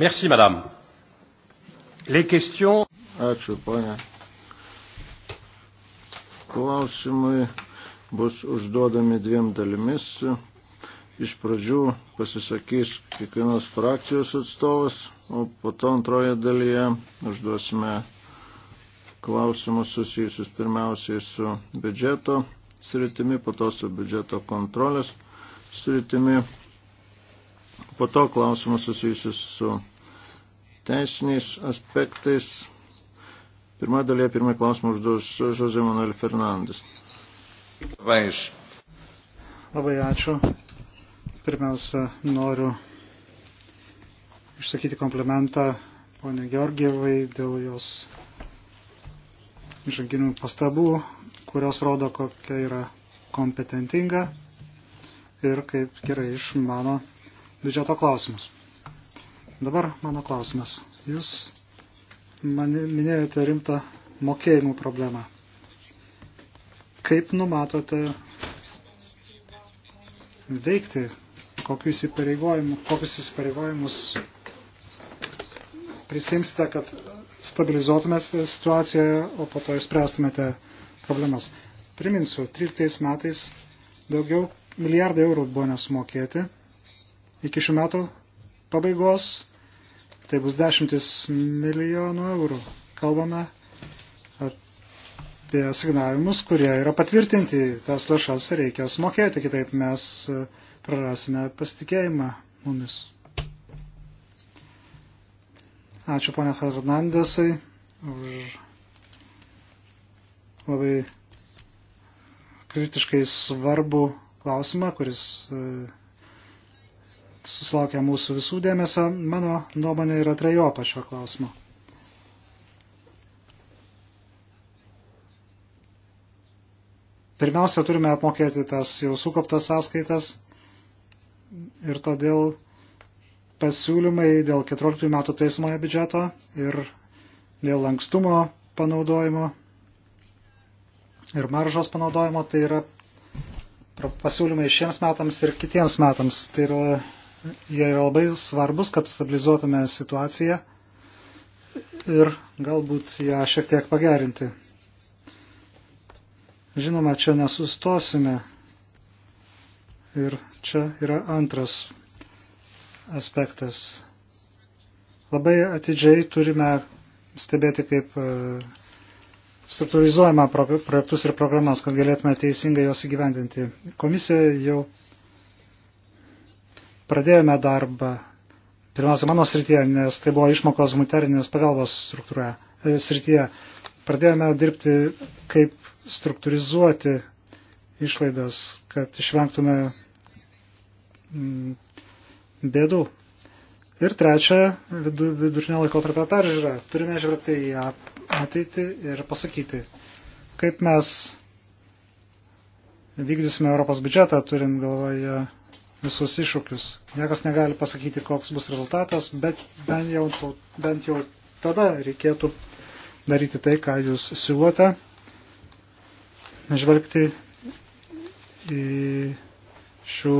Merci, madame. Les questions. Ačiū, ponia. Klausimai bus užduodami dviem dalimis. Iš pradžių pasisakys kiekvienos frakcijos atstovas, o po to antroje dalyje užduosime klausimus susijusius pirmiausiai su biudžeto sritimi, po to su biudžeto kontrolės sritimi. Po to klausimas susijusius su teisiniais aspektais. Pirmoje dalyje pirmąjį klausimą užduos Žozė Manuel Fernandes. Vaiš. Labai ačiū. Pirmiausia, noriu išsakyti komplimentą ponė Georgievai dėl jos žanginių pastabų, kurios rodo, kokia yra kompetentinga ir kaip gerai išmano biudžeto klausimus. Dabar mano klausimas. Jūs man minėjote rimtą mokėjimų problemą. Kaip numatote veikti, kokius įsipareigojimus, kokius įsipareigojimus prisimsite, kad stabilizuotumėte situaciją, o po to išspręstumėte problemas. Priminsiu, 13 metais daugiau milijardai eurų buvo nesumokėti iki šių metų pabaigos. Tai bus dešimtis milijonų eurų. Kalbame apie signavimus, kurie yra patvirtinti. Tas lėšas reikia sumokėti, kitaip mes e, prarasime pasitikėjimą mumis. Ačiū ponia Fernandesai už labai kritiškai svarbu klausimą, kuris e, susilaukia mūsų visų dėmesio. Mano nuomonė yra trejopa šio klausimo. Pirmiausia, turime apmokėti tas jau sukoptas sąskaitas ir todėl pasiūlymai dėl 14 metų teismoje biudžeto ir dėl lankstumo panaudojimo ir maržos panaudojimo, tai yra pasiūlymai šiems metams ir kitiems metams. Tai yra Jie yra labai svarbus, kad stabilizuotume situaciją ir galbūt ją šiek tiek pagerinti. Žinoma, čia nesustosime. Ir čia yra antras aspektas. Labai atidžiai turime stebėti, kaip e, struktūrizuojama projektus ir programas, kad galėtume teisingai juos įgyvendinti. Komisija jau pradėjome darbą, pirmiausia, mano srityje, nes tai buvo išmokos humanitarinės pagalbos struktūroje, srityje, pradėjome dirbti, kaip struktūrizuoti išlaidas, kad išvengtume mm, bėdų. Ir trečia, vidurinio laikotarpio peržiūra. Turime žvelgti į ateitį ir pasakyti, kaip mes vykdysime Europos biudžetą, turint galvoje visus iššūkius. Niekas negali pasakyti, koks bus rezultatas, bet bent jau, bent jau tada reikėtų daryti tai, ką jūs siūlote, žvelgti į šių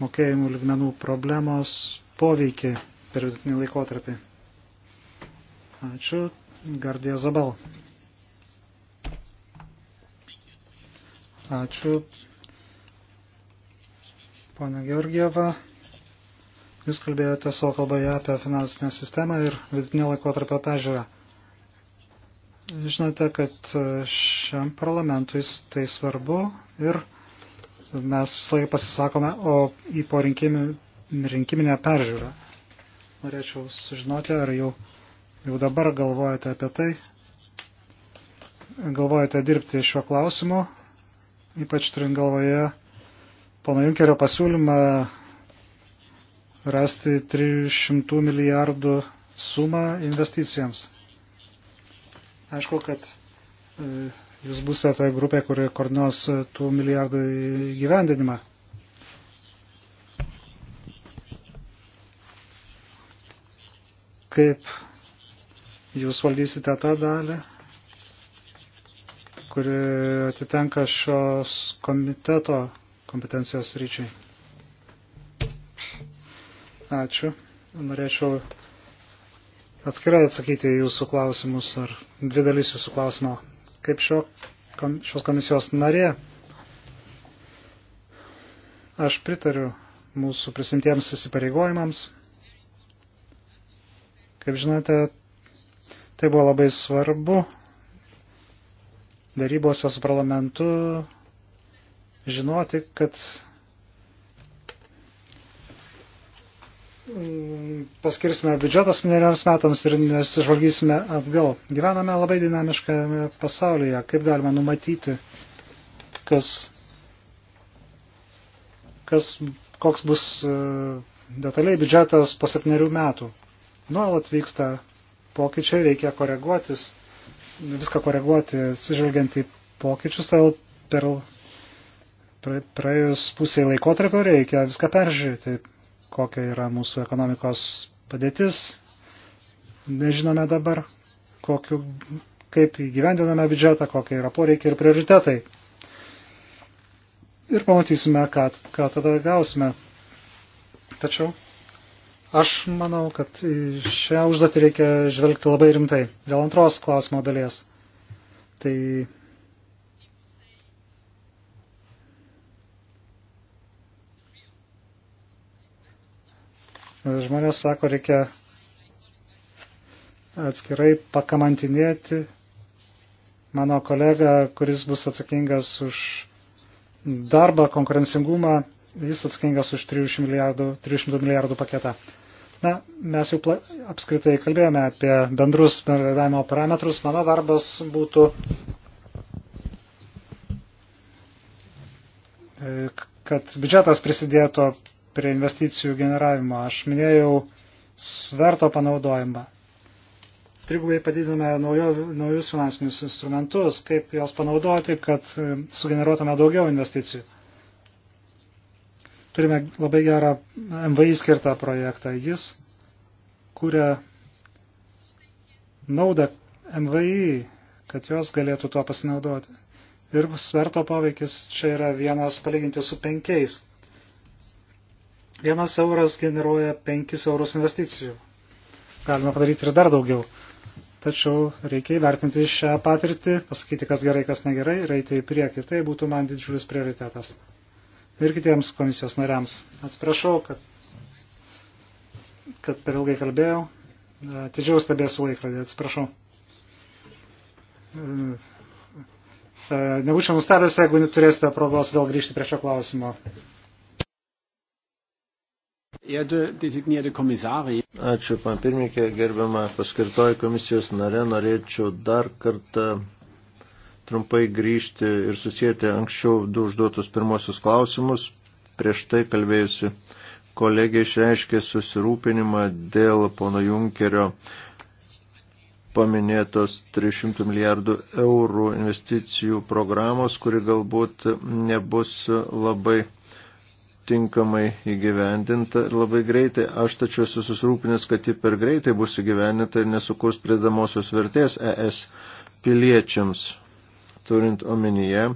mokėjimų lygmenų problemos poveikį per vidutinį laikotarpį. Ačiū, Gardija Zabal. Ačiū, Pone Georgieva, jūs kalbėjote savo kalboje apie finansinę sistemą ir vidutinio laikotarpio pežiūrą. Žinote, kad šiam parlamentui tai svarbu ir mes visą laiką pasisakome o į porinkiminę peržiūrą. Norėčiau sužinoti, ar jau, jau dabar galvojate apie tai, galvojate dirbti šiuo klausimu, ypač turint galvoje pono Junkerio pasiūlymą rasti 300 milijardų sumą investicijams. Aišku, kad e, jūs būsite toje grupėje, kuri koordinuos tų milijardų įgyvendinimą. Kaip jūs valdysite tą dalį, kuri atitenka šios komiteto kompetencijos ryčiai. Ačiū. Norėčiau atskirai atsakyti jūsų klausimus ar dvi dalys jūsų klausimo. Kaip šio, kom, šios komisijos narė, aš pritariu mūsų prisimtiems įsipareigojimams. Kaip žinote, tai buvo labai svarbu darybose su parlamentu žinoti, kad mm, paskirsime biudžetas mineriams metams ir nesižvalgysime atgal. Gyvename labai dinamiškame pasaulyje. Kaip galima numatyti, kas, kas, koks bus e, detaliai biudžetas po septynerių metų. Nuolat vyksta pokyčiai, reikia koreguotis, viską koreguoti, atsižvelgiant į pokyčius, todėl per praėjus pusiai laikotarpio reikia viską peržiūrėti, kokia yra mūsų ekonomikos padėtis. Nežinome dabar, kokiu, kaip įgyvendiname biudžetą, kokie yra poreikiai ir prioritetai. Ir pamatysime, ką, ką tada gausime. Tačiau aš manau, kad šią užduotį reikia žvelgti labai rimtai. Dėl antros klausimo dalies. Tai Žmonės sako, reikia atskirai pakamantinėti mano kolega, kuris bus atsakingas už darbą, konkurencingumą, jis atsakingas už 300 milijardų, 300 milijardų paketą. Na, mes jau pla... apskritai kalbėjome apie bendrus bendradavimo parametrus. Mano darbas būtų e, kad biudžetas prisidėtų prie investicijų generavimo. Aš minėjau sverto panaudojimą. Trigubai padidiname naujo, naujus finansinius instrumentus, kaip juos panaudoti, kad e, sugeneruotume daugiau investicijų. Turime labai gerą MVI skirtą projektą. Jis kuria naudą MVI, kad jos galėtų tuo pasinaudoti. Ir sverto poveikis čia yra vienas palyginti su penkiais. Vienas euras generuoja 5 eurus investicijų. Galima padaryti ir dar daugiau. Tačiau reikia įvertinti šią patirtį, pasakyti, kas gerai, kas negerai, ir eiti į priekį. Tai būtų man didžiulis prioritetas. Ir kitiems komisijos nariams. Atsiprašau, kad, kad per ilgai kalbėjau. Tidžiau stebėsiu laikrodį, atsiprašau. E, e, nebūčiau nustebęs, jeigu neturėsite progos vėl grįžti prie šio klausimo. Ačiū, pan pirmininkė, gerbiama paskirtoji komisijos narė, norėčiau dar kartą trumpai grįžti ir susijęti anksčiau du užduotus pirmosius klausimus. Prieš tai kalbėjusi kolegė išreiškė susirūpinimą dėl pono Junkerio paminėtos 300 milijardų eurų investicijų programos, kuri galbūt nebus labai tinkamai įgyvendinta ir labai greitai. Aš tačiau esu susirūpinęs, kad ji per greitai bus įgyvendinta ir nesukurs pridamosios vertės ES piliečiams, turint omenyje,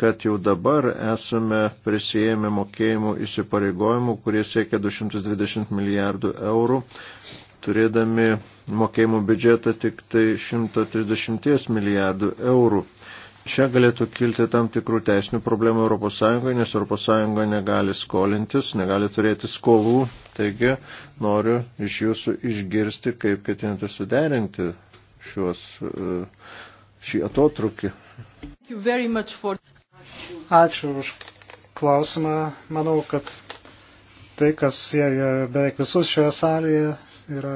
kad jau dabar esame prisijėmę mokėjimų įsipareigojimų, kurie siekia 220 milijardų eurų, turėdami mokėjimų biudžetą tik tai 130 milijardų eurų. Čia galėtų kilti tam tikrų teisinių problemų ES, nes ES negali skolintis, negali turėti skolų. Taigi noriu iš jūsų išgirsti, kaip ketinate suderinti šios, e, šį atotrukį. For... Ačiū už klausimą. Manau, kad tai, kas sieja beveik visus šioje salėje, yra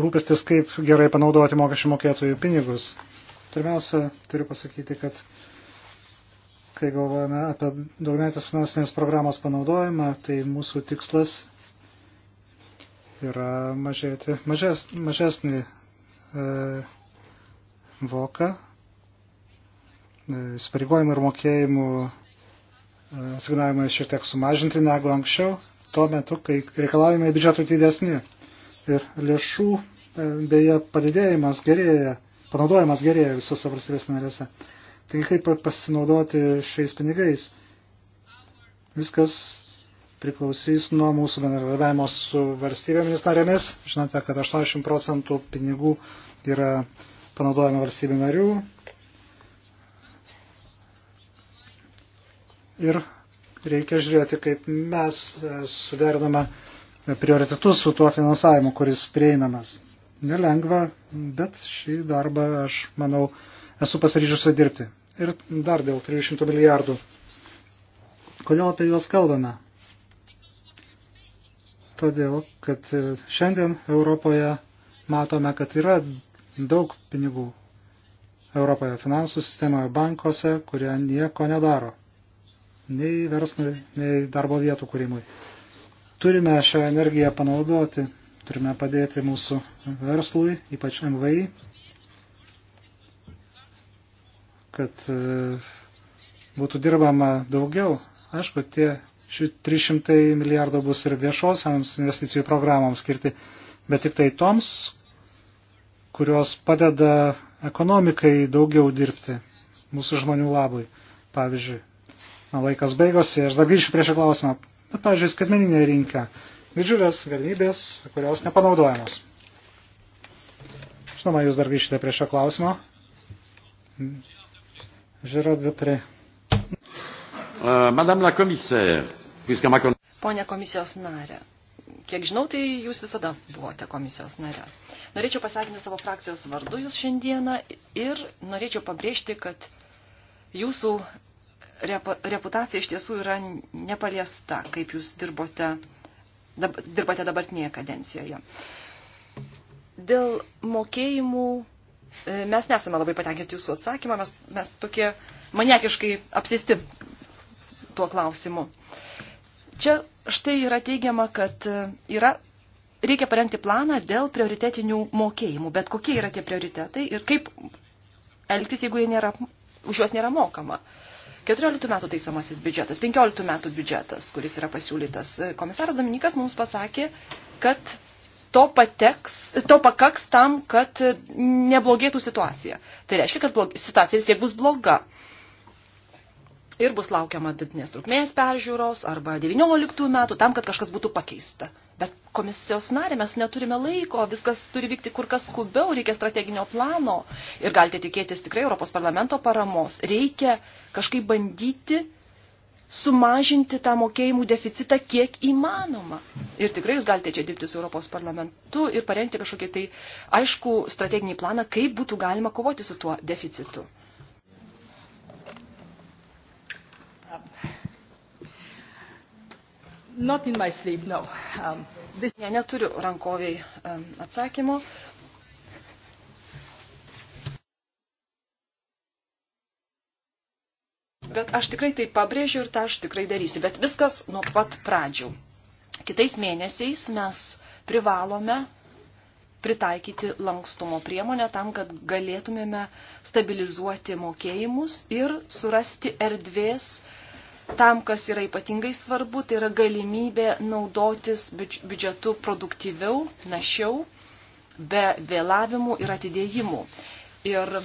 rūpestis, kaip gerai panaudoti mokesčių mokėtojų pinigus. Pirmiausia, turiu pasakyti, kad kai galvojame apie daugmetės finansinės programos panaudojimą, tai mūsų tikslas yra mažėti, mažes, mažesnį e, voką, e, įsipareigojimų e, ir mokėjimų e, signavimai šiek tiek sumažinti negu anksčiau, tuo metu, kai reikalavimai biudžetų didesni. Ir lėšų e, beje padidėjimas gerėja panaudojimas gerėja visose valstybės narėse. Taigi kaip pasinaudoti šiais pinigais? Viskas priklausys nuo mūsų bendradarbiavimo su valstybėmis narėmis. Žinote, kad 80 procentų pinigų yra panaudojama valstybių narių. Ir reikia žiūrėti, kaip mes suderiname prioritetus su tuo finansavimu, kuris prieinamas. Nelengva, bet šį darbą aš, manau, esu pasiryžusi dirbti. Ir dar dėl 300 milijardų. Kodėl apie juos kalbame? Todėl, kad šiandien Europoje matome, kad yra daug pinigų Europoje finansų sistemoje bankuose, kurie nieko nedaro. Nei verslui, nei darbo vietų kūrimui. Turime šią energiją panaudoti Turime padėti mūsų verslui, ypač MVI, kad e, būtų dirbama daugiau. Aišku, tie 300 milijardų bus ir viešosiams investicijų programams skirti, bet tik tai toms, kurios padeda ekonomikai daugiau dirbti mūsų žmonių labui. Pavyzdžiui, man laikas baigosi, aš dar grįšiu prie šio klausimą. Bet, pavyzdžiui, skaitmeninė rinka didžiulės galimybės, kurios nepanaudojamos. Žinoma, jūs dar grįžite prie šio klausimo. Žiūrėt, prie. Uh, Madame la commissaire, puisque ma Pone komisijos narė, kiek žinau, tai jūs visada buvote komisijos nare. Norėčiau pasveikinti savo frakcijos vardu jūs šiandieną ir norėčiau pabrėžti, kad jūsų reputacija iš tiesų yra nepaliesta, kaip jūs dirbote dab, dirbate dabartinėje kadencijoje. Dėl mokėjimų e, mes nesame labai patenkinti jūsų atsakymą, mes, mes tokie maniakiškai apsisti tuo klausimu. Čia štai yra teigiama, kad e, yra, reikia parengti planą dėl prioritetinių mokėjimų, bet kokie yra tie prioritetai ir kaip elgtis, jeigu nėra, už juos nėra mokama. Uh, 14 metų taisomasis biudžetas, 15 metų biudžetas, kuris yra pasiūlytas. Komisaras Dominikas mums pasakė, kad to, pateks, to pakaks tam, kad neblogėtų situacija. Tai reiškia, kad blog, situacija vis tiek bus bloga. Ir bus laukiama didinės trukmės peržiūros arba 19 metų tam, kad kažkas būtų pakeista. Bet komisijos narė mes neturime laiko, viskas turi vykti kur kas skubiau, reikia strateginio plano ir galite tikėtis tikrai Europos parlamento paramos. Reikia kažkaip bandyti sumažinti tą mokėjimų deficitą kiek įmanoma. Ir tikrai jūs galite čia dirbti su Europos parlamentu ir parengti kažkokį tai aišku strateginį planą, kaip būtų galima kovoti su tuo deficitu. Not in my sleep, no. Um, this... ne, neturiu rankoviai um, atsakymo. Bet aš tikrai tai pabrėžiu ir tą aš tikrai darysiu. Bet viskas nuo pat pradžių. Kitais mėnesiais mes privalome pritaikyti lankstumo priemonę tam, kad galėtumėme stabilizuoti mokėjimus ir surasti erdvės uh, tam, kas yra ypatingai svarbu, tai yra galimybė naudotis biudžetu produktyviau, našiau, be vėlavimų ir atidėjimų. Ir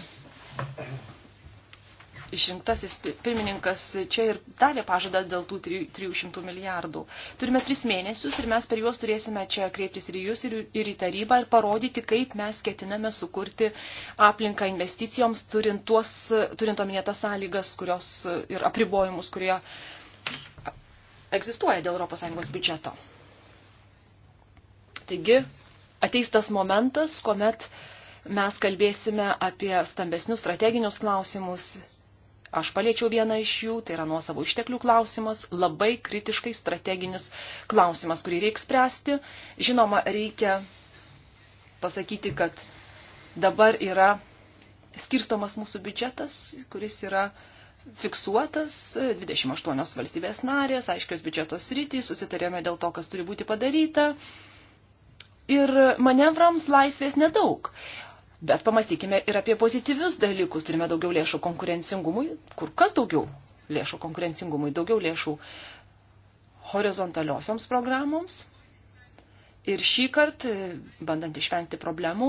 išrinktasis pirmininkas čia ir davė pažadą dėl tų 300 milijardų. Turime tris mėnesius ir mes per juos turėsime čia kreiptis ir jūs, ir, ir į tarybą ir parodyti, kaip mes ketiname sukurti aplinką investicijoms, turint, tuos, turint ominėtas sąlygas kurios, ir apribojimus, kurie egzistuoja dėl ES biudžeto. Taigi, ateis tas momentas, kuomet mes kalbėsime apie stambesnius strateginius klausimus Aš paliečiau vieną iš jų, tai yra nuosavų išteklių klausimas, labai kritiškai strateginis klausimas, kurį reikia spręsti. Žinoma, reikia pasakyti, kad dabar yra skirstomas mūsų biudžetas, kuris yra fiksuotas, 28 valstybės narės, aiškios biudžetos rytys, susitarėme dėl to, kas turi būti padaryta. Ir manevrams laisvės nedaug. Bet pamastykime ir apie pozityvius dalykus. Turime daugiau lėšų konkurencingumui, kur kas daugiau lėšų konkurencingumui, daugiau lėšų horizontaliosioms programoms. Ir šį kartą, e, bandant išvengti problemų,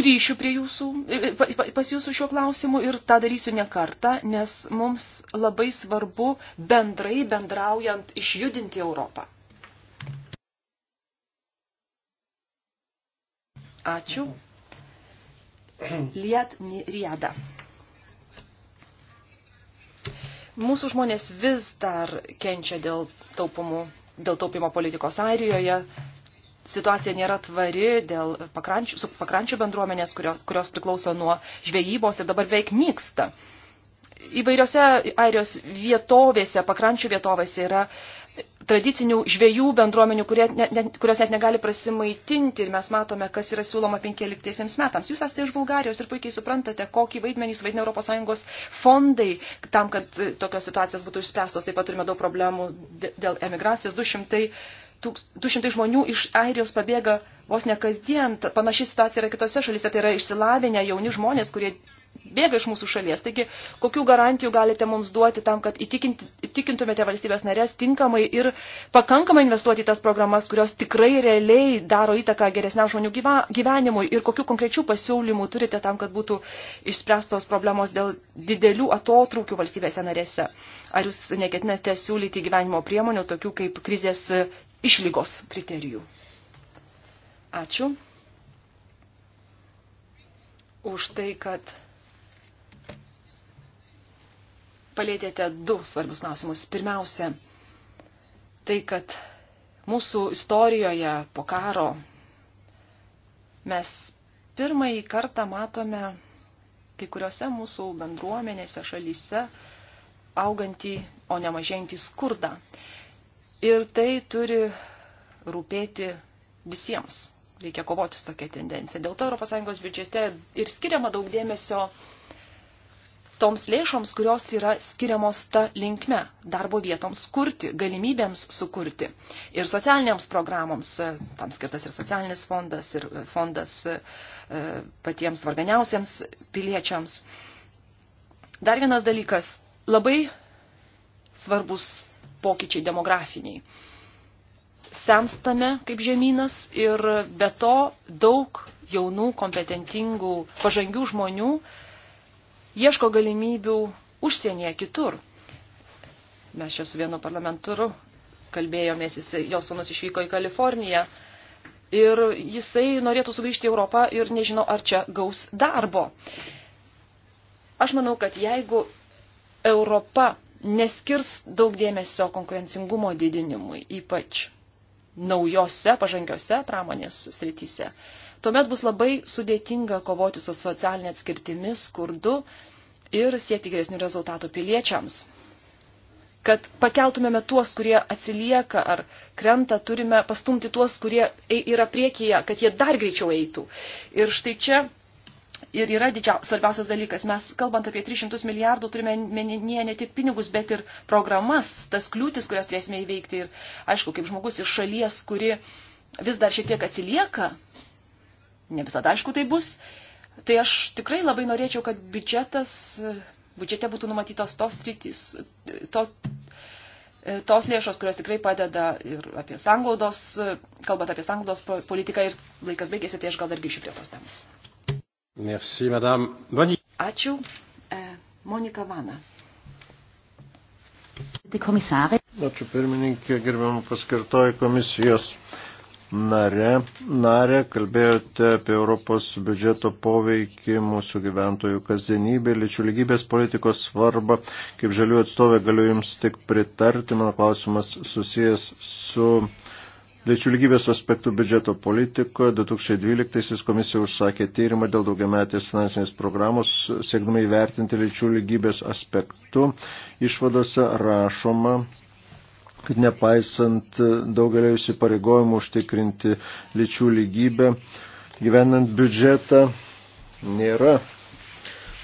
grįšiu prie jūsų, e, e, pas jūsų šiuo klausimu ir tą darysiu ne kartą, nes mums labai svarbu bendrai bendraujant išjudinti Europą. Ačiū. Liet Riada. Mūsų žmonės vis dar kenčia dėl, taupumų, dėl taupimo politikos Airijoje. Situacija nėra tvari dėl pakrančių, su pakrančių bendruomenės, kurios, kurios priklauso nuo žvejybos ir dabar veik nyksta. Įvairiose Airijos vietovėse, pakrančių vietovėse yra uh, tradicinių žvėjų bendruomenių, kurie, ne, ne, kurios net negali prasimaitinti ir mes matome, kas yra siūloma 15 metams. Jūs esate iš Bulgarijos ir puikiai suprantate, kokį vaidmenį suvaidina ES fondai tam, kad e, tokios situacijos būtų išspręstos. Taip pat turime daug problemų dėl emigracijos. 200, 200 žmonių iš Airijos pabėga vos ne kasdien. Panaši situacija yra kitose šalyse. Tai yra išsilavinę jauni žmonės, kurie bėga iš mūsų šalies. Taigi, kokių garantijų galite mums duoti tam, kad įtikintumėte valstybės narės tinkamai ir pakankamai investuoti į tas programas, kurios tikrai realiai daro įtaką geresniam žmonių gyvenimui ir kokių konkrečių pasiūlymų turite tam, kad būtų išspręstos problemos dėl didelių atotrūkių valstybėse narėse. Ar jūs neketinate siūlyti gyvenimo priemonių, tokių kaip krizės išlygos kriterijų? Ačiū už tai, kad palėtėte du svarbius klausimus. Pirmiausia, tai, kad mūsų istorijoje po karo mes pirmąjį kartą matome kai kuriuose mūsų bendruomenėse, šalyse augantį, o ne mažėjantį skurdą. Ir tai turi rūpėti visiems. Reikia kovoti su tokia tendencija. Dėl to ES biudžete ir skiriama daug dėmesio uh, toms lėšoms, kurios yra skiriamos ta linkme - darbo vietoms kurti, galimybėms sukurti ir socialiniams programoms, e, tam skirtas ir socialinis fondas, ir e, fondas e, patiems varganiausiems piliečiams. Dar vienas dalykas - labai svarbus pokyčiai demografiniai. Senstame kaip žemynas ir be to daug jaunų, kompetentingų, pažangių žmonių ieško galimybių užsienyje kitur. Mes čia su vienu parlamentaru kalbėjomės, jis, jo sūnus išvyko į Kaliforniją ir jisai norėtų sugrįžti į Europą ir nežino, ar čia gaus darbo. Aš manau, kad jeigu Europa neskirs daug dėmesio konkurencingumo didinimui, ypač naujose pažangiose pramonės srityse, tuomet bus labai sudėtinga kovoti su socialinė atskirtimi, skurdu ir siekti geresnių rezultatų piliečiams. Kad pakeltumėme tuos, kurie atsilieka ar krenta, turime pastumti tuos, kurie yra priekyje, kad jie dar greičiau eitų. Ir štai čia ir yra didžia, svarbiausias dalykas. Mes, kalbant apie 300 milijardų, turime meninėje ne tik pinigus, bet ir programas, tas kliūtis, kurias turėsime įveikti. Ir aišku, kaip žmogus iš šalies, kuri vis dar šiek tiek atsilieka ne visada aišku tai bus, tai aš tikrai labai norėčiau, kad biudžetas, biudžete būtų numatytos tos rytis, to, tos lėšos, kurios tikrai padeda ir apie sanglaudos, kalbant apie sanglaudos politiką ir laikas baigėsi, tai aš gal dar grįšiu prie tos temos. Merci, madame. Boni. Ačiū. E, Monika Vana. Komisarė. Ačiū pirmininkė, gerbiamų paskirtoji komisijos nare. Narė, kalbėjote apie Europos biudžeto poveikį mūsų gyventojų kasdienybė, lyčių lygybės politikos svarbą. Kaip žalių atstovė galiu Jums tik pritarti. Mano klausimas susijęs su lyčių lygybės aspektų biudžeto politikoje. 2012 komisija užsakė tyrimą dėl daugiametės finansinės programos, siekdama įvertinti lyčių lygybės aspektų. Išvadose rašoma, kad nepaisant daugelio įsipareigojimų užtikrinti lyčių lygybę, gyvenant biudžetą nėra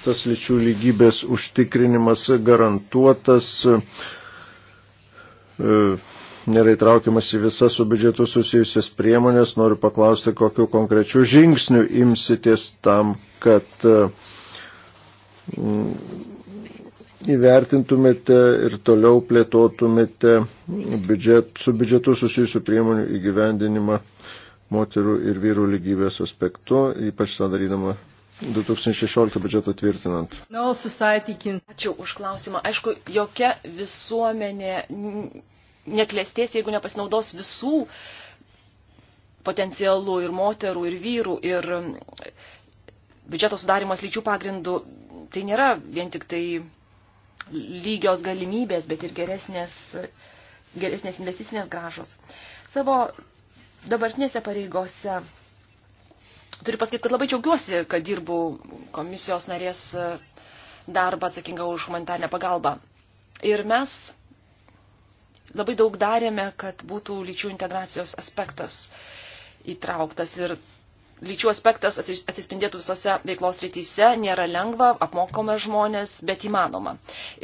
tas lyčių lygybės užtikrinimas garantuotas, e, nėra įtraukiamas į visas su biudžetu susijusias priemonės. Noriu paklausti, kokiu konkrečiu žingsniu imsitės tam, kad e, įvertintumėte ir toliau plėtotumėte biudžet, su biudžetu susijusių priemonių įgyvendinimą moterų ir vyrų lygybės aspektu, ypač tą darydama 2016 biudžeto tvirtinant. Na, no, susitikin. Ačiū už klausimą. Aišku, jokia visuomenė neklėstės, jeigu nepasinaudos visų potencialų ir moterų, ir vyrų, ir um, biudžeto sudarimas lyčių pagrindų. Tai nėra vien tik tai lygios galimybės, bet ir geresnės, geresnės investicinės gražos. Savo dabartinėse pareigose turiu pasakyti, kad labai džiaugiuosi, kad dirbu komisijos narės darbą atsakingą už humanitarnę pagalbą. Ir mes labai daug darėme, kad būtų lyčių integracijos aspektas įtrauktas. Ir lyčių aspektas atsispindėtų visose veiklos rytise, nėra lengva, apmokome žmonės, bet įmanoma.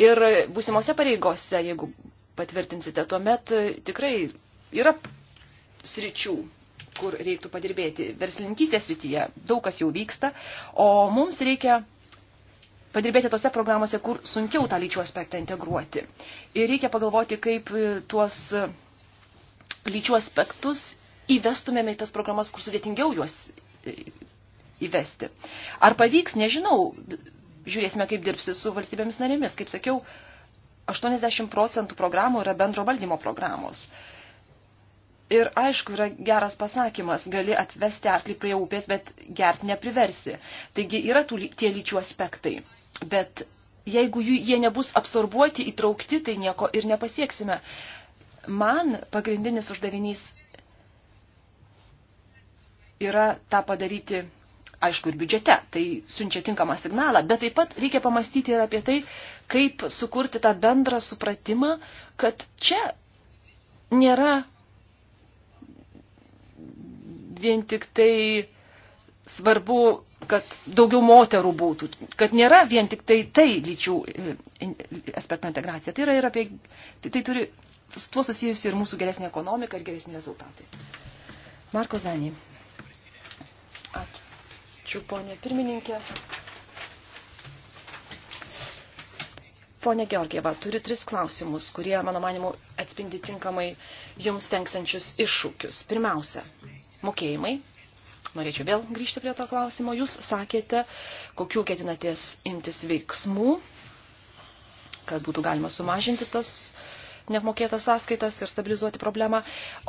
Ir būsimose pareigose, jeigu patvirtinsite, tuomet e, tikrai yra sričių kur reiktų padirbėti. Verslininkystės srityje daug kas jau vyksta, o mums reikia padirbėti tose programuose, kur sunkiau tą lyčių aspektą integruoti. Ir reikia pagalvoti, kaip e, tuos e, lyčių aspektus įvestumėme į tas programas, kur sudėtingiau juos įvesti. Ar pavyks, nežinau, žiūrėsime, kaip dirbsi su valstybėmis narėmis. Kaip sakiau, 80 procentų programų yra bendro valdymo programos. Ir aišku, yra geras pasakymas, gali atvesti arklį prie upės, bet gert nepriversi. Taigi yra tų, tie lyčių aspektai. Bet jeigu jų, jie nebus absorbuoti, įtraukti, tai nieko ir nepasieksime. Man pagrindinis uždavinys yra tą padaryti, aišku, ir biudžete. Tai siunčia tinkamą signalą, bet taip pat reikia pamastyti ir apie tai, kaip sukurti tą bendrą supratimą, kad čia nėra vien tik tai svarbu, kad daugiau moterų būtų, kad nėra vien tik tai tai lyčių e, aspekto integracija. Tai yra ir apie, tai, tai turi, su tuo susijusi ir mūsų geresnė ekonomika ir geresni rezultatai. Marko Zanį. Ačiū, ponė pirmininkė. Pone Georgieva, turiu tris klausimus, kurie, mano manimu, atspindi tinkamai jums tenksančius iššūkius. Pirmiausia, mokėjimai. Norėčiau vėl grįžti prie to klausimo. Jūs sakėte, kokių ketinatės imtis veiksmų, kad būtų galima sumažinti tas neapmokėtas sąskaitas ir stabilizuoti problemą.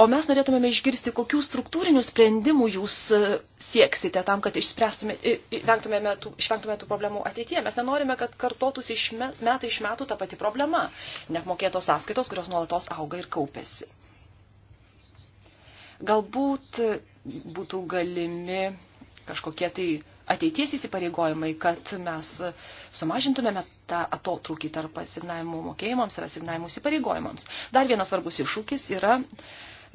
O mes norėtumėme išgirsti, kokių struktūrinių sprendimų jūs e, sieksite tam, kad išvengtumėme tų, išvengtumėme tų problemų ateityje. Mes nenorime, kad kartotųsi iš metai iš metų ta pati problema - neapmokėtos sąskaitos, kurios nuolatos auga ir kaupėsi. Galbūt būtų galimi kažkokie tai ateities įsipareigojimai, kad mes sumažintumėme tą atotrūkį tarp asignavimų mokėjimams ir asignavimų įsipareigojimams. Dar vienas svarbus iššūkis yra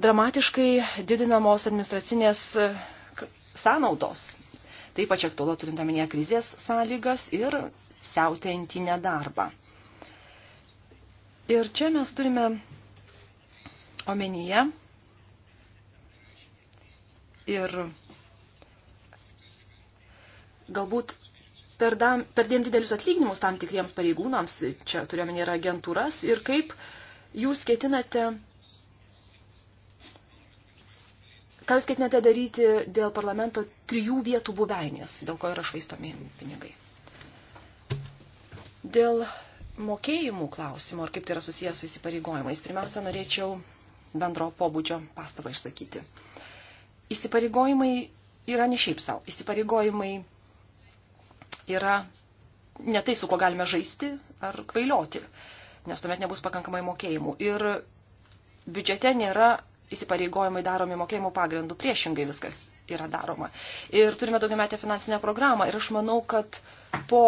dramatiškai didinamos administracinės sąnaudos. Taip pat aktuolo turint omenyje krizės sąlygas ir siautėjantį nedarbą. Ir čia mes turime omenyje ir galbūt per, dam, per dėm didelius atlyginimus tam tikriems pareigūnams, čia turiuomenė yra agentūras, ir kaip jūs ketinate, ką jūs ketinate daryti dėl parlamento trijų vietų buveinės, dėl ko yra švaistomi pinigai. Dėl mokėjimų klausimo, ar kaip tai yra susijęs su įsipareigojimais, pirmiausia, norėčiau bendro pobūdžio pastabą išsakyti. Įsipareigojimai yra ne šiaip savo. Įsipareigojimai yra ne tai, su kuo galime žaisti ar kvailioti, nes tuomet nebus pakankamai mokėjimų. Ir biudžete nėra įsipareigojimai daromi mokėjimų pagrindų, priešingai viskas yra daroma. Ir turime daugiametę finansinę programą ir aš manau, kad po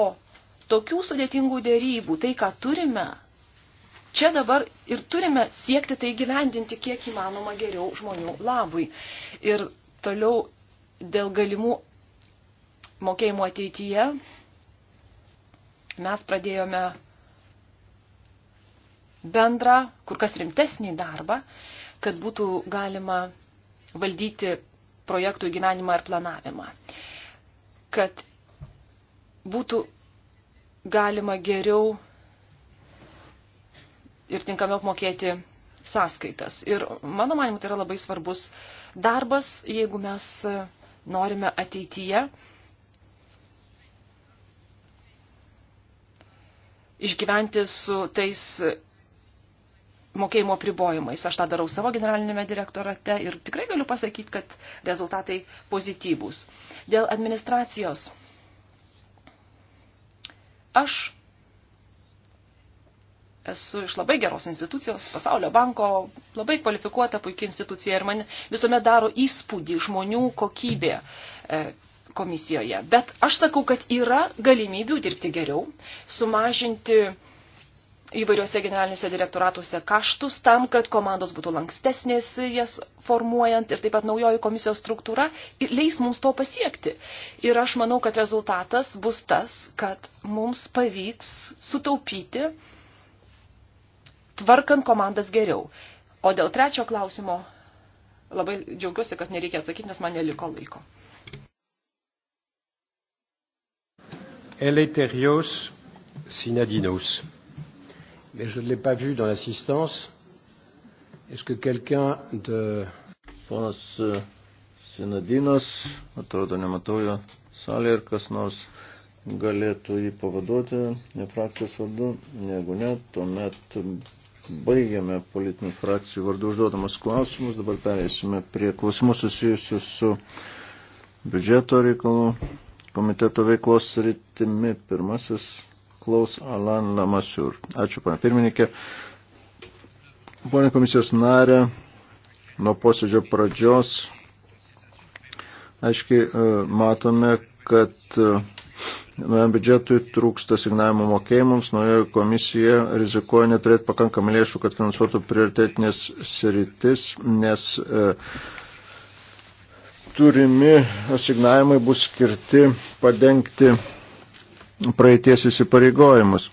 tokių sudėtingų dėrybų tai, ką turime, čia dabar ir turime siekti tai gyvendinti kiek įmanoma geriau žmonių labui. Ir toliau dėl galimų mokėjimų ateityje mes pradėjome bendrą, kur kas rimtesnį darbą, kad būtų galima valdyti projektų įgyvenimą ir planavimą. Kad būtų galima geriau ir tinkamiau apmokėti sąskaitas. Ir mano manimu, tai yra labai svarbus darbas, jeigu mes norime ateityje uh, išgyventi su tais mokėjimo pribojimais. Aš tą darau savo generalinėme direktorate ir tikrai galiu pasakyti, kad rezultatai pozityvūs. Dėl administracijos. Aš esu iš labai geros institucijos, pasaulio banko, labai kvalifikuota, puikia institucija ir man visuomet daro įspūdį žmonių kokybė, e, komisijoje. Bet aš sakau, kad yra galimybių dirbti geriau, sumažinti įvairiuose generaliniuose direktoratuose kaštus tam, kad komandos būtų lankstesnės jas formuojant ir taip pat naujoji komisijos struktūra leis mums to pasiekti. Ir aš manau, kad rezultatas bus tas, kad mums pavyks sutaupyti, tvarkant komandas geriau. O dėl trečio klausimo labai džiaugiuosi, kad nereikia atsakyti, nes man neliko laiko. Eleterios Sinadinos. Mais je ne l'ai pas vu dans l'assistance. Est-ce que quelqu'un de... Ponas e, Sinadinas, atrodo, nematau jo salėje ir kas nors galėtų jį pavaduoti ne frakcijos vardu. Jeigu ne, tuomet baigiame politinių frakcijų vardu užduodamas klausimus. Dabar perėsime prie klausimų susijusių su biudžeto reikalų komiteto veiklos rytimi. Pirmasis klaus Alan Lamasiur. Ačiū, pana pirmininkė. Pone komisijos narė, nuo posėdžio pradžios aiškiai e, matome, kad e, naujam biudžetui trūksta signavimo mokėjimams, naujoji komisija rizikuoja neturėti pakankamai lėšų, kad finansuotų prioritetinės sritis, nes e, turimi asignavimai bus skirti padengti praeities įsipareigojimus.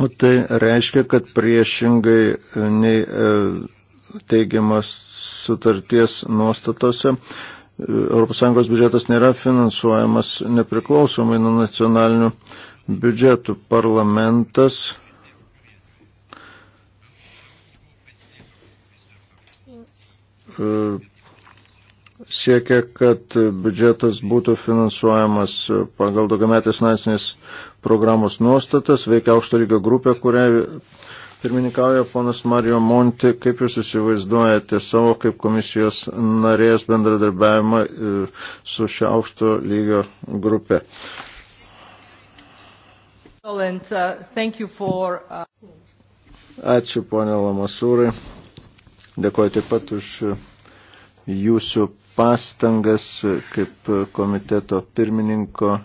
O tai reiškia, kad priešingai nei e, teigiamas sutarties nuostatose e, ES biudžetas nėra finansuojamas nepriklausomai nuo nacionalinių biudžetų. Parlamentas e, siekia, kad biudžetas būtų finansuojamas pagal daugiametės nacinės programos nuostatas, veikia aukšto lygio grupė, kuriai pirmininkauja ponas Mario Monti. Kaip jūs įsivaizduojate savo kaip komisijos narės bendradarbiavimą e, su šia aukšto lygio grupė? Uh, uh, Ačiū ponė Lamasūrai. Dėkuoju taip pat už jūsų pastangas kaip komiteto pirmininko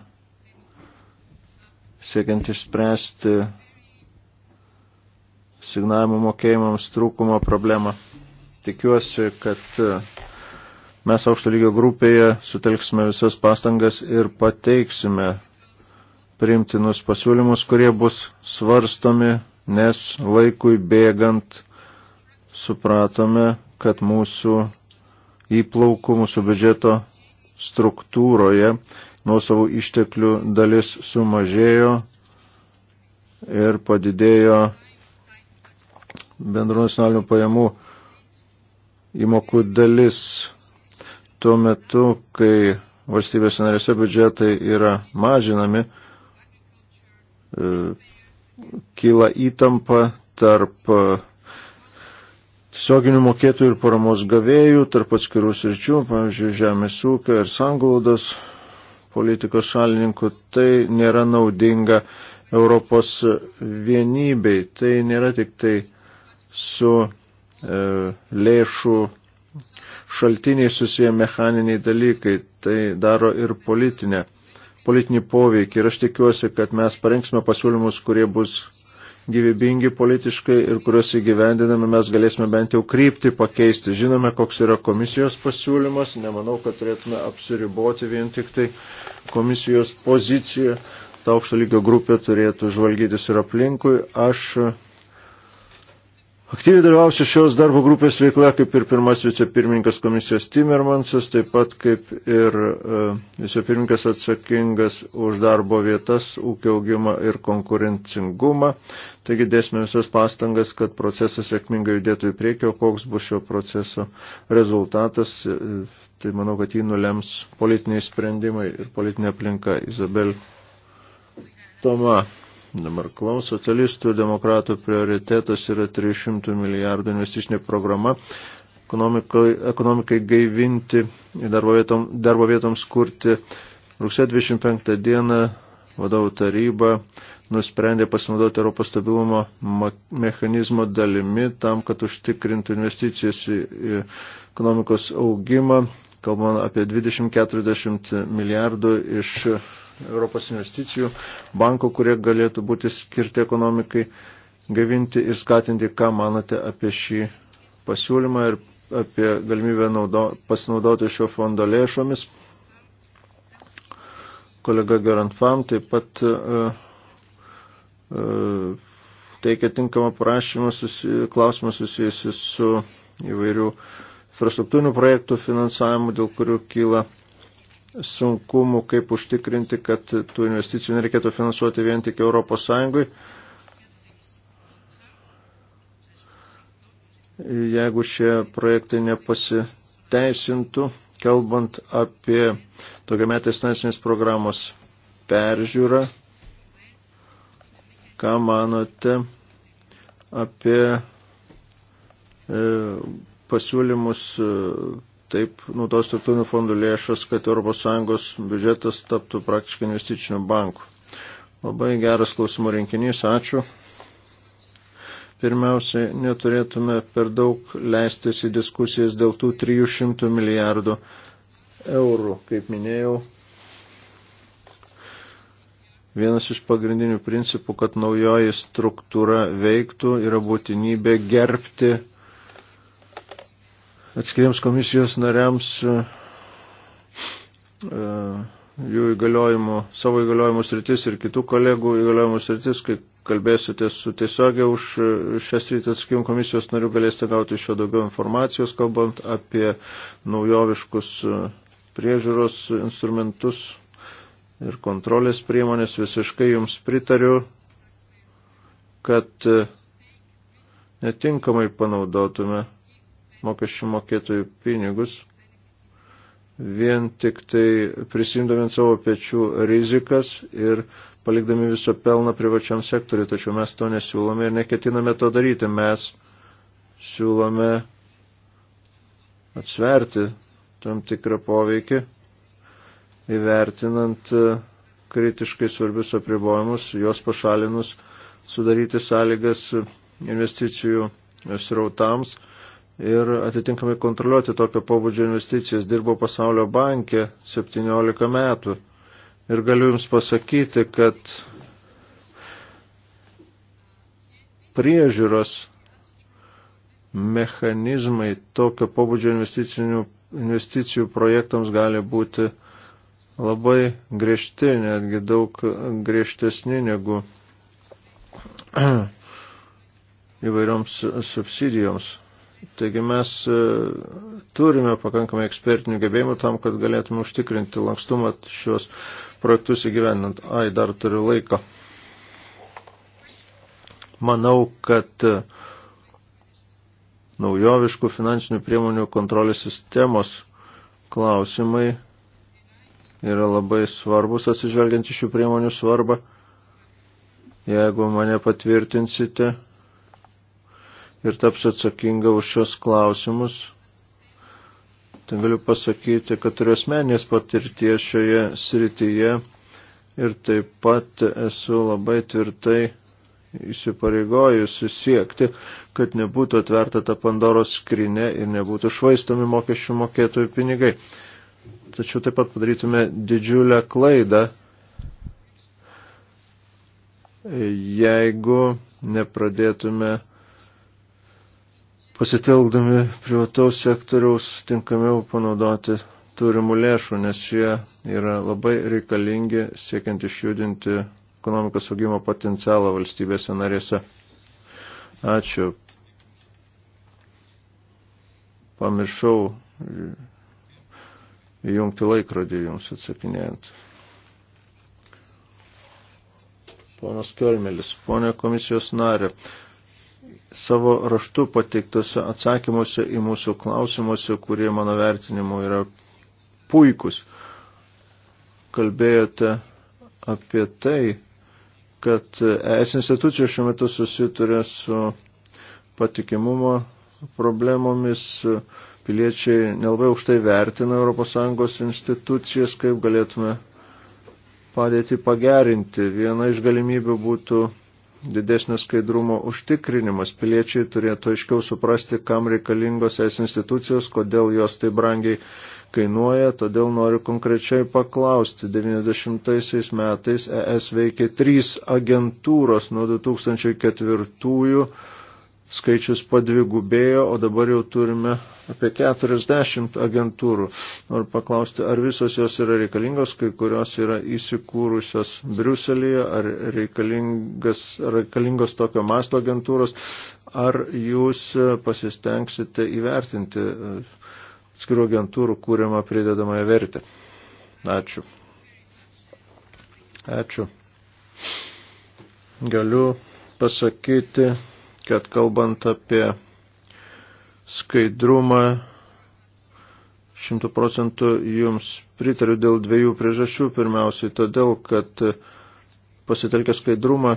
siekiant išspręsti signavimo mokėjimams trūkumo problemą. Tikiuosi, kad mes aukšto lygio grupėje sutelksime visas pastangas ir pateiksime priimtinus pasiūlymus, kurie bus svarstomi, nes laikui bėgant supratome, kad mūsų įplaukų mūsų biudžeto struktūroje nuo savo išteklių dalis sumažėjo ir padidėjo bendrų nacionalinių pajamų įmokų dalis tuo metu, kai valstybės narėse biudžetai yra mažinami, e, kyla įtampa tarp e, tiesioginių mokėtojų ir paramos gavėjų tarp atskirų sričių, pavyzdžiui, žemės ūkio ir sanglaudos politikos šalininkų, tai nėra naudinga Europos vienybei. Tai nėra tik tai su e, lėšų šaltiniai susiję mechaniniai dalykai, tai daro ir politinę, politinį poveikį. Ir aš tikiuosi, kad mes parengsime pasiūlymus, kurie bus gyvybingi politiškai ir kuriuos įgyvendiname mes galėsime bent jau krypti pakeisti. Žinome, koks yra komisijos pasiūlymas, nemanau, kad turėtume apsiriboti vien tik tai komisijos poziciją. Ta aukšto lygio grupė turėtų žvalgytis ir aplinkui. Aš Aktyviai dalyvausiu šios darbo grupės veikla, kaip ir pirmas vicepirmininkas komisijos Timermansas, taip pat kaip ir e, vicepirmininkas atsakingas už darbo vietas, ūkio augimą ir konkurencingumą. Taigi dėsime visas pastangas, kad procesas sėkmingai judėtų į priekį, o koks bus šio proceso rezultatas, e, tai manau, kad jį nulems politiniai sprendimai ir politinė aplinka Izabel Toma dabar klauso. Talistų demokratų prioritetas yra 300 milijardų investicinė programa ekonomikai, ekonomikai gaivinti, darbo, vietom, darbo vietoms kurti. Rugsėjo 25 dieną vadovų taryba nusprendė pasinaudoti Europos stabilumo mechanizmo dalimi tam, kad užtikrintų investicijas į ekonomikos augimą, kalbant apie 20-40 milijardų iš Europos investicijų banko, kurie galėtų būti skirti ekonomikai gavinti ir skatinti, ką manote apie šį pasiūlymą ir apie galimybę naudo, pasinaudoti šio fondo lėšomis. Kolega Garantfam taip pat uh, uh, teikia tinkamą prašymą, susi, klausimą susijusi su įvairių infrastruktūrinių projektų finansavimu, dėl kurių kyla uh, sunkumų, kaip užtikrinti, kad tų investicijų nereikėtų finansuoti vien tik Europos Sąjungui. Jeigu šie projektai nepasiteisintų, kalbant apie tokiametės finansinės programos peržiūrą, ką manote apie e, pasiūlymus e, taip naudos struktūrinių fondų lėšas, kad ES biudžetas taptų praktiškai investicinių bankų. Labai geras klausimų rinkinys, ačiū. Pirmiausiai, neturėtume per daug leistis į diskusijas dėl tų 300 milijardų eurų, kaip minėjau. Vienas iš pagrindinių principų, kad naujoji struktūra veiktų, yra būtinybė gerbti atskiriems komisijos nariams e, e, jų įgaliojimų, savo įgaliojimų sritis ir kitų kolegų įgaliojimų sritis, kai kalbėsite su tiesiogiai už e, šią sritį atskirų komisijos narių, galėsite gauti iš jo daugiau informacijos, kalbant apie naujoviškus priežiūros instrumentus ir kontrolės priemonės. Visiškai jums pritariu, kad netinkamai panaudotume mokesčių mokėtojų pinigus, vien tik tai prisimdami ant savo pečių rizikas ir palikdami viso pelną privačiam sektoriui, tačiau mes to nesiūlome ir neketiname to daryti. Mes siūlome atsverti tam tikrą poveikį, įvertinant e, kritiškai svarbius apribojimus, juos pašalinus, sudaryti sąlygas investicijų srautams ir atitinkamai kontroliuoti tokio pobūdžio investicijas. Dirbau pasaulio bankė 17 metų ir galiu Jums pasakyti, kad priežiūros mechanizmai tokio pobūdžio investicijų projektams gali būti labai griežti, netgi daug griežtesni negu įvairioms subsidijoms. Taigi mes e, turime pakankamai ekspertinių gebėjimų tam, kad galėtume užtikrinti lankstumą šios projektus įgyvendant. Ai, dar turiu laiko. Manau, kad e, naujoviškų finansinių priemonių kontrolės sistemos klausimai yra labai svarbus atsižvelgiant į šių priemonių svarbą. Jeigu mane patvirtinsite, ir taps atsakinga už šios klausimus. Tai galiu pasakyti, kad turiu asmenės patirties šioje srityje ir taip pat esu labai tvirtai įsipareigojusi siekti, kad nebūtų atverta ta Pandoros skrinė ir nebūtų švaistomi mokesčių mokėtojų pinigai. Tačiau taip pat padarytume didžiulę klaidą, jeigu nepradėtume pasitelkdami privataus sektoriaus tinkamiau panaudoti turimų lėšų, nes jie yra labai reikalingi siekiant išjudinti ekonomikos augimo potencialą valstybėse narėse. Ačiū. Pamiršau įjungti laikrodį jums atsakinėjant. Ponas Kelmelis, ponė komisijos narė savo raštu pateiktose atsakymuose į mūsų klausimuose, kurie mano vertinimu yra puikus. Kalbėjote apie tai, kad ES institucijos šiuo metu susituria su patikimumo problemomis, piliečiai nelabai aukštai vertina ES institucijas, kaip galėtume padėti pagerinti. Viena iš galimybių būtų didesnio skaidrumo užtikrinimas. Piliečiai turėtų aiškiau suprasti, kam reikalingos es institucijos, kodėl jos tai brangiai kainuoja, todėl noriu konkrečiai paklausti. 90 metais ES veikė trys agentūros nuo 2004 skaičius padvigubėjo, o dabar jau turime apie 40 agentūrų. Noriu paklausti, ar visos jos yra reikalingos, kai kurios yra įsikūrusios Briuselėje, ar reikalingos tokio masto agentūros, ar jūs pasistengsite įvertinti e, skirų agentūrų kūriamą pridedamąją vertę. Ačiū. Ačiū. Galiu pasakyti kad kalbant apie skaidrumą, šimtų procentų jums pritariu dėl dviejų priežasčių. Pirmiausiai todėl, kad pasitelkę skaidrumą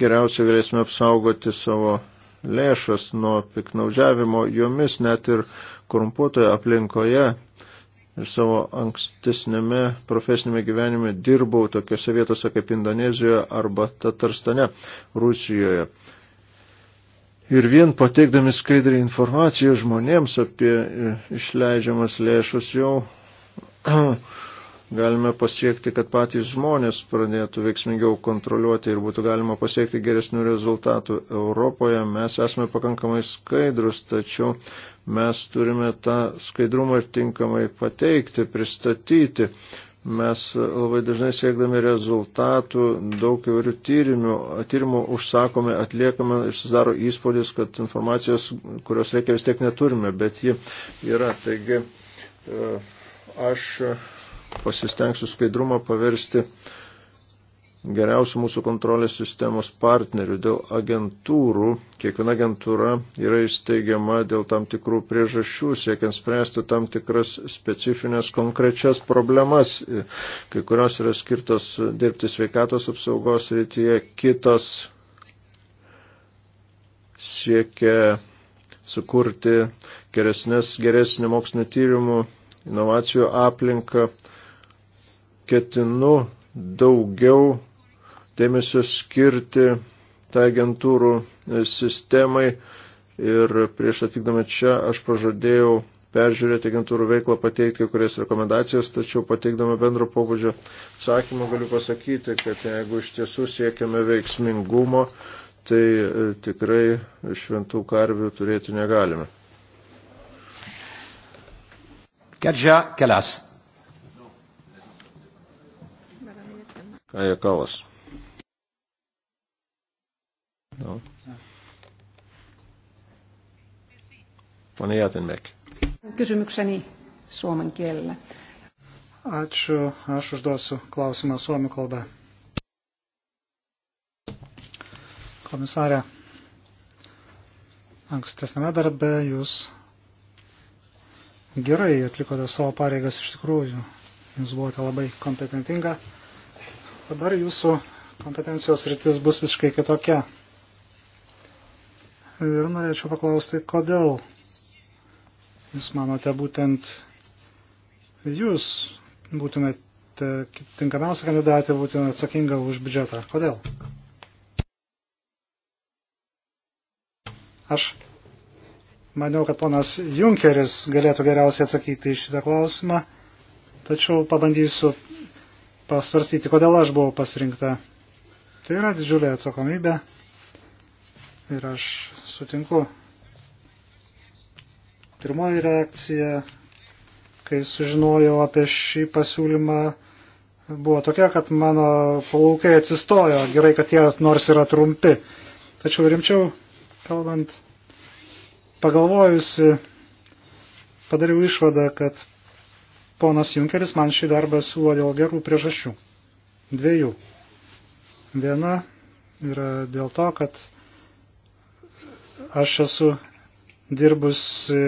geriausiai galėsime apsaugoti savo lėšas nuo piknaudžiavimo jomis net ir korumpuotoje aplinkoje. Ir savo ankstesnėme profesinėme gyvenime dirbau tokiose vietose kaip Indonezijoje arba Tatarstane, Rusijoje. Ir vien pateikdami skaidrį informaciją žmonėms apie e, išleidžiamas lėšus jau galime pasiekti, kad patys žmonės pradėtų veiksmingiau kontroliuoti ir būtų galima pasiekti geresnių rezultatų. Europoje mes esame pakankamai skaidrus, tačiau mes turime tą skaidrumą ir tinkamai pateikti, pristatyti. Mes labai dažnai siekdami rezultatų daug įvairių tyrimų, tyrimų užsakome, atliekame ir susidaro įspūdis, kad informacijos, kurios reikia, vis tiek neturime, bet ji yra. Taigi e, aš pasistengsiu skaidrumą paversti uh, geriausių mūsų kontrolės sistemos partnerių, dėl agentūrų. Kiekviena agentūra yra įsteigiama dėl tam tikrų priežasčių, siekiant spręsti tam tikras specifines konkrečias problemas, kai kurios yra skirtos dirbti sveikatos apsaugos rytyje, kitos siekia sukurti geresnės, geresnį mokslinio tyrimų, inovacijų aplinką. Ketinu daugiau dėmesio skirti tai agentūrų e, sistemai ir prieš atvykdami čia aš pažadėjau peržiūrėti agentūrų veiklą, pateikti kai kurias rekomendacijas, tačiau pateikdama bendro pobūdžio atsakymą galiu pasakyti, kad jeigu iš tiesų siekiame veiksmingumo, tai e, tikrai šventų karvių turėti negalime. Kedžia kelias. Kaja Kalas. No. Pane Jatenbek. Kysymykseni suomen kielellä. Ačiū, aš užduosiu klausimą suomių kalbą. Komisarė, ankstesnėme darbe jūs gerai atlikote savo pareigas iš tikrųjų. Jūs buvote labai kompetentinga. Dabar jūsų kompetencijos rytis bus visiškai kitokia. Ir norėčiau paklausti, kodėl jūs manote būtent jūs būtumėte tinkamiausia kandidatė būti atsakinga už biudžetą. Kodėl? Aš maniau, kad ponas Junkeris galėtų geriausiai atsakyti į šitą klausimą, tačiau pabandysiu pasvarstyti, kodėl aš buvau pasirinkta. Tai yra didžiulė atsakomybė. Ir aš sutinku. Pirmoji reakcija, kai sužinojau apie šį pasiūlymą, buvo tokia, kad mano palaukai atsistojo. Gerai, kad jie nors yra trumpi. Tačiau rimčiau, kalbant, pagalvojusi, padariau išvadą, kad ponas Junkeris man šį darbą siūlo dėl gerų priežasčių. Dviejų. Viena yra dėl to, kad Aš esu dirbus e,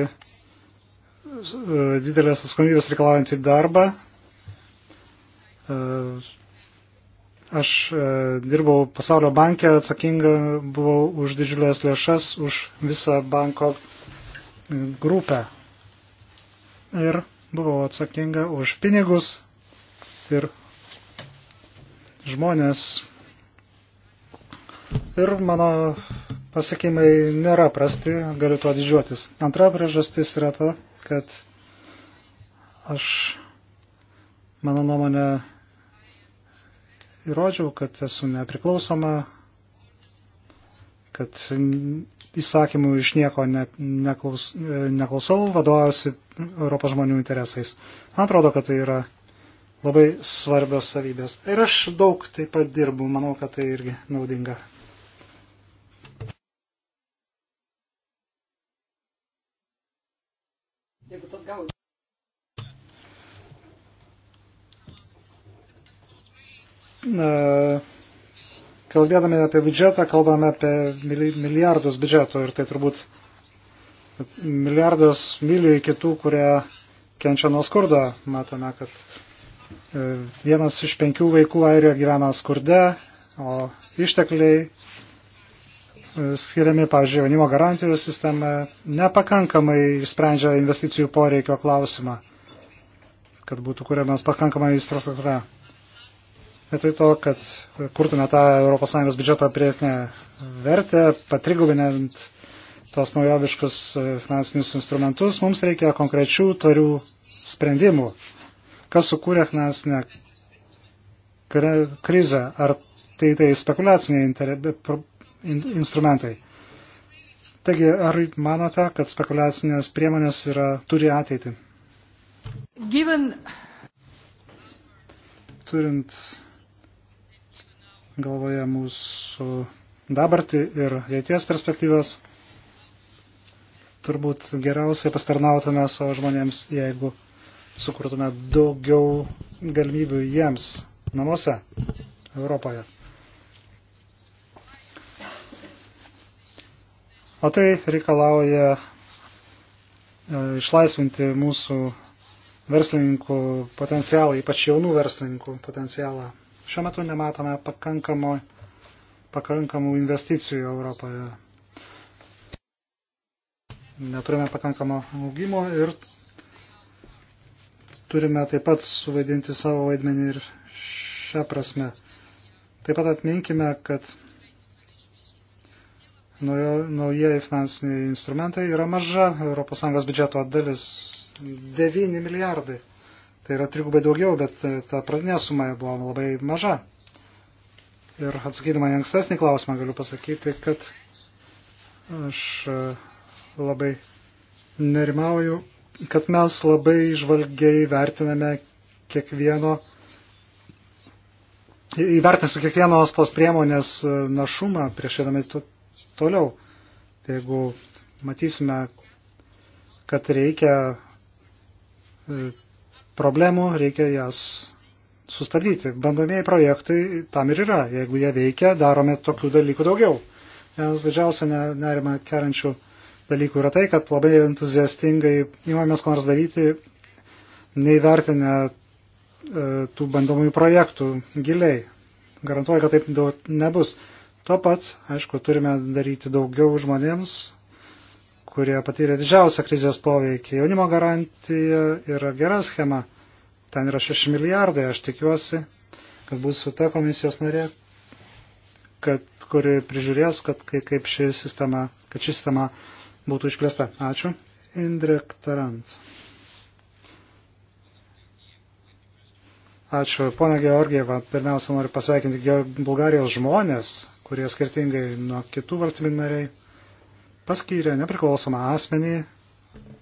didelės atsakomybės reikalaujantį darbą. E, aš e, dirbau pasaulio banke, atsakinga buvau už didžiulės lėšas, už visą banko grupę. Ir buvau atsakinga už pinigus ir žmonės. Ir mano pasiekimai nėra prasti, galiu tuo didžiuotis. Antra priežastis yra ta, kad aš, mano nuomonė, įrodžiau, kad esu nepriklausoma, kad įsakymų iš nieko ne, neklaus, neklausau, vadovausi Europos žmonių interesais. Man atrodo, kad tai yra labai svarbios savybės. Ir aš daug taip pat dirbu, manau, kad tai irgi naudinga. E, kalbėdami apie biudžetą, kalbame apie milijardus biudžetų ir tai turbūt milijardas mylių į kitų, kurie kenčia nuo skurdo. Matome, kad e, vienas iš penkių vaikų Airijoje gyvena skurde, o ištekliai e, skiriami, pavyzdžiui, jaunimo garantijų sistema nepakankamai išsprendžia investicijų poreikio klausimą, kad būtų kuriamas pakankamai infrastruktūra. Vietoj tai to, kad kurtume tą ES biudžeto prietinę vertę, patrigubinant tos naujoviškus e, finansinius instrumentus, mums reikia konkrečių tvarių sprendimų. Kas sukūrė finansinę krizę? Ar tai tai spekuliaciniai inter... instrumentai? Taigi, ar manote, kad spekuliacinės priemonės yra, turi ateitį? Given... Turint galvoje mūsų dabartį ir ateities perspektyvas, turbūt geriausiai pastarnautume savo žmonėms, jeigu sukurtume daugiau galimybių jiems namuose, Europoje. O tai reikalauja e, išlaisvinti mūsų verslininkų potencialą, ypač jaunų verslininkų potencialą. Šiuo metu nematome pakankamo, pakankamų investicijų Europoje. Neturime pakankamo augimo ir turime taip pat suvaidinti savo vaidmenį ir šią prasme. Taip pat atminkime, kad naujieji finansiniai instrumentai yra maža ES biudžeto dalis - 9 milijardai. Tai yra trigubai daugiau, bet e, ta pradinė suma buvo labai maža. Ir atsakydama į ankstesnį klausimą galiu pasakyti, kad aš e, labai nerimauju, kad mes labai žvalgiai vertiname kiekvieno, įvertinsime kiekvienos tos priemonės e, našumą prieš eidami toliau. Jeigu matysime, kad reikia problemų, reikia jas sustabdyti. Bandomieji projektai tam ir yra. Jeigu jie veikia, darome tokių dalykų daugiau. Vienas didžiausia nerima keliančių dalykų yra tai, kad labai entuziastingai įmamės ko nors daryti, neįvertinę e, tų bandomųjų projektų giliai. Garantuoju, kad taip nebus. Tuo pat, aišku, turime daryti daugiau žmonėms, kurie patyrė didžiausią krizės poveikį. Jaunimo garantija yra gera schema. Ten yra 6 milijardai. Aš tikiuosi, kad būsiu ta komisijos narė, kad, kuri prižiūrės, kad kaip ši sistema, kad ši sistema būtų išplėsta. Ačiū. Indrek Tarant. Ačiū, ponia Georgieva. Pirmiausia, noriu pasveikinti Bulgarijos žmonės, kurie skirtingai nuo kitų valstybių nariai paskyrė nepriklausomą asmenį,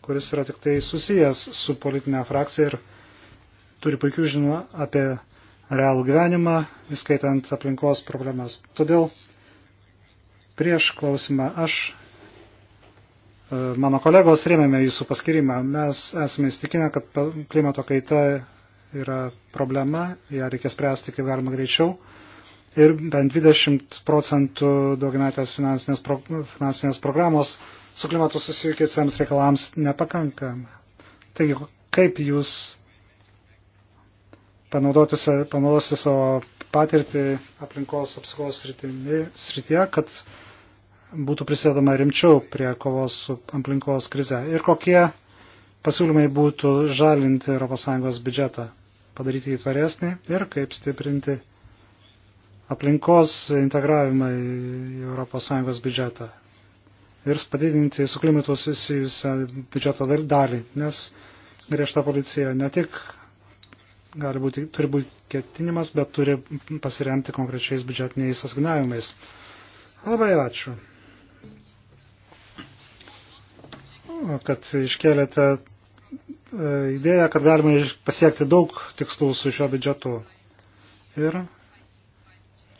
kuris yra tik tai susijęs su politinė frakcija ir turi puikių žinių apie realų gyvenimą, įskaitant aplinkos problemas. Todėl prieš klausimą aš, e, mano kolegos, rėmėme jūsų paskirimą. Mes esame įstikinę, kad klimato kaita yra problema, ją reikės spręsti kaip galima greičiau ir bent 20 procentų daugiametės finansinės, pro, finansinės programos su klimatu susijukėsiams reikalams nepakanka. Taigi, kaip jūs panaudosite savo patirtį aplinkos apsaugos srityje, kad būtų prisėdama rimčiau prie kovos su aplinkos krize. Ir kokie pasiūlymai būtų žalinti ES biudžetą, padaryti jį tvaresnį ir kaip stiprinti aplinkos integravimą į ES biudžetą ir padidinti su klimatu susijusią biudžeto dalį, nes griežta policija ne tik gali būti, turi būti ketinimas, bet turi pasiremti konkrečiais biudžetiniais asignavimais. Labai ačiū, kad iškėlėte e, idėją, kad galima pasiekti daug tikslų su šiuo biudžetu. Ir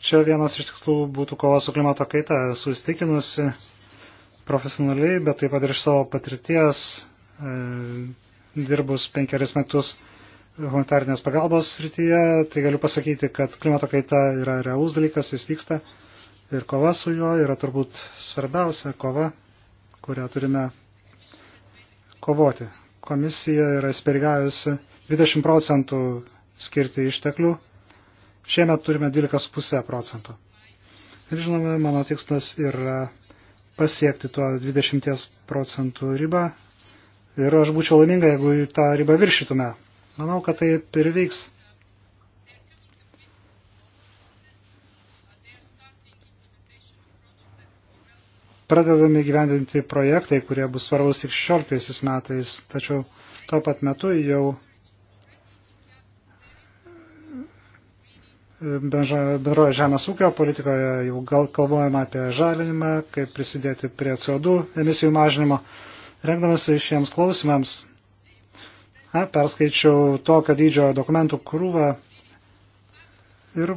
Čia vienas iš tikslų būtų kova su klimato kaita. Esu įstikinusi profesionaliai, bet taip pat ir iš savo patirties, e, dirbus penkeris metus humanitarnės pagalbos srityje, tai galiu pasakyti, kad klimato kaita yra realus dalykas, jis vyksta ir kova su juo yra turbūt svarbiausia kova, kurią turime kovoti. Komisija yra įspirgavusi 20 procentų skirti išteklių Šiemet turime 12,5 procentų. Ir žinoma, mano tikslas yra pasiekti tuo 20 procentų ribą. Ir aš būčiau laiminga, jeigu tą ribą viršytume. Manau, kad tai ir vyks. Pradedami gyvendinti projektai, kurie bus svarbus tik 16 metais, tačiau tuo pat metu jau bendroje žemės ūkio politikoje jau gal kalbojama apie žalinimą, kaip prisidėti prie CO2 emisijų mažinimo. Rengdamasi šiems klausimams, a, perskaičiau tokio dydžio dokumentų krūvą ir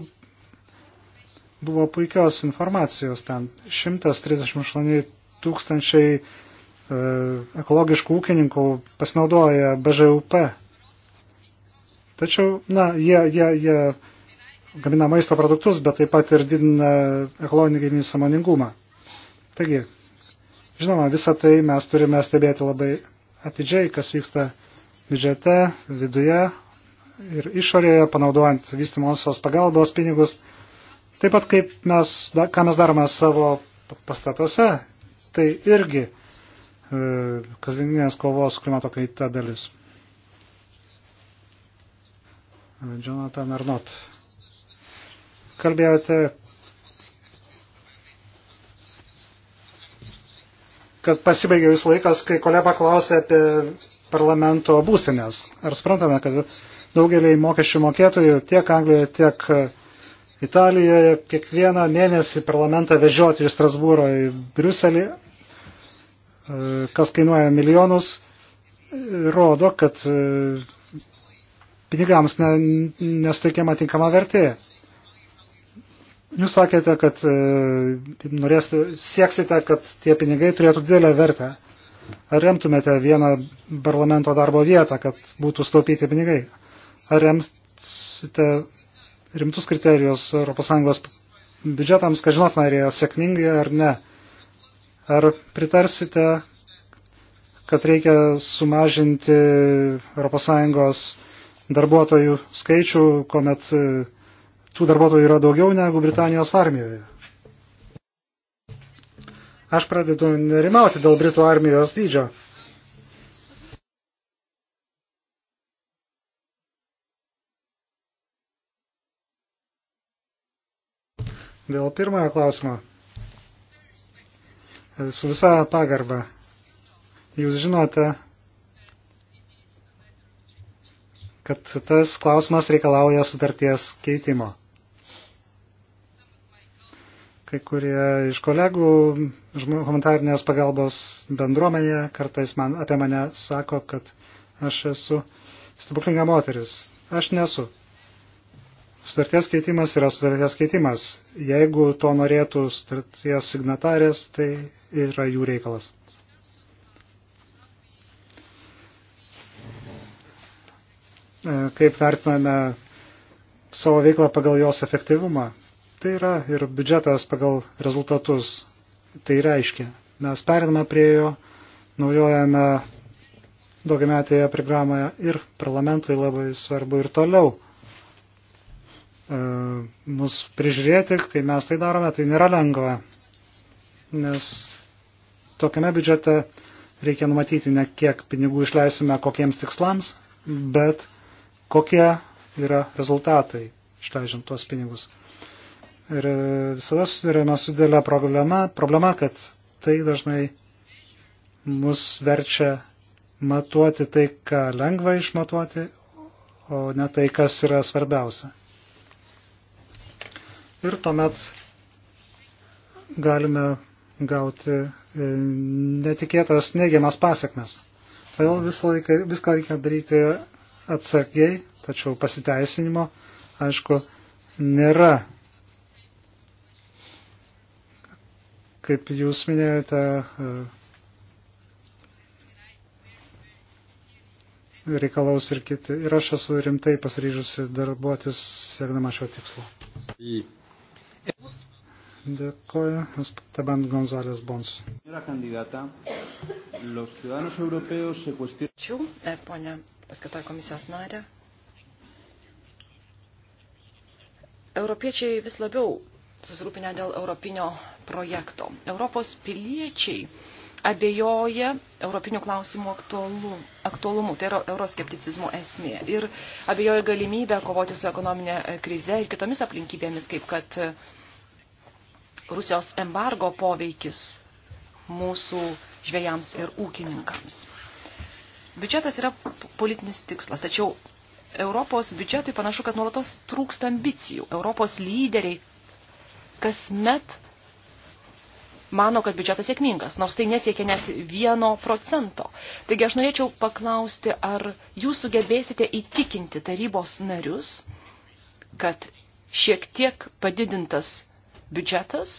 buvo puikios informacijos ten. 138 tūkstančiai e, ekologiškų ūkininkų pasinaudoja BŽUP. Tačiau, na, jie, jie, jie gamina maisto produktus, bet taip pat ir didina ekologinį gaiminį samoningumą. Taigi, žinoma, visą tai mes turime stebėti labai atidžiai, kas vyksta biudžete, viduje ir išorėje, panaudojant vystimosios pagalbos pinigus. Taip pat, kaip mes, ką mes darome savo pastatuose, tai irgi e, kasdieninės kovos klimato kaita dalis. Jonathan Arnott kalbėjote, kad pasibaigė jūs laikas, kai kolega klausė apie parlamento būsinės. Ar suprantame, kad daugeliai mokesčių mokėtojų tiek Anglijoje, tiek Italijoje kiekvieną mėnesį parlamentą vežioti iš Strasbūro į Briuselį, e, kas kainuoja milijonus, rodo, kad e, pinigams ne, nesuteikiama tinkama vertė. Jūs sakėte, kad e, norėsite, sieksite, kad tie pinigai turėtų didelę vertę. Ar remtumėte vieną parlamento darbo vietą, kad būtų staupyti pinigai? Ar remsite rimtus kriterijus ES biudžetams, kad žinotume, ar jie sėkmingi ar ne? Ar pritarsite, kad reikia sumažinti ES darbuotojų skaičių, kuomet e, tų darbuotojų yra daugiau negu Britanijos armijoje. Aš pradedu nerimauti dėl Britų armijos dydžio. Dėl pirmojo klausimo. Su visa pagarba. Jūs žinote, kad tas klausimas reikalauja sutarties keitimo. Kai kurie iš kolegų humanitarnės pagalbos bendruomenėje kartais man, apie mane sako, kad aš esu stebuklinga moteris. Aš nesu. Sutarties keitimas yra sutarties keitimas. Jeigu to norėtų sutarties signatarės, tai yra jų reikalas. E, kaip vertiname savo veiklą pagal jos efektyvumą? Tai yra ir biudžetas pagal rezultatus. Tai reiškia, mes periname prie jo, naujojame daugiametėje programoje ir parlamentui labai svarbu ir toliau e, mus prižiūrėti, kai mes tai darome, tai nėra lengva, nes tokiame biudžete reikia numatyti ne kiek pinigų išleisime kokiems tikslams, bet kokie yra rezultatai išleidžiant tuos pinigus. Ir e, visada susidurėme su didelė problema, problema, kad tai dažnai mus verčia matuoti tai, ką lengva išmatuoti, o ne tai, kas yra svarbiausia. Ir tuomet galime gauti e, netikėtas neigiamas pasiekmes. Todėl visą laiką, viską reikia daryti atsargiai, tačiau pasiteisinimo, aišku, nėra Kaip jūs minėjote, e, reikalaus ir kiti. Ir aš esu rimtai pasiryžusi darbuotis siekdama šio tikslo. Dėkoju, Esteban Gonzalės Bons. Ačiū, e, ponia paskatoja komisijos narė. Europiečiai vis labiau susirūpinę dėl europinio projekto. Europos piliečiai abejoja europinių klausimų aktualu, aktualumu, tai yra euroskepticizmo esmė. Ir abejoja galimybę kovoti su ekonominė krize ir kitomis aplinkybėmis, kaip kad Rusijos embargo poveikis mūsų žvėjams ir ūkininkams. Biudžetas yra politinis tikslas, tačiau Europos biudžetui panašu, kad nuolatos trūksta ambicijų. Europos lyderiai kasmet mano, kad biudžetas sėkmingas, nors tai nesiekia nes vieno procento. Taigi aš norėčiau paklausti, ar jūs sugebėsite įtikinti tarybos narius, kad šiek tiek padidintas biudžetas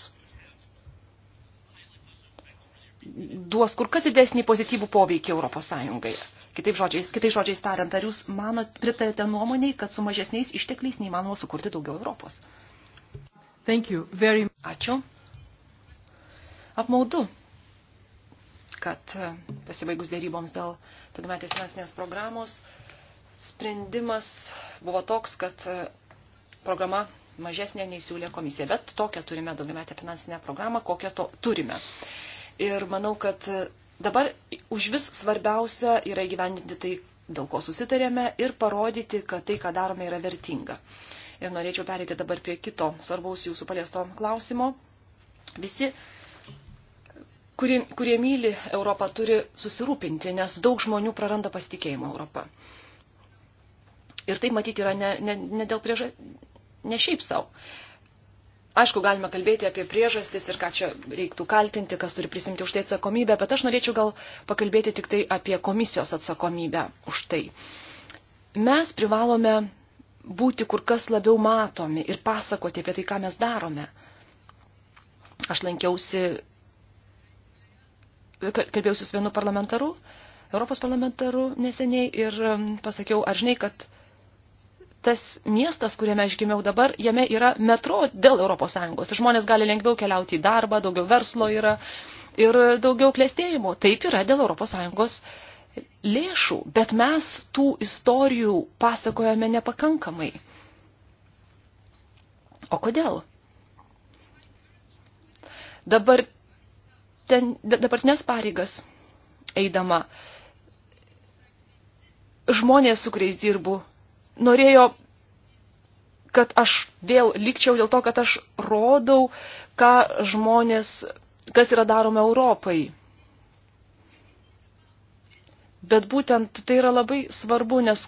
duos kur kas didesnį pozityvų poveikį Europos Sąjungai. Kitaip žodžiais, kitais žodžiais tariant, ar jūs manot, pritarėte nuomoniai, kad su mažesniais ištekliais neįmanoma sukurti daugiau Europos? Uh, Thank you very much. Ačiū. Apmaudu, kad e, pasibaigus dėryboms dėl tokmetės finansinės programos, sprendimas buvo toks, kad e, programa mažesnė nei siūlė komisija, bet tokią turime daugiametę finansinę programą, kokią to turime. Ir manau, kad e, dabar už vis svarbiausia yra įgyvendinti tai, dėl ko susitarėme ir parodyti, kad tai, ką darome, yra vertinga. Uh, Ir norėčiau perėti dabar prie kito svarbaus jūsų paliesto klausimo. Visi, kurie, kurie myli Europą, turi susirūpinti, nes daug žmonių praranda pasitikėjimą Europą. Ir tai matyti yra ne, ne, ne dėl priežas, ne šiaip savo. Aišku, galime kalbėti apie priežastis ir ką čia reiktų kaltinti, kas turi prisimti už tai atsakomybę, bet aš norėčiau gal pakalbėti tik tai apie komisijos atsakomybę už tai. Mes privalome būti kur kas labiau matomi ir pasakoti apie tai, ką mes darome. Aš lankiausi, kalbėjausi su vienu parlamentaru, Europos parlamentaru neseniai ir um, pasakiau, ar žinai, kad tas miestas, kuriame aš gimiau dabar, jame yra metro dėl Europos Sąjungos. Ir tai žmonės gali lengviau keliauti į darbą, daugiau verslo yra ir daugiau klėstėjimo. Taip yra dėl Europos Sąjungos lėšų, bet mes tų istorijų pasakojame nepakankamai. O kodėl? Dabar ten, dabartinės pareigas eidama žmonės, su kuriais dirbu, norėjo, kad aš vėl likčiau dėl to, kad aš rodau, ką žmonės, kas yra daroma Europai bet būtent tai yra labai svarbu, nes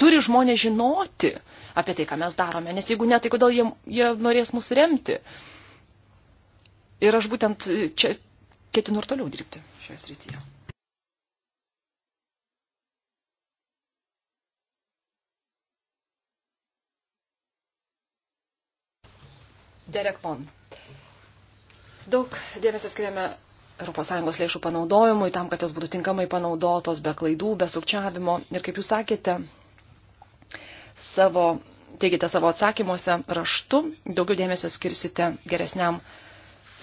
turi žmonės žinoti apie tai, ką mes darome, nes jeigu ne, tai kodėl jie, jie norės mus remti. Ir aš būtent čia ketinu ir toliau dirbti šioje srityje. Derek Mon. Daug dėmesio skiriame ES lėšų panaudojimui, tam, kad jos būtų tinkamai panaudotos, be klaidų, be sukčiavimo. Ir kaip jūs sakėte, savo, teigite savo atsakymuose raštu, daugiau dėmesio skirsite geresniam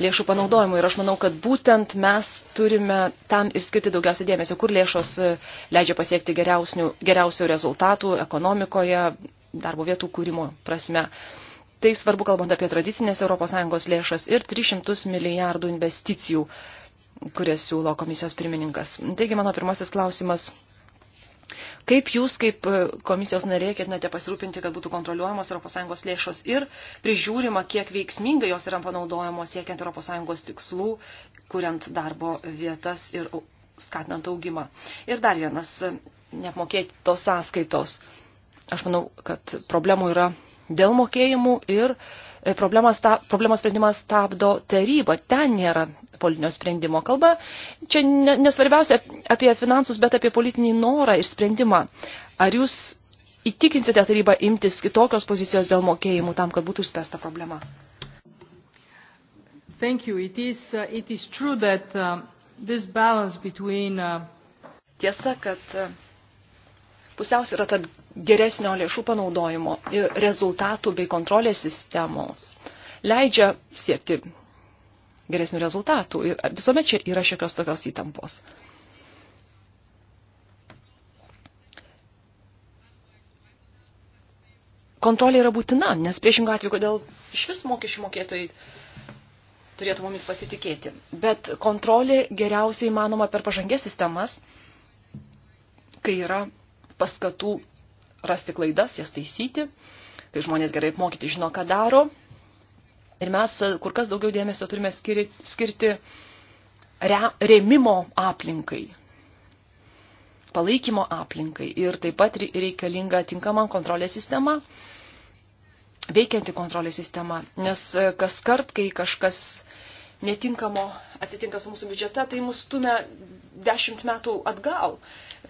lėšų panaudojimui. Ir aš manau, kad būtent mes turime tam ir skirti daugiausia dėmesio, kur lėšos e, leidžia pasiekti geriausių rezultatų ekonomikoje, darbo vietų kūrimo prasme. Tai svarbu, kalbant apie tradicinės ES lėšas ir 300 milijardų investicijų kurias siūlo komisijos pirmininkas. Taigi mano pirmasis klausimas. Kaip jūs, kaip e, komisijos narė, ketinate pasirūpinti, kad būtų kontroliuojamos ES lėšos ir prižiūrima, kiek veiksmingai jos yra panaudojamos siekiant ES tikslų, kuriant darbo vietas ir skatinant augimą. Ir dar vienas e, neapmokėtos sąskaitos. Aš manau, kad problemų yra dėl mokėjimų ir uh, E, problemos, ta, problemos sprendimas stabdo taryba. Ten nėra politinio sprendimo. Kalba čia nesvarbiausia apie finansus, bet apie politinį norą ir sprendimą. Ar jūs įtikinsite tarybą imtis kitokios pozicijos dėl mokėjimų tam, kad būtų išspręsta problema? Thank you. It is, uh, it is true that uh, this balance between uh... Tiesa, kad uh, pusiausvyrą tarp geresnio lėšų panaudojimo ir rezultatų bei kontrolės sistemos leidžia siekti geresnių rezultatų. Ir visuomet čia yra šiokios tokios įtampos. Kontrolė yra būtina, nes priešingą atveju, kodėl šis mokesčių mokėtojai turėtų mumis pasitikėti. Bet kontrolė geriausiai įmanoma per pažangės sistemas, kai yra paskatų rasti klaidas, jas taisyti, kai žmonės gerai apmokyti žino, ką daro. Ir mes e, kur kas daugiau dėmesio turime skiri, skirti re, remimo aplinkai, palaikymo aplinkai ir taip pat reikalinga tinkama kontrolės sistema, veikianti kontrolės sistema, nes e, kas kart, kai kažkas netinkamo atsitinka su mūsų biudžete, tai mus stumia dešimt metų atgal,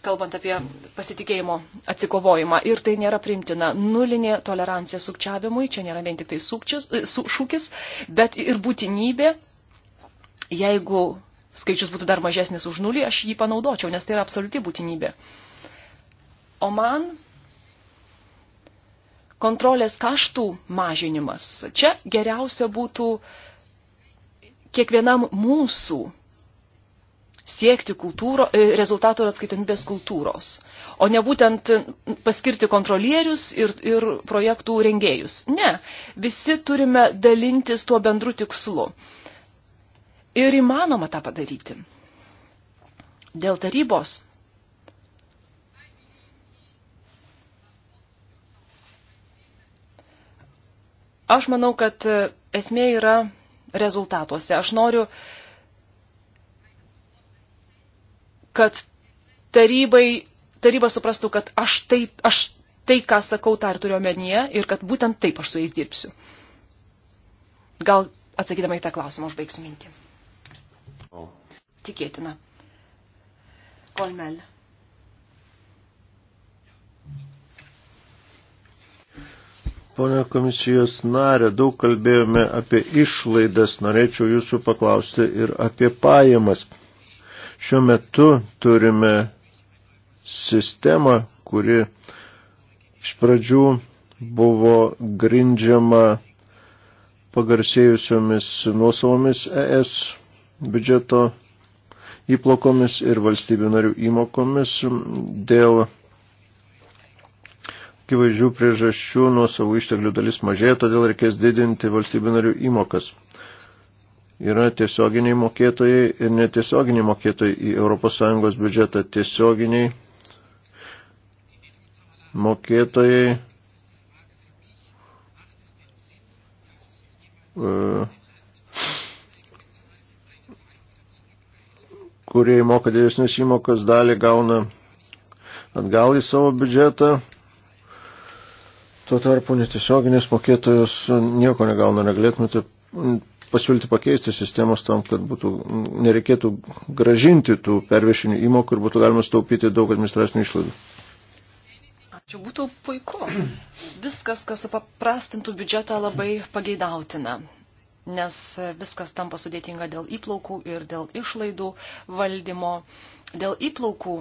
kalbant apie pasitikėjimo atsikovojimą. Ir tai nėra primtina. Nulinė tolerancija sukčiavimui, čia nėra vien tik tai sukčius, e, su, šūkis, bet ir būtinybė, jeigu skaičius būtų dar mažesnis už nulį, aš jį panaudočiau, nes tai yra absoliuti būtinybė. O man kontrolės kaštų mažinimas. Čia geriausia būtų uh, kiekvienam mūsų siekti kultūro, e, rezultato ir atskaitomybės kultūros, o ne būtent paskirti kontrolierius ir, ir projektų rengėjus. Ne, visi turime dalintis tuo bendru tikslu. Ir įmanoma tą padaryti. Dėl tarybos. Aš manau, kad e, esmė yra rezultatuose. Aš noriu, kad tarybai, taryba suprastų, kad aš tai, aš tai, ką sakau, tą ir turiu omenyje ir kad būtent taip aš su jais dirbsiu. Gal atsakydama į tą klausimą užbaigsiu mintį. O. Tikėtina. Kolmel. Pone komisijos narė, daug kalbėjome apie išlaidas, norėčiau jūsų paklausti ir apie pajamas. Šiuo metu turime sistemą, kuri iš pradžių buvo grindžiama pagarsėjusiomis nuosavomis ES biudžeto įplokomis ir valstybių narių įmokomis dėl akivaizdžių priežasčių nuo savų išteklių dalis mažėja, todėl reikės didinti valstybių narių įmokas. Yra tiesioginiai mokėtojai ir netiesioginiai mokėtojai į ES biudžetą. Tiesioginiai mokėtojai e, kurie įmoka didesnės įmokas dalį gauna atgal į savo biudžetą Tuo tarpu netiesioginės mokėtojos nieko negauna, negalėtumėte mm, pasiūlyti pakeisti sistemos tam, kad būtų, mm, nereikėtų gražinti tų pervešinių įmokų ir būtų galima staupyti daug administracinių išlaidų. Ačiū, būtų puiku. Viskas, kas supaprastintų biudžetą, labai pageidautina, nes viskas tampa sudėtinga dėl įplaukų ir dėl išlaidų valdymo. Dėl įplaukų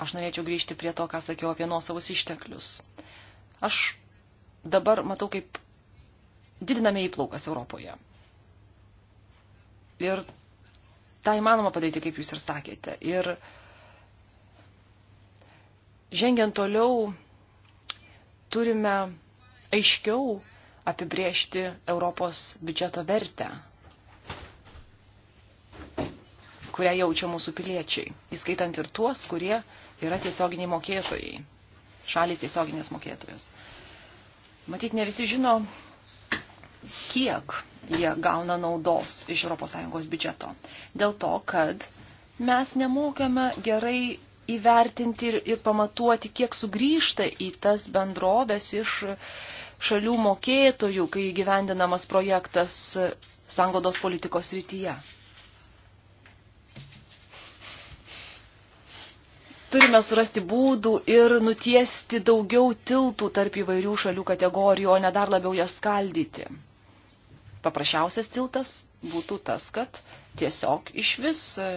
Aš norėčiau grįžti prie to, ką sakiau apie nuosavus išteklius. Aš dabar matau, kaip didiname įplaukas Europoje. Ir tą įmanoma padaryti, kaip jūs ir sakėte. Ir žengiant toliau, turime aiškiau apibriežti Europos biudžeto vertę, kurią jaučia mūsų piliečiai, įskaitant ir tuos, kurie yra tiesioginiai mokėtojai, šalis tiesioginės mokėtojos. Matyt, ne visi žino, kiek jie gauna naudos iš ES biudžeto. Dėl to, kad mes nemokame gerai įvertinti ir, ir pamatuoti, kiek sugrįžta į tas bendrovės iš šalių mokėtojų, kai gyvendinamas projektas sangodos politikos rytyje. turime surasti būdų ir nutiesti daugiau tiltų tarp įvairių šalių kategorijų, o ne dar labiau jas skaldyti. Paprasčiausias tiltas būtų tas, kad tiesiog iš vis e,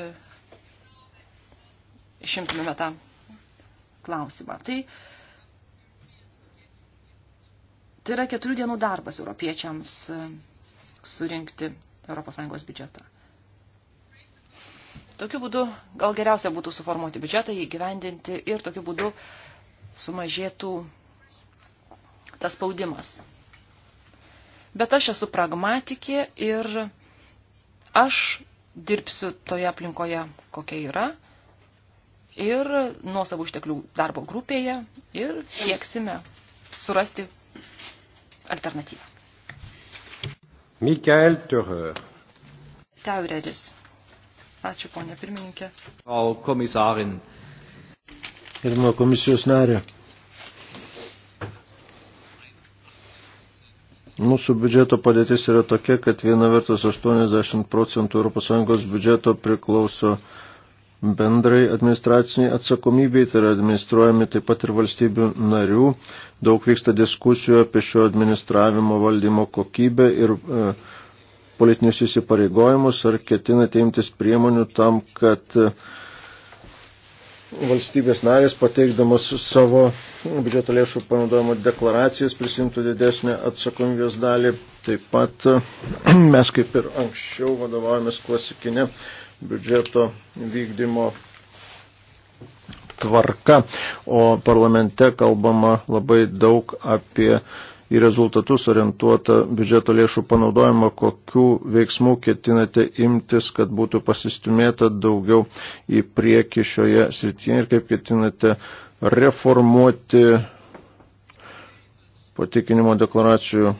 išimtumėme tą klausimą. Tai, tai yra keturių dienų darbas europiečiams e, surinkti ES biudžetą. Tokiu būdu gal geriausia būtų suformuoti biudžetą, jį gyvendinti ir tokiu būdu sumažėtų tas spaudimas. Bet aš esu pragmatikė ir aš dirbsiu toje aplinkoje, kokia yra, ir nuosavų išteklių darbo grupėje ir sieksime surasti alternatyvą. Mikael Teurer. Teureris. Ačiū, ponė pirmininkė. Frau komisarin. Gerbimo komisijos narė. Mūsų biudžeto padėtis yra tokia, kad viena vertus 80 procentų ES biudžeto priklauso bendrai administraciniai atsakomybei, tai yra administruojami taip pat ir valstybių narių. Daug vyksta diskusijų apie šio administravimo valdymo kokybę ir e, politinius įsipareigojimus, ar ketinate imtis priemonių tam, kad e, valstybės narės pateikdamas savo biudžeto lėšų panaudojimo deklaracijas prisimtų didesnę atsakomybės dalį. Taip pat e, mes kaip ir anksčiau vadovaujamės klasikinė biudžeto vykdymo tvarka, o parlamente kalbama labai daug apie uh, į rezultatus orientuotą biudžeto lėšų panaudojimą, kokių veiksmų ketinate imtis, kad būtų pasistumėta daugiau į priekį šioje srityje ir kaip ketinate reformuoti patikinimo deklaracijų.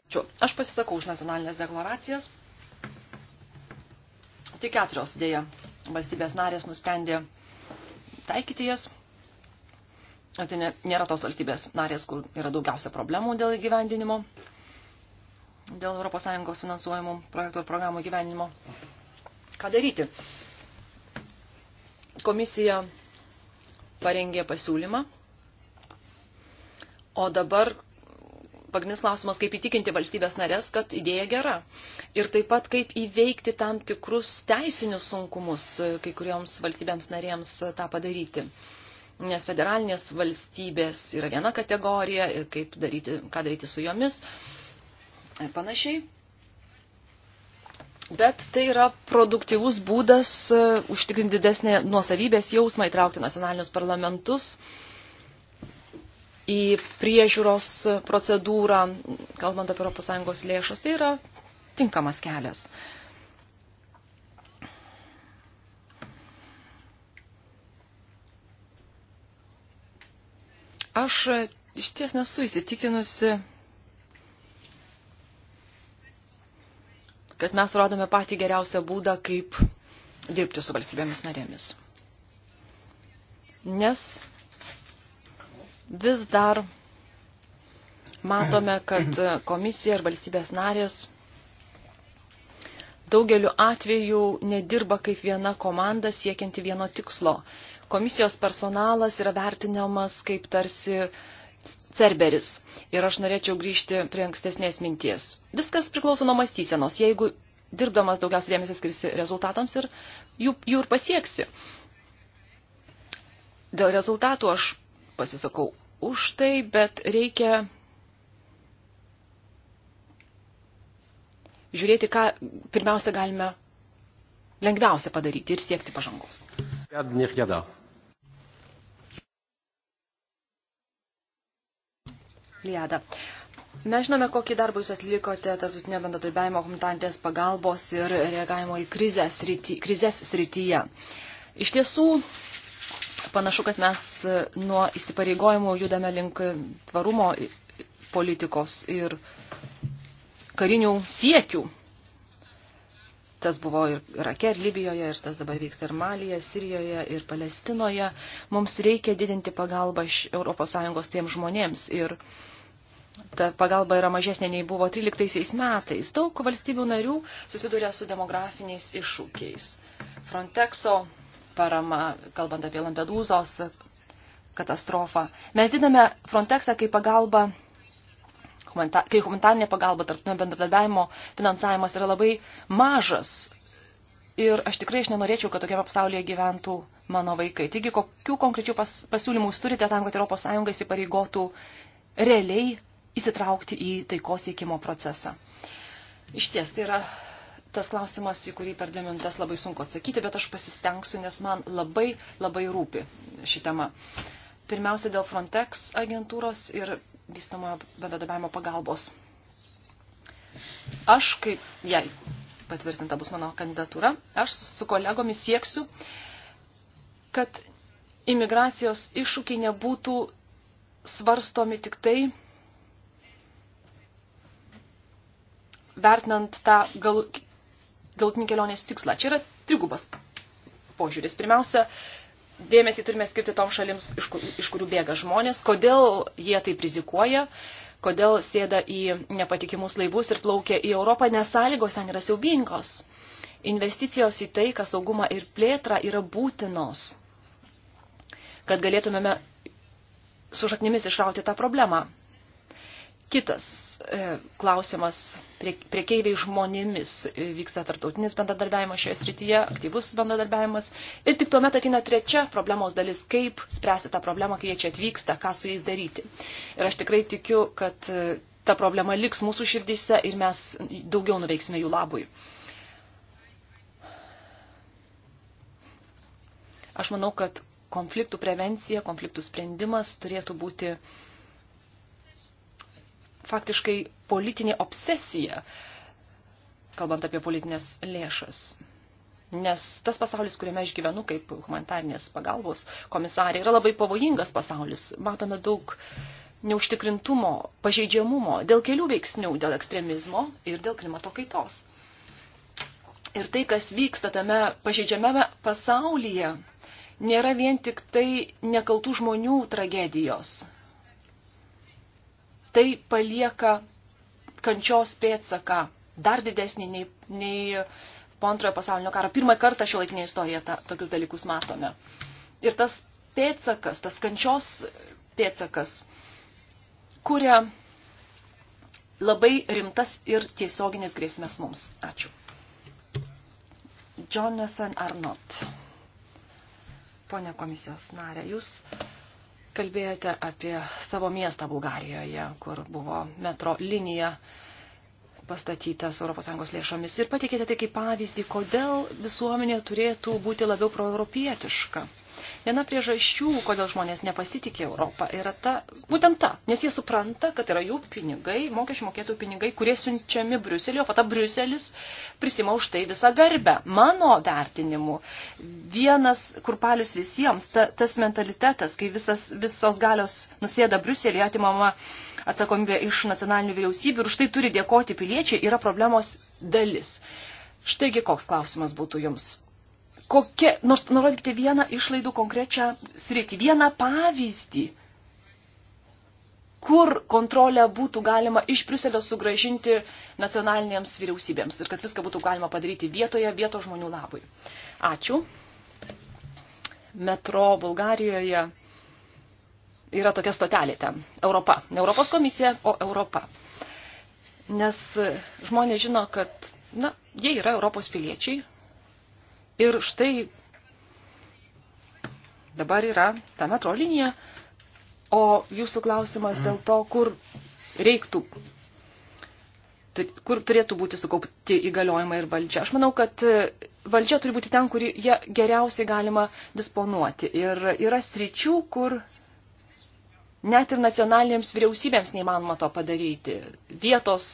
Ačiū. Aš pasisakau už nacionalinės deklaracijas. Tik keturios dėja valstybės narės nusprendė taikyti jas. Tai nėra tos valstybės narės, kur yra daugiausia problemų dėl įgyvendinimo, dėl ES finansuojamų projektų ir programų įgyvendinimo. Ką daryti? Komisija parengė pasiūlymą, o dabar pagrindinis klausimas, kaip įtikinti valstybės narės, kad idėja gera. Ir taip pat, kaip įveikti tam tikrus teisinius sunkumus kai kurioms valstybėms narėms tą padaryti nes federalinės valstybės yra viena kategorija ir kaip daryti, ką daryti su jomis ir panašiai. Bet tai yra produktyvus būdas e, užtikrinti didesnį nuosavybės jausmą, įtraukti nacionalinius parlamentus į priežiūros procedūrą, kalbant apie ES lėšas. Tai yra tinkamas kelias. Aš e, iš ties nesu įsitikinusi, kad mes rodome patį geriausią būdą, kaip dirbti su valstybėmis narėmis. Nes vis dar matome, kad komisija ir valstybės narės daugeliu atveju nedirba kaip viena komanda siekianti vieno tikslo komisijos personalas yra vertinamas kaip tarsi cerberis. Ir aš norėčiau grįžti prie ankstesnės minties. Viskas priklauso nuo mąstysenos. Jeigu dirbdamas daugiausiai dėmesio skirsi rezultatams ir jų, jų ir pasieksi. Dėl rezultatų aš pasisakau už tai, bet reikia žiūrėti, ką pirmiausia galime lengviausia padaryti ir siekti pažangos. Jad, Liada. Mes žinome, kokį darbą jūs atlikote tarptautinio bendradarbiavimo komitantės pagalbos ir reagavimo į krizės, srity, krizės srityje. Iš tiesų, panašu, kad mes nuo įsipareigojimų judame link tvarumo politikos ir karinių siekių Tas buvo ir Irake, ir Libijoje, ir tas dabar vyksta ir Malyje, Sirijoje, ir Palestinoje. Mums reikia didinti pagalbą ES tiem žmonėms. Ir ta pagalba yra mažesnė nei buvo 13 metais. Daug valstybių narių susiduria su demografiniais iššūkiais. Frontexo parama, kalbant apie Lampedūzos katastrofą. Mes didame Frontexą kaip pagalbą humanitar, kai humanitarinė pagalba, tarptinio bendradarbiavimo finansavimas yra labai mažas. Ir aš tikrai aš nenorėčiau, kad tokiame pasaulyje gyventų mano vaikai. Taigi, kokių konkrečių pas, pasiūlymų jūs turite tam, kad ES įsipareigotų realiai įsitraukti į taikos siekimo procesą? Iš ties, tai yra tas klausimas, į kurį per dvi minutės labai sunku atsakyti, bet aš pasistengsiu, nes man labai labai rūpi ši tema. Pirmiausia, dėl Frontex agentūros ir vystamojo bendradarbiavimo pagalbos. Aš, kaip jai patvirtinta bus mano kandidatūra, aš su kolegomis sieksiu, kad imigracijos iššūkiai nebūtų svarstomi tik tai vertinant tą gal, galutinį kelionės tikslą. Čia yra trigubas požiūris. Pirmiausia, dėmesį turime skirti tom šalims, iš, kur, iš kurių bėga žmonės, kodėl jie taip rizikuoja, kodėl sėda į nepatikimus laivus ir plaukia į Europą, nes sąlygos ten yra siaubingos. Investicijos į taiką, saugumą ir plėtrą yra būtinos, kad galėtumėme su šaknimis išrauti tą problemą. Kitas e, klausimas prie, prie keiviai žmonėmis e, vyksta tartautinis bendradarbiavimas šioje srityje, aktyvus bendradarbiavimas. Ir tik tuomet ateina trečia problemos dalis, kaip spręsti tą problemą, kai jie čia atvyksta, ką su jais daryti. Ir aš tikrai tikiu, kad e, ta problema liks mūsų širdyse ir mes daugiau nuveiksime jų labui. Aš manau, kad konfliktų prevencija, konfliktų sprendimas turėtų būti uh, faktiškai politinė obsesija, kalbant apie politinės lėšas. Nes tas pasaulis, kuriame aš gyvenu kaip humanitarnės pagalbos komisarė, yra labai pavojingas pasaulis. Matome daug neužtikrintumo, pažeidžiamumo dėl kelių veiksnių, dėl ekstremizmo ir dėl klimato kaitos. Ir tai, kas vyksta tame pažeidžiamame pasaulyje, nėra vien tik tai nekaltų žmonių tragedijos, tai palieka kančios pėtsaką dar didesnį nei, nei po antrojo pasaulinio karo. Pirmą kartą šio laikinėje istorijoje ta, tokius dalykus matome. Ir tas pėtsakas, tas kančios pėtsakas, kuria labai rimtas ir tiesioginės grėsmės mums. Ačiū. Jonathan Arnott. Pone komisijos narė, jūs kalbėjote apie savo miestą Bulgarijoje, kur buvo metro linija pastatytas ES lėšomis ir patikėte tai kaip pavyzdį, kodėl visuomenė turėtų būti labiau proeuropietiška. Viena priežasčių, kodėl žmonės nepasitikė Europą, yra ta, būtent ta, nes jie supranta, kad yra jų pinigai, mokesčių mokėtų pinigai, kurie siunčiami Briuselio, pata Briuselis prisima už tai visą garbę. Mano vertinimu, vienas kurpalius visiems, ta, tas mentalitetas, kai visas, visos galios nusėda Briuselį, atimama atsakomybė iš nacionalinių vyriausybių ir už tai turi dėkoti piliečiai, yra problemos dalis. Štaigi koks klausimas būtų jums kokia, nors nurodykite vieną išlaidų konkrečią sritį, vieną pavyzdį, kur kontrolę būtų galima iš Briuselio sugražinti nacionalinėms vyriausybėms ir kad viską būtų galima padaryti vietoje, vietos žmonių labui. Ačiū. Metro Bulgarijoje yra tokia stotelė ten. Europa. Ne Europos komisija, o Europa. Nes žmonės žino, kad, na, jie yra Europos piliečiai, Ir štai dabar yra ta metro linija, o jūsų klausimas dėl to, kur reiktų, kur turėtų būti sukaupti įgaliojimai ir valdžia. Aš manau, kad e, valdžia turi būti ten, kur jie geriausiai galima disponuoti. Ir yra sričių, kur Net ir nacionalinėms vyriausybėms neįmanoma to padaryti. Vietos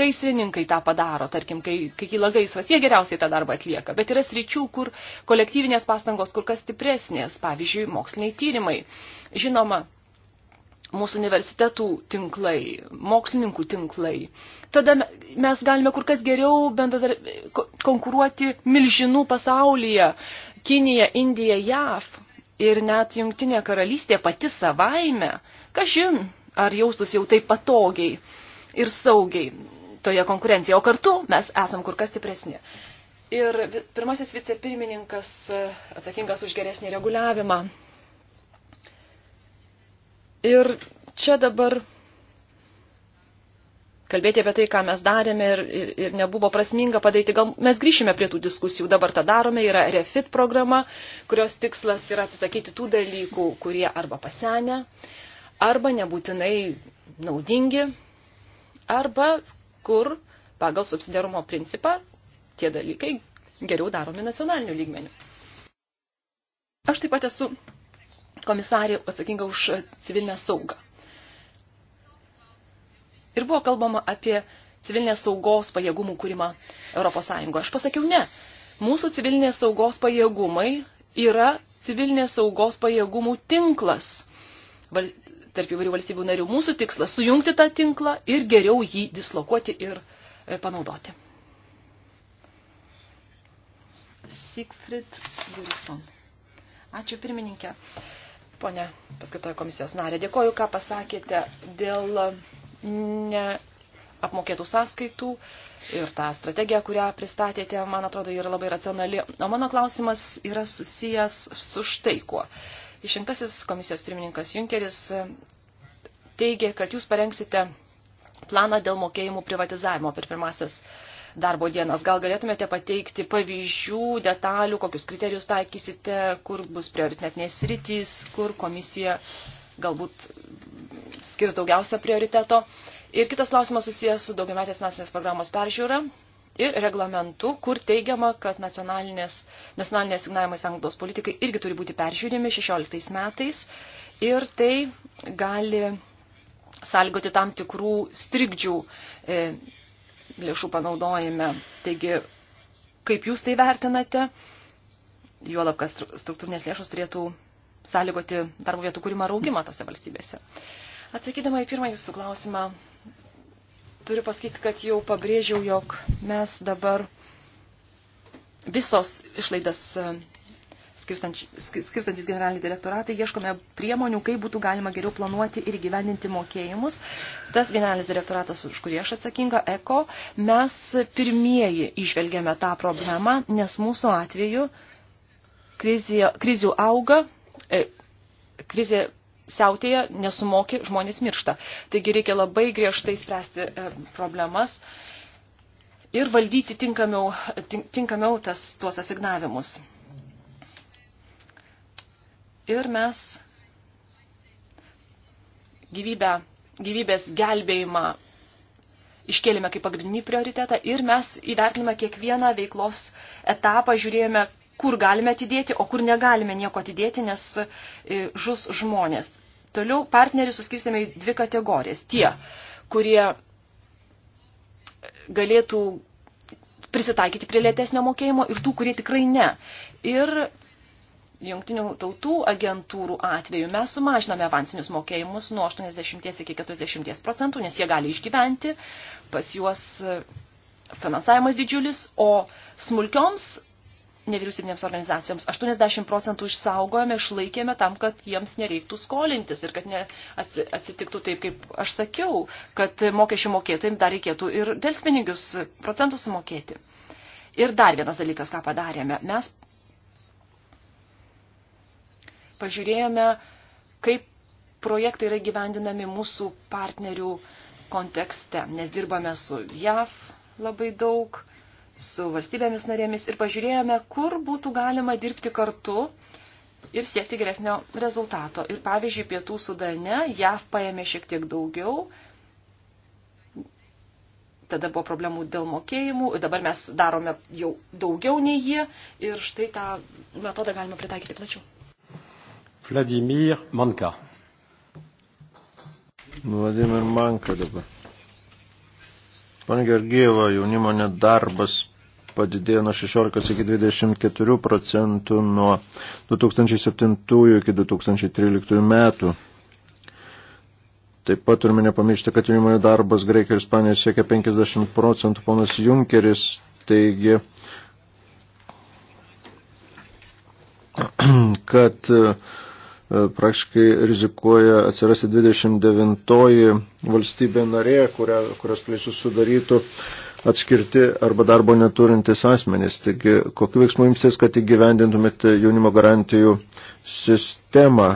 gaisrininkai tą padaro, tarkim, kai, kai kyla gaisras, jie geriausiai tą darbą atlieka. Bet yra sričių, kur kolektyvinės pastangos kur kas stipresnės, pavyzdžiui, moksliniai tyrimai. Žinoma, mūsų universitetų tinklai, mokslininkų tinklai. Tada mes galime kur kas geriau bendradar... konkuruoti milžinų pasaulyje - Kinija, Indija, JAV ir net jungtinė karalystė pati savaime, kažin, ar jaustus jau taip patogiai ir saugiai toje konkurencijoje, o kartu mes esam kur kas stipresni. Ir pirmasis vicepirmininkas atsakingas už geresnį reguliavimą. Ir čia dabar kalbėti apie tai, ką mes darėme ir, ir, ir nebuvo prasminga padaryti. Gal mes grįšime prie tų diskusijų, dabar tą darome, yra refit programa, kurios tikslas yra atsisakyti tų dalykų, kurie arba pasenę, arba nebūtinai naudingi, arba kur pagal subsidiarumo principą tie dalykai geriau daromi nacionaliniu lygmeniu. Aš taip pat esu komisarė atsakinga už civilinę saugą ir buvo kalbama apie civilinės saugos pajėgumų kūrimą ES. Aš pasakiau ne. Mūsų civilinės saugos pajėgumai yra civilinės saugos pajėgumų tinklas val, tarp įvairių valstybių narių. Mūsų tikslas sujungti tą tinklą ir geriau jį dislokuoti ir e, panaudoti. Siegfried Gurison. Ačiū pirmininkė. Pone paskirtojo komisijos narė, dėkoju, ką pasakėte dėl neapmokėtų sąskaitų ir tą strategiją, kurią pristatėte, man atrodo, yra labai racionali. O mano klausimas yra susijęs su štai kuo. Išrinktasis komisijos pirmininkas Junkeris e, teigia, kad jūs parengsite planą dėl mokėjimų privatizavimo per pirmasis darbo dienas. Gal galėtumėte pateikti pavyzdžių, detalių, kokius kriterijus taikysite, kur bus prioritetinės rytys, kur komisija galbūt skirs daugiausia prioriteto. Ir kitas klausimas susijęs su daugiametės nacinės programos peržiūra ir reglamentu, kur teigiama, kad nacionalinės, nacionalinės signavimai sąnaudos politikai irgi turi būti peržiūrimi 16 metais ir tai gali sąlygoti tam tikrų strikdžių e, lėšų panaudojime. Taigi, kaip jūs tai vertinate, juolab, kad struktūrinės lėšos turėtų sąlygoti darbo vietų kūrimą ir augimą tose valstybėse. E, Atsakydama į pirmą jūsų klausimą, turiu pasakyti, kad jau pabrėžiau, jog mes dabar visos išlaidas e, skirstantis generalinį direktoratai, ieškome priemonių, kaip būtų galima geriau planuoti ir gyveninti mokėjimus. Tas generalinis direktoratas, už kurį aš atsakinga, ECO, mes pirmieji išvelgėme tą problemą, nes mūsų atveju krizė, krizių auga, e, krizė siautėja, nesumoki, žmonės miršta. Taigi reikia labai griežtai spręsti e, problemas ir valdyti tinkamiau, tinkamiau tas, tuos asignavimus. Ir mes gyvybę, gyvybės gelbėjimą iškėlėme kaip pagrindinį prioritetą ir mes įvertinime kiekvieną veiklos etapą, žiūrėjome, kur galime atidėti, o kur negalime nieko atidėti, nes e, žus žmonės. Toliau partnerį suskirstėme į dvi kategorijas. Tie, kurie galėtų prisitaikyti prie lėtesnio mokėjimo ir tų, kurie tikrai ne. Ir jungtinių tautų agentūrų atveju mes sumažiname avansinius mokėjimus nuo 80 iki 40 procentų, nes jie gali išgyventi, pas juos finansavimas didžiulis, o smulkioms nevyriausybinėms organizacijoms. 80 procentų išsaugojame, išlaikėme tam, kad jiems nereiktų skolintis ir kad atsitiktų taip, kaip aš sakiau, kad mokesčių mokėtojim dar reikėtų ir delspinigius procentus sumokėti. Ir dar vienas dalykas, ką padarėme. Mes pažiūrėjome, kaip projektai yra gyvendinami mūsų partnerių kontekste, nes dirbame su JAV labai daug, su valstybėmis narėmis ir pažiūrėjome, kur būtų galima dirbti kartu ir siekti geresnio rezultato. Ir pavyzdžiui, pietų sudane JAV paėmė šiek tiek daugiau, tada buvo problemų dėl mokėjimų, dabar mes darome jau daugiau nei jie ir štai tą metodą galima pritaikyti plačiau. Vladimir Manka. Vladimir Manka dabar. Pane Gergieva, jaunimo nedarbas padidėjo nuo 16 iki 24 procentų nuo 2007 iki 2013 metų. Taip pat turime nepamiršti, kad jaunimo nedarbas Graikija ir Ispanija siekia 50 procentų. Ponas Junkeris teigi, kad uh, E, praktiškai rizikuoja atsirasti 29 valstybė narė, kurią, kurios plėsius sudarytų atskirti arba darbo neturintis asmenys. Taigi, kokiu veiksmu imsės, kad įgyvendintumėte jaunimo garantijų sistemą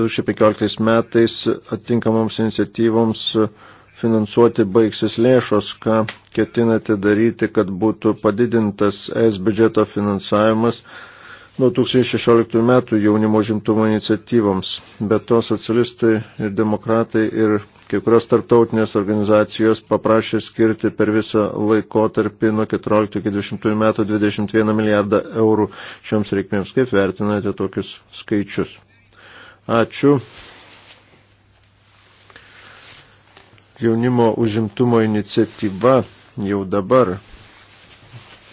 2015 metais atinkamoms iniciatyvoms finansuoti baigsis lėšos, ką ketinate daryti, kad būtų padidintas es biudžeto finansavimas nuo 2016 metų jaunimo žimtumo iniciatyvoms. Be to socialistai ir demokratai ir kai kurios tarptautinės organizacijos paprašė skirti per visą laikotarpį nuo 14 iki 20 metų 21 milijardą eurų šioms reikmėms. Kaip vertinate tokius skaičius? Ačiū. Jaunimo užimtumo iniciatyva jau dabar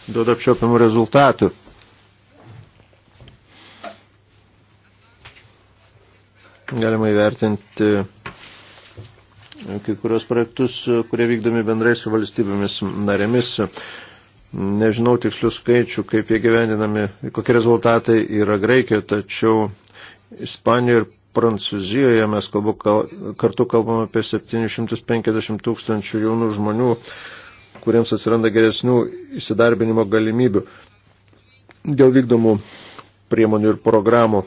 duoda apčiopiamų rezultatų. galima įvertinti e, kai kurios projektus, e, kurie vykdomi bendrai su valstybėmis narėmis. Nežinau tikslių skaičių, kaip jie gyvendinami, kokie rezultatai yra Graikijoje, tačiau Ispanijoje ir Prancūzijoje mes kalbu, kal, kartu kalbame apie 750 tūkstančių jaunų žmonių, kuriems atsiranda geresnių įsidarbinimo galimybių dėl vykdomų priemonių ir programų.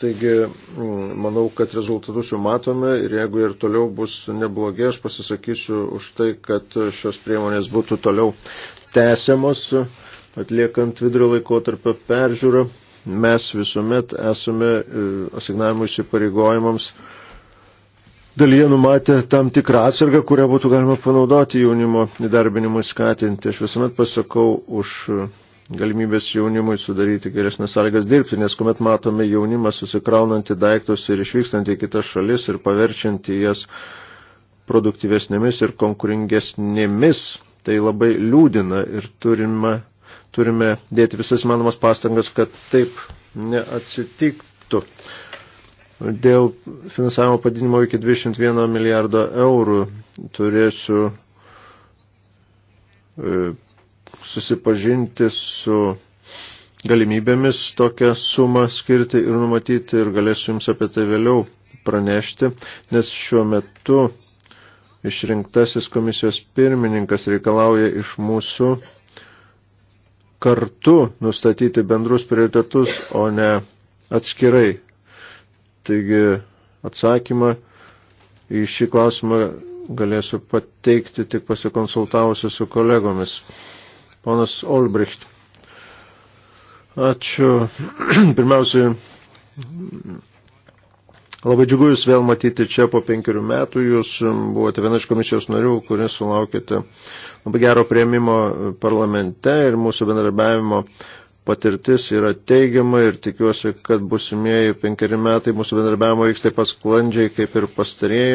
Taigi, manau, kad rezultatus jau matome ir jeigu ir toliau bus neblogi, aš pasisakysiu už tai, kad šios priemonės būtų toliau tęsiamos, atliekant vidurio laikotarpio peržiūrą. Mes visuomet esame e, asignavimų įsipareigojimams dalyje numatė tam tikrą atsargą, kurią būtų galima panaudoti jaunimo įdarbinimui skatinti. Aš visuomet pasakau už galimybės jaunimui sudaryti geresnės sąlygas dirbti, nes kuomet matome jaunimą susikraunantį daiktus ir išvykstantį į kitas šalis ir paverčiantį jas produktyvesnėmis ir konkuringesnėmis, tai labai liūdina ir turime, turime dėti visas manomas pastangas, kad taip neatsitiktų. Dėl finansavimo padinimo iki 21 milijardo eurų turėsiu e, susipažinti su galimybėmis tokią sumą skirti ir numatyti ir galėsiu Jums apie tai vėliau pranešti, nes šiuo metu išrinktasis komisijos pirmininkas reikalauja iš mūsų kartu nustatyti bendrus prioritetus, o ne atskirai. Taigi atsakymą į šį klausimą galėsiu pateikti tik pasikonsultavusi su kolegomis. Ponas Olbricht. Ačiū. Pirmiausiai, labai džiugu Jūs vėl matyti čia po penkerių metų. Jūs buvote viena iš komisijos narių, kuris sulaukite labai gero prieimimo parlamente ir mūsų bendarbiavimo patirtis yra teigiama ir tikiuosi, kad busimieji penkeri metai mūsų bendarbiavimo vyks taip pasklandžiai kaip ir pastarėjai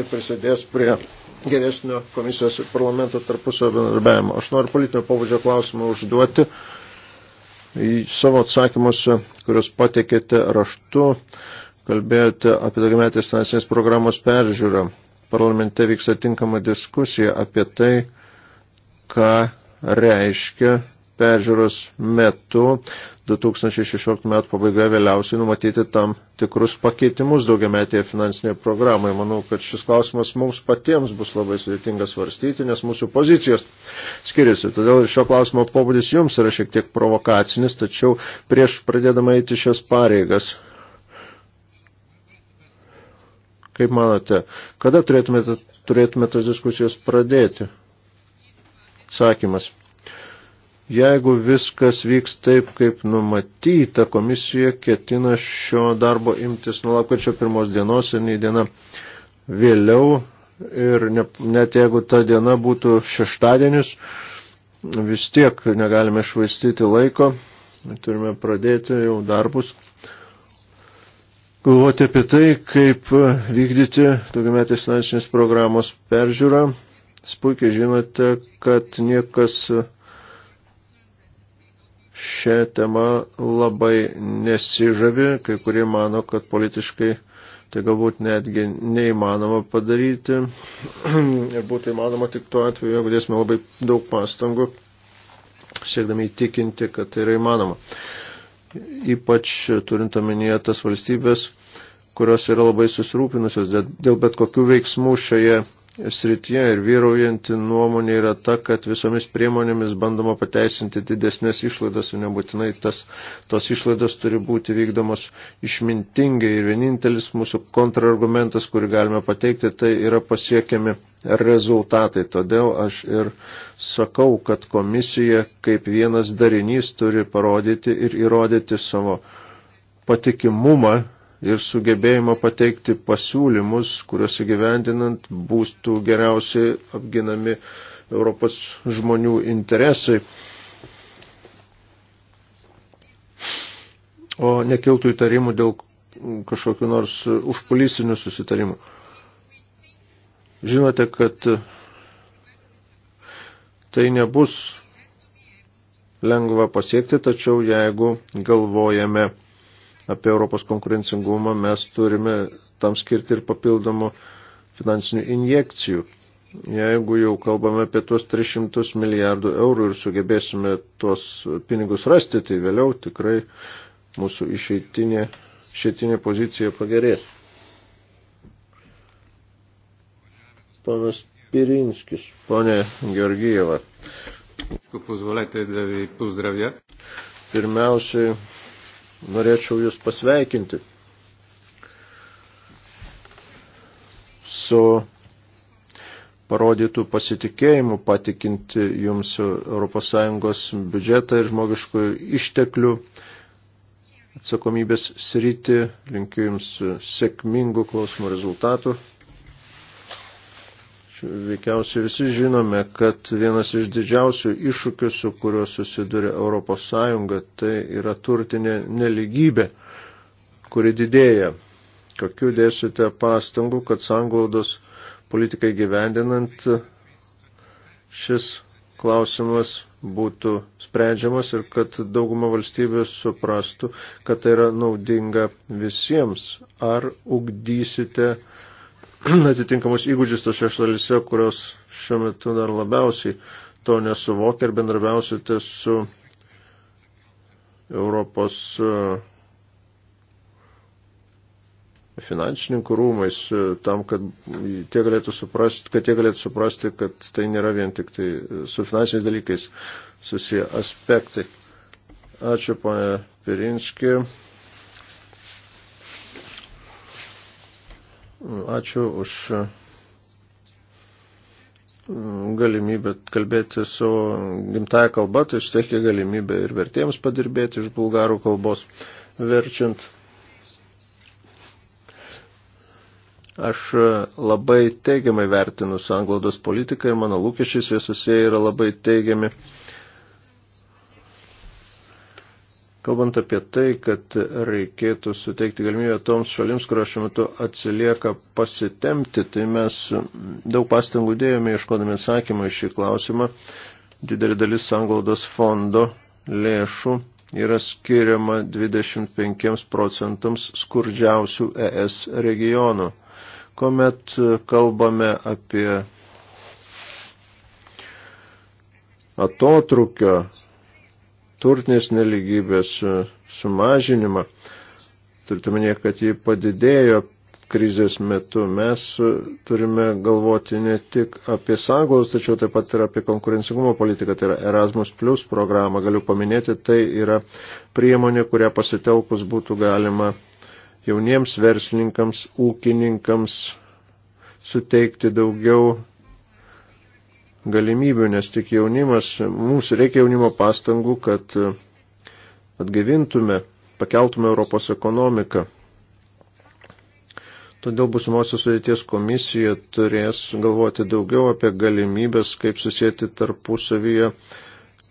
ir prisidės prie geresnio komisijos ir parlamento tarpusio bendarbiavimo. Aš noriu politinio pavadžio klausimą užduoti. Į savo atsakymuose, kuriuos patikėte raštu, kalbėjote apie daugiametės finansinės programos peržiūrą. Parlamente vyksta tinkama diskusija apie tai, ką reiškia peržiūros metu 2016 metų pabaigoje vėliausiai numatyti tam tikrus pakeitimus daugiametėje finansinėje programoje. Manau, kad šis klausimas mums patiems bus labai sudėtingas svarstyti, nes mūsų pozicijos skiriasi. Todėl šio klausimo pobūdis jums yra šiek tiek provokacinis, tačiau prieš pradėdama eiti šias pareigas. Kaip manote, kada turėtumėte, turėtume tas diskusijas pradėti? Atsakymas. Jeigu viskas vyks taip, kaip numatyta, komisija ketina šio darbo imtis nuo lapkačio pirmos dienos ir nei diena vėliau. Ir ne, net jeigu ta diena būtų šeštadienis, vis tiek negalime švaistyti laiko. Turime pradėti jau darbus. Galvoti apie tai, kaip vykdyti daugiametės finansinės programos peržiūrą. Jūs puikiai žinote, kad niekas šią temą labai nesižavi, kai kurie mano, kad politiškai tai galbūt netgi neįmanoma padaryti ir būtų įmanoma tik tuo atveju, jeigu dėsime labai daug pastangų, siekdami įtikinti, kad tai yra įmanoma. Ypač turint omenyje tas valstybės, kurios yra labai susirūpinusios dėl bet kokių veiksmų šioje srityje ir vyraujanti nuomonė yra ta, kad visomis priemonėmis bandoma pateisinti didesnės išlaidas ir nebūtinai tas, tos išlaidos turi būti vykdomos išmintingai. Ir vienintelis mūsų kontrargumentas, kurį galime pateikti, tai yra pasiekiami rezultatai. Todėl aš ir sakau, kad komisija kaip vienas darinys turi parodyti ir įrodyti savo patikimumą ir sugebėjimo pateikti pasiūlymus, kuriuos įgyvendinant būtų geriausiai apginami Europos žmonių interesai. O nekiltų įtarimų dėl kažkokiu nors užpolisinių susitarimų. Žinote, kad tai nebus lengva pasiekti, tačiau jeigu galvojame apie Europos konkurencingumą, mes turime tam skirti ir papildomų finansinių injekcijų. Jeigu jau kalbame apie tuos 300 milijardų eurų ir sugebėsime tuos pinigus rasti, tai vėliau tikrai mūsų išeitinė, išeitinė pozicija pagerės. Panas Pirinskis, ponė Georgijeva. Pirmiausiai norėčiau Jūs pasveikinti su parodytų pasitikėjimų patikinti Jums ES biudžetą ir žmogiškų išteklių atsakomybės sritį. Linkiu Jums sėkmingų klausimų rezultatų. Veikiausiai visi žinome, kad vienas iš didžiausių iššūkių, su kuriuo susiduria Europos Sąjunga, tai yra turtinė neligybė, kuri didėja. Kokiu dėsite pastangų, kad sanglaudos politikai gyvendinant šis klausimas būtų sprendžiamas ir kad dauguma valstybės suprastų, kad tai yra naudinga visiems. Ar ugdysite uh, atitinkamus įgūdžius tose šalise, kurios šiuo metu dar labiausiai to nesuvokia ir bendrabiausiate su Europos e, finansininkų rūmais, e, tam, kad tie galėtų suprasti, kad, tie galėtų suprasti, kad tai nėra vien tik tai e, su finansiniais dalykais susiję aspektai. Ačiū, ponė Pirinski. Ačiū už mm, galimybę kalbėti su gimtaja kalba, tai išteikia galimybę ir vertėjams padirbėti iš bulgarų kalbos verčiant. Aš labai teigiamai vertinu sanglaudos politiką ir mano lūkesčiais jie susiję yra labai teigiami. kalbant apie tai, kad reikėtų suteikti galimybę toms šalims, kurios šiuo metu atsilieka pasitemti, tai mes daug pastangų dėjome ieškodami atsakymą į šį klausimą. Didelė dalis sanglaudos fondo lėšų yra skiriama 25 procentams skurdžiausių ES regionų. Komet kalbame apie atotrukio turtinės neligybės e, sumažinimą. Turite minėti, kad jį padidėjo krizės metu. Mes e, turime galvoti ne tik apie sąnglaudos, tačiau taip pat ir apie konkurencingumo politiką. Tai yra Erasmus Plus programą, galiu paminėti, tai yra priemonė, kurią pasitelkus būtų galima jauniems verslininkams, ūkininkams suteikti daugiau galimybių, nes tik jaunimas, mums reikia jaunimo pastangų, kad e, atgyvintume, pakeltume Europos ekonomiką. Todėl busimosios sudėties komisija turės galvoti daugiau apie galimybės, kaip susijęti tarpusavyje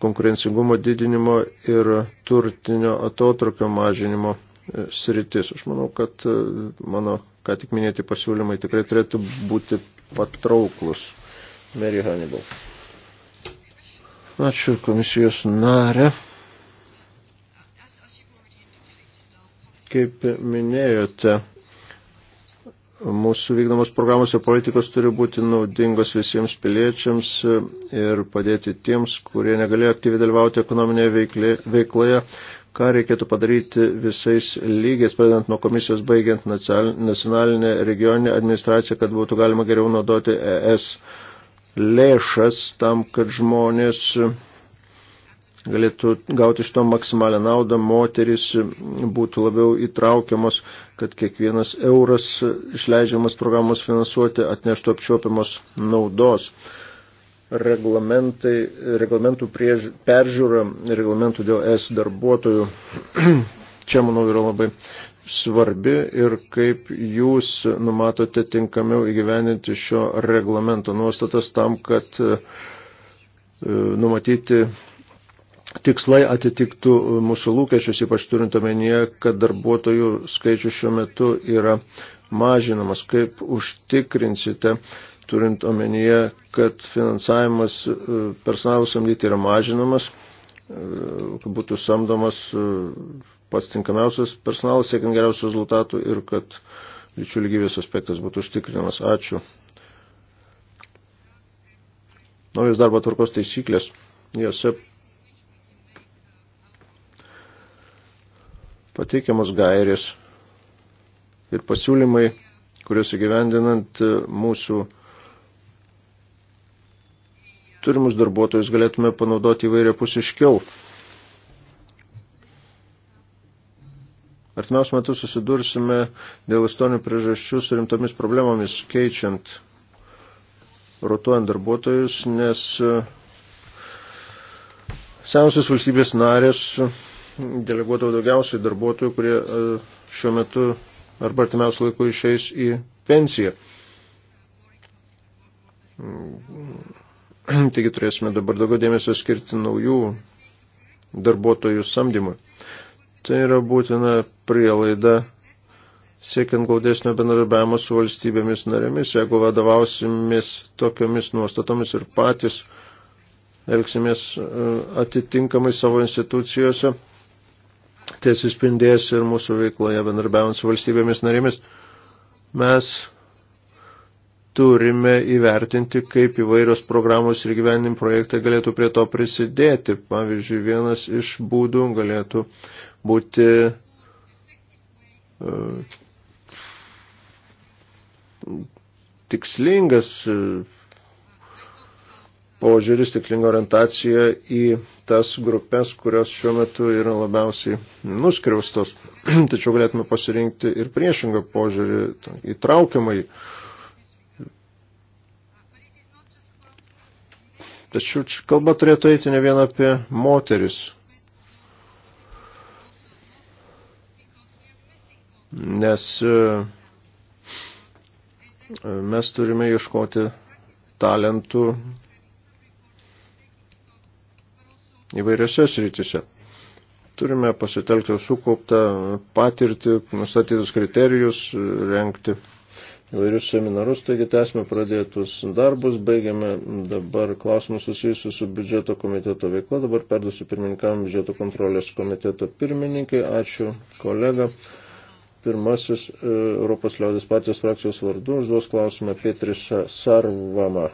konkurencingumo didinimo ir turtinio atotrukio mažinimo e, sritis. Aš manau, kad e, mano ką tik minėti pasiūlymai tikrai turėtų būti patrauklus. Mary Hannibal. Ačiū komisijos narė. Kaip minėjote, mūsų vykdomos programos ir politikos turi būti naudingos visiems piliečiams ir padėti tiems, kurie negalėjo aktyviai dalyvauti ekonominėje veiklė, veikloje, ką reikėtų padaryti visais lygiais, pradedant nuo komisijos, baigiant nacionalinę regioninę administraciją, kad būtų galima geriau naudoti ES lėšas tam, kad žmonės galėtų gauti iš to maksimalę naudą, moteris būtų labiau įtraukiamos, kad kiekvienas euras išleidžiamas programos finansuoti atneštų apčiopiamos naudos. Reglamentai, reglamentų priež, peržiūra, reglamentų dėl S darbuotojų, čia manau yra labai svarbi ir kaip jūs numatote tinkamiau įgyveninti šio reglamento nuostatas tam, kad e, numatyti tikslai atitiktų mūsų lūkesčius, ypač turint omenyje, kad darbuotojų skaičius šiuo metu yra mažinamas. Kaip užtikrinsite, turint omenyje, kad finansavimas e, personalų samdyti yra mažinamas, kad būtų samdomas e, pats tinkamiausias personalas siekiant geriausių rezultatų ir kad lyčių lygybės aspektas būtų užtikrinamas. Ačiū. Naujos darbo tvarkos taisyklės. Jose pateikiamas gairės ir pasiūlymai, kuriuos įgyvendinant e, mūsų turimus darbuotojus galėtume panaudoti įvairia pusiškiau. Artimiausiu metu susidursime dėl istorinių priežasčių su rimtomis problemomis keičiant, rotuojant darbuotojus, nes e, senusios valstybės narės deleguodavo daugiausiai darbuotojų, kurie e, šiuo metu arba artimiausiu laiku išeis į pensiją. Taigi turėsime dabar daugiau dėmesio skirti naujų darbuotojų samdymui. Tai yra būtina prielaida siekiant gaudesnio bendradarbiavimo su valstybėmis narėmis, jeigu vadovausimės tokiamis nuostatomis ir patys elgsimės e, atitinkamai savo institucijose, tai atsispindės ir mūsų veikloje bendradarbiavant su valstybėmis narėmis. Mes turime įvertinti, kaip įvairios programos ir gyvenim projektai galėtų prie to prisidėti. Pavyzdžiui, vienas iš būdų galėtų būti uh, tikslingas e, požiūris, tikslinga orientacija į tas grupės, kurios šiuo metu yra labiausiai nuskriaustos. Tačiau galėtume pasirinkti ir priešingą požiūrį, įtraukiamai uh, Tačiau kalba turėtų eiti ne vien apie moteris. Nes e, mes turime ieškoti talentų įvairiose srityse. Turime pasitelkti sukauptą patirtį, nustatytus kriterijus, renkti įvairius seminarus, taigi tęsime pradėtus darbus, baigiame dabar klausimus susijusius su biudžeto komiteto veikla, dabar perdusiu pirmininkam biudžeto kontrolės komiteto pirmininkai, ačiū kolega. Pirmasis e, Europos liaudės partijos frakcijos vardu užduos klausimą Petriša Sarvama.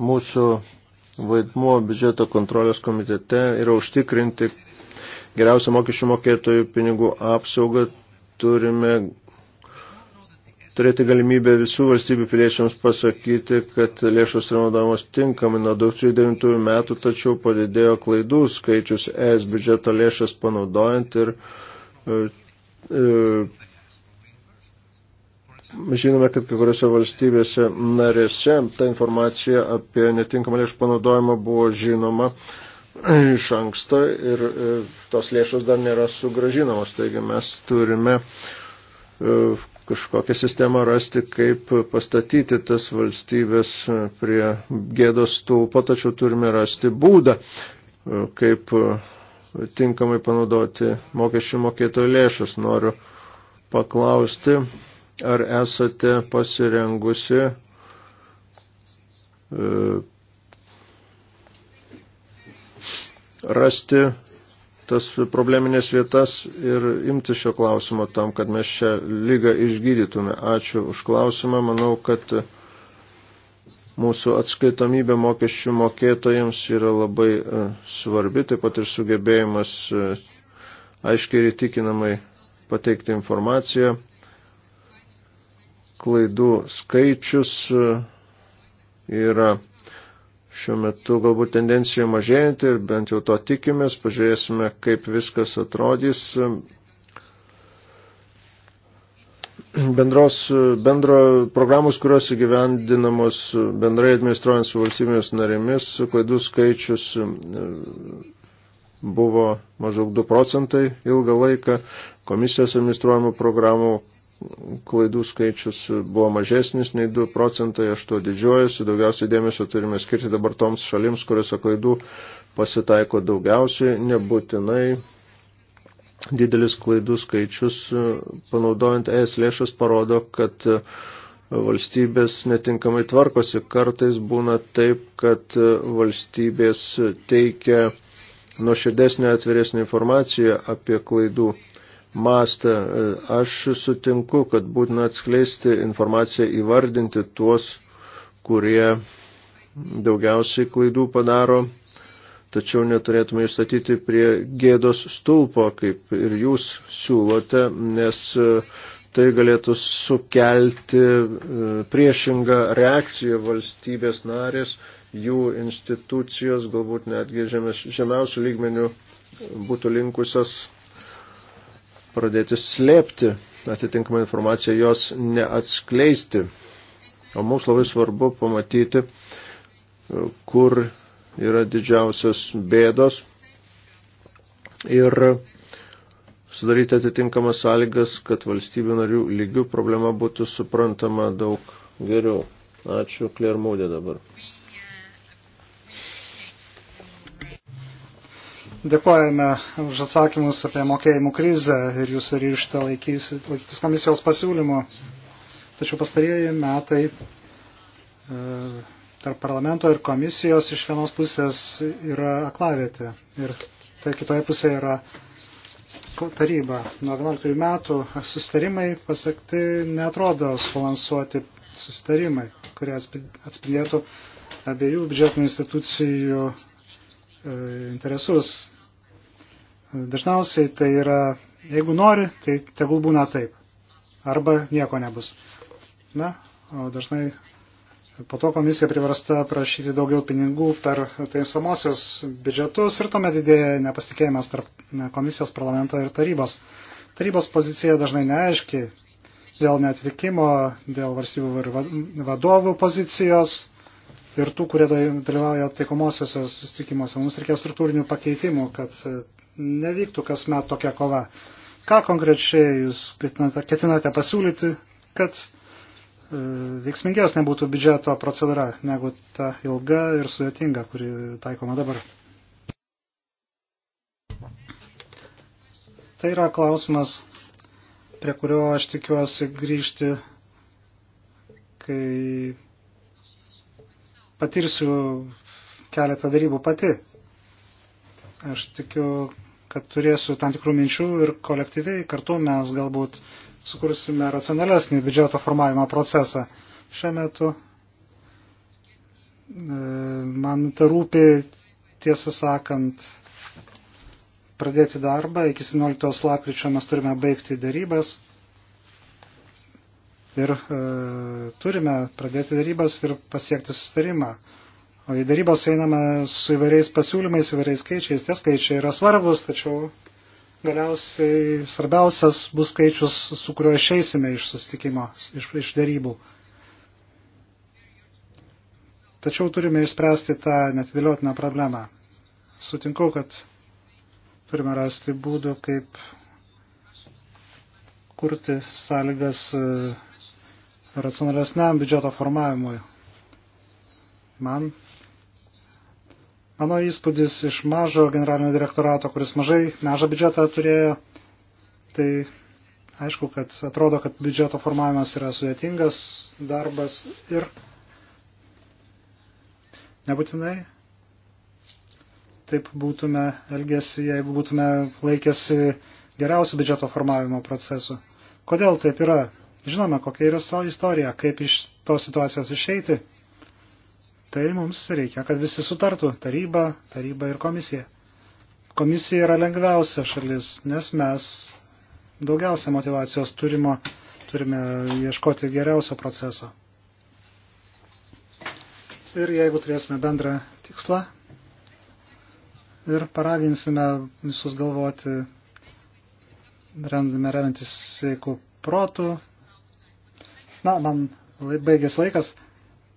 Mūsų vaidmuo biudžeto kontrolės komitete yra užtikrinti geriausią mokesčių mokėtojų pinigų apsaugą turime turėti galimybę visų valstybių piliečiams pasakyti, kad lėšos renaudojamos tinkamai nuo 2009 metų, tačiau padidėjo klaidų skaičius ES biudžeto lėšas panaudojant ir e, e, Žinome, kad kai kuriuose valstybėse narėse ta informacija apie netinkamą lėšų panaudojimą buvo žinoma, iš anksto ir e, tos lėšos dar nėra sugražinamos. Taigi mes turime e, kažkokią sistemą rasti, kaip pastatyti tas valstybės e, prie gėdos stulpo, tačiau turime rasti būdą, kaip tinkamai panaudoti mokesčių mokėtojų lėšas. Noriu paklausti, ar esate pasirengusi rasti tas probleminės vietas ir imti šio klausimo tam, kad mes šią lygą išgydytume. Ačiū už klausimą. Manau, kad mūsų atskaitomybė mokesčių mokėtojams yra labai e, svarbi, taip pat ir sugebėjimas e, aiškiai ir įtikinamai pateikti informaciją. Klaidų skaičius e, yra šiuo metu galbūt tendencija mažėjanti ir bent jau to tikimės, pažiūrėsime, kaip viskas atrodys. Bendros, bendro programos, kurios įgyvendinamos bendrai administruojant su valstybės narėmis, klaidų skaičius e, buvo maždaug 2 procentai ilgą laiką, komisijos administruojamų programų klaidų skaičius buvo mažesnis nei 2 procentai, aš tuo didžiuojuosi, daugiausiai dėmesio turime skirti dabar toms šalims, kuriuose klaidų pasitaiko daugiausiai, nebūtinai didelis klaidų skaičius e, panaudojant ES lėšas parodo, kad e, valstybės netinkamai tvarkosi. Kartais būna taip, kad e, valstybės teikia nuoširdesnę atviresnį informaciją apie klaidų mastą. Aš sutinku, kad būtina atskleisti informaciją, įvardinti tuos, kurie daugiausiai klaidų padaro, tačiau neturėtume išstatyti prie gėdos stulpo, kaip ir jūs siūlote, nes e, tai galėtų sukelti e, priešingą reakciją valstybės narės, jų institucijos, galbūt netgi žemės, žemiausių lygmenių būtų linkusios pradėti slėpti atitinkamą informaciją, jos neatskleisti. O mums labai svarbu pamatyti, kur yra didžiausios bėdos ir sudaryti atitinkamas sąlygas, kad valstybių narių lygių problema būtų suprantama daug geriau. Ačiū, Klermūdė dabar. Dėkojame už atsakymus apie mokėjimų krizę ir jūsų ryštą laikytis komisijos pasiūlymo. Tačiau pastarieji metai e, tarp parlamento ir komisijos iš vienos pusės yra aklavietė ir tai kitoje pusėje yra taryba. Nuo 11 metų sustarimai pasiekti netrodo subalansuoti sustarimai, kurie atspindėtų abiejų biudžetinių institucijų e, interesus. Dažniausiai tai yra, jeigu nori, tai tegul būna taip. Arba nieko nebus. Na, o dažnai po to komisija priversta prašyti daugiau pinigų per taisamosios biudžetus ir tuomet didėja nepasitikėjimas tarp komisijos parlamento ir tarybos. Tarybos pozicija dažnai neaiški dėl neatlikimo, dėl valstybių ir vadovų pozicijos ir tų, kurie dalyvauja taikomosiuose susitikimuose. Mums reikės struktūrinių pakeitimų, kad nevyktų kasmet tokia kova. Ką konkrečiai jūs ketinate, ketinate pasiūlyti, kad e, veiksmingesnė būtų biudžeto procedūra negu ta ilga ir sudėtinga, kuri taikoma dabar? Tai yra klausimas, prie kurio aš tikiuosi grįžti, kai patirsiu keletą darybų pati. Aš tikiu, kad turėsiu tam tikrų minčių ir kolektyviai kartu mes galbūt sukursime racionalesnį biudžeto formavimo procesą. Šiuo metu e, man tai rūpi, tiesą sakant, pradėti darbą. Iki 17 lapkričio mes turime baigti darybas ir e, turime pradėti darybas ir pasiekti sustarimą. O į darybos einame su įvairiais pasiūlymais, įvairiais skaičiais. Tie skaičiai yra svarbus, tačiau galiausiai svarbiausias bus skaičius, su kuriuo išeisime iš sustikimo, iš, iš darybų. Tačiau turime išspręsti tą netidėliotiną problemą. Sutinku, kad turime rasti būdų, kaip kurti sąlygas e, racionalesniam biudžeto formavimui. Man Mano įspūdis iš mažo generalinio direktorato, kuris mažai, mažą biudžetą turėjo, tai aišku, kad atrodo, kad biudžeto formavimas yra sudėtingas darbas ir nebūtinai taip būtume elgesi, jeigu būtume laikėsi geriausių biudžeto formavimo procesų. Kodėl taip yra? Žinome, kokia yra istorija, kaip iš tos situacijos išeiti tai mums reikia, kad visi sutartų - taryba, taryba ir komisija. Komisija yra lengviausia šalis, nes mes daugiausia motivacijos turimo, turime ieškoti geriausio proceso. Ir jeigu turėsime bendrą tikslą ir paraginsime visus galvoti, rendame remiantis sveiku protu. Na, man baigės laikas.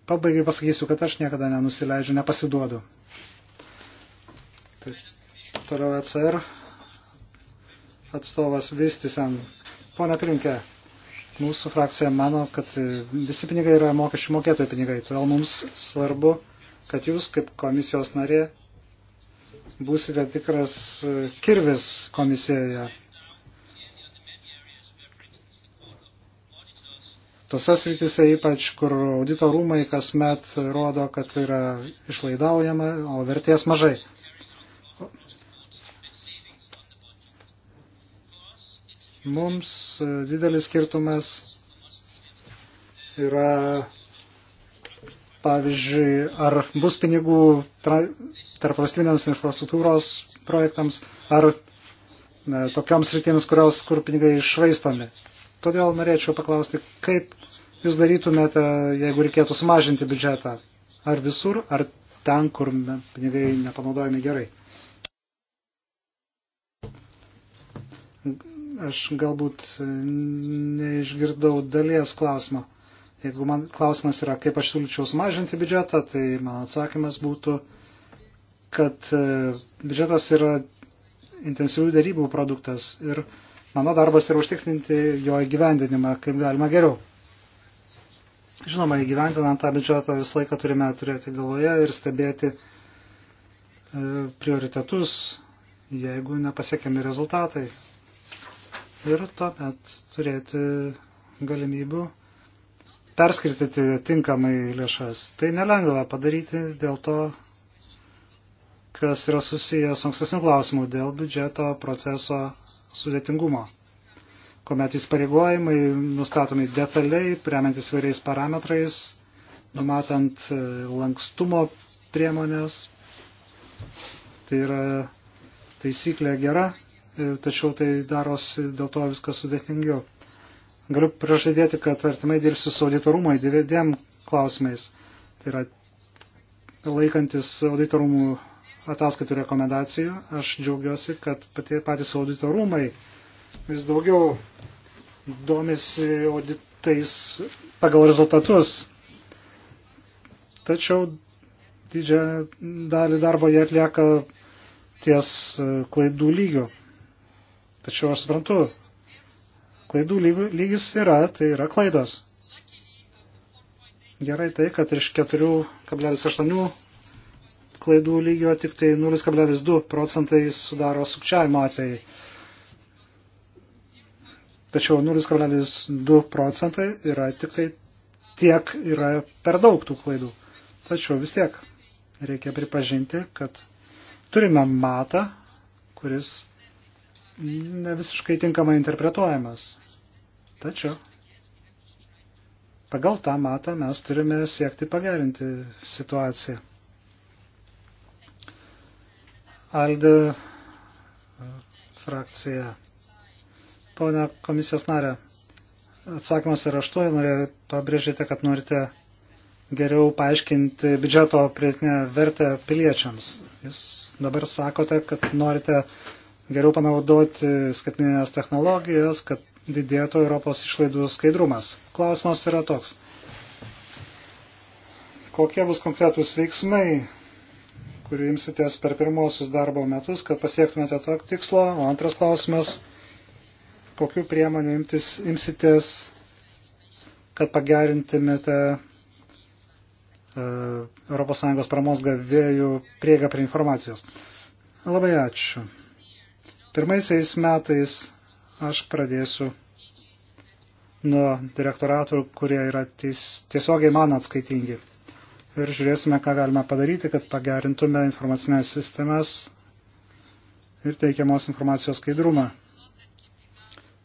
Pabaigai pasakysiu, kad aš niekada nenusileidžiu, nepasiduodu. Tai, toliau ECR atstovas Vistisen. Pone Pirinkė, mūsų frakcija mano, kad visi pinigai yra mokesčių mokėtojų pinigai, todėl mums svarbu, kad jūs kaip komisijos narė būsite tikras kirvis komisijoje Tose srityse ypač, kur audito rūmai kasmet rodo, kad yra išlaidaujama, o vertės mažai. Mums didelis skirtumas yra, pavyzdžiui, ar bus pinigų tarp valstybinėms infrastruktūros projektams, ar ne, tokioms rytims, kurios, kur pinigai išvaistomi. Todėl norėčiau paklausti, kaip jūs darytumėte, jeigu reikėtų sumažinti biudžetą? Ar visur, ar ten, kur pinigai nepanaudojami gerai? Aš galbūt neišgirdau dalies klausimo. Jeigu man klausimas yra, kaip aš siūlyčiau sumažinti biudžetą, tai mano atsakymas būtų, kad e, biudžetas yra intensyvių darybų produktas ir uh, Mano darbas yra užtikrinti jo įgyvendinimą kaip galima geriau. Žinoma, įgyvendinant tą biudžetą visą laiką turime turėti galvoje ir stebėti e, prioritetus, jeigu nepasiekiami rezultatai. Ir tuomet turėti galimybių perskirtyti tinkamai lėšas. Tai nelengva padaryti dėl to, kas yra susijęs su ankstesniu klausimu, dėl biudžeto proceso sudėtingumo, kuomet įsipareigojimai nustatomi detaliai, remiantis vairiais parametrais, numatant e, lankstumo priemonės. Tai yra taisyklė gera, e, tačiau tai darosi dėl to viskas sudėtingiau. Galiu pražadėti, kad artimai dirbsiu su auditorumo įdėdėm klausimais. Tai yra laikantis auditorumų ataskaitų rekomendacijų. Aš džiaugiuosi, kad patys audito rūmai vis daugiau domisi auditais pagal rezultatus. Tačiau didžią dalį darbo jie atlieka ties e, klaidų lygių. Tačiau aš suprantu, klaidų lygis yra, tai yra klaidos. Gerai tai, kad iš 4,8 klaidų lygio tik tai 0,2 procentai sudaro sukčiavimo atvejai. Tačiau 0,2 procentai yra tik tai tiek yra per daug tų klaidų. Tačiau vis tiek reikia pripažinti, kad turime matą, kuris ne visiškai tinkamai interpretuojamas. Tačiau pagal tą matą mes turime siekti pagerinti situaciją. Alde frakcija. Pone komisijos narė, atsakymas yra aštu, norėjau pabrėžyti, kad norite geriau paaiškinti biudžeto prietinę vertę piliečiams. Jūs dabar sakote, kad norite geriau panaudoti skaitminės technologijas, kad didėtų Europos išlaidų skaidrumas. Klausimas yra toks. Kokie bus konkretūs veiksmai kurių imsitės per pirmosius darbo metus, kad pasiektumėte to tikslo. O antras klausimas, kokiu priemonių imtis, imsitės, kad pagerintumėte ES paramos gavėjų prieigą prie informacijos. Labai ačiū. Pirmaisiais metais aš pradėsiu nuo direktoratų, kurie yra ties, tiesiogiai man atskaitingi ir žiūrėsime, ką galime padaryti, kad pagerintume informacinės sistemas ir teikiamos informacijos skaidrumą.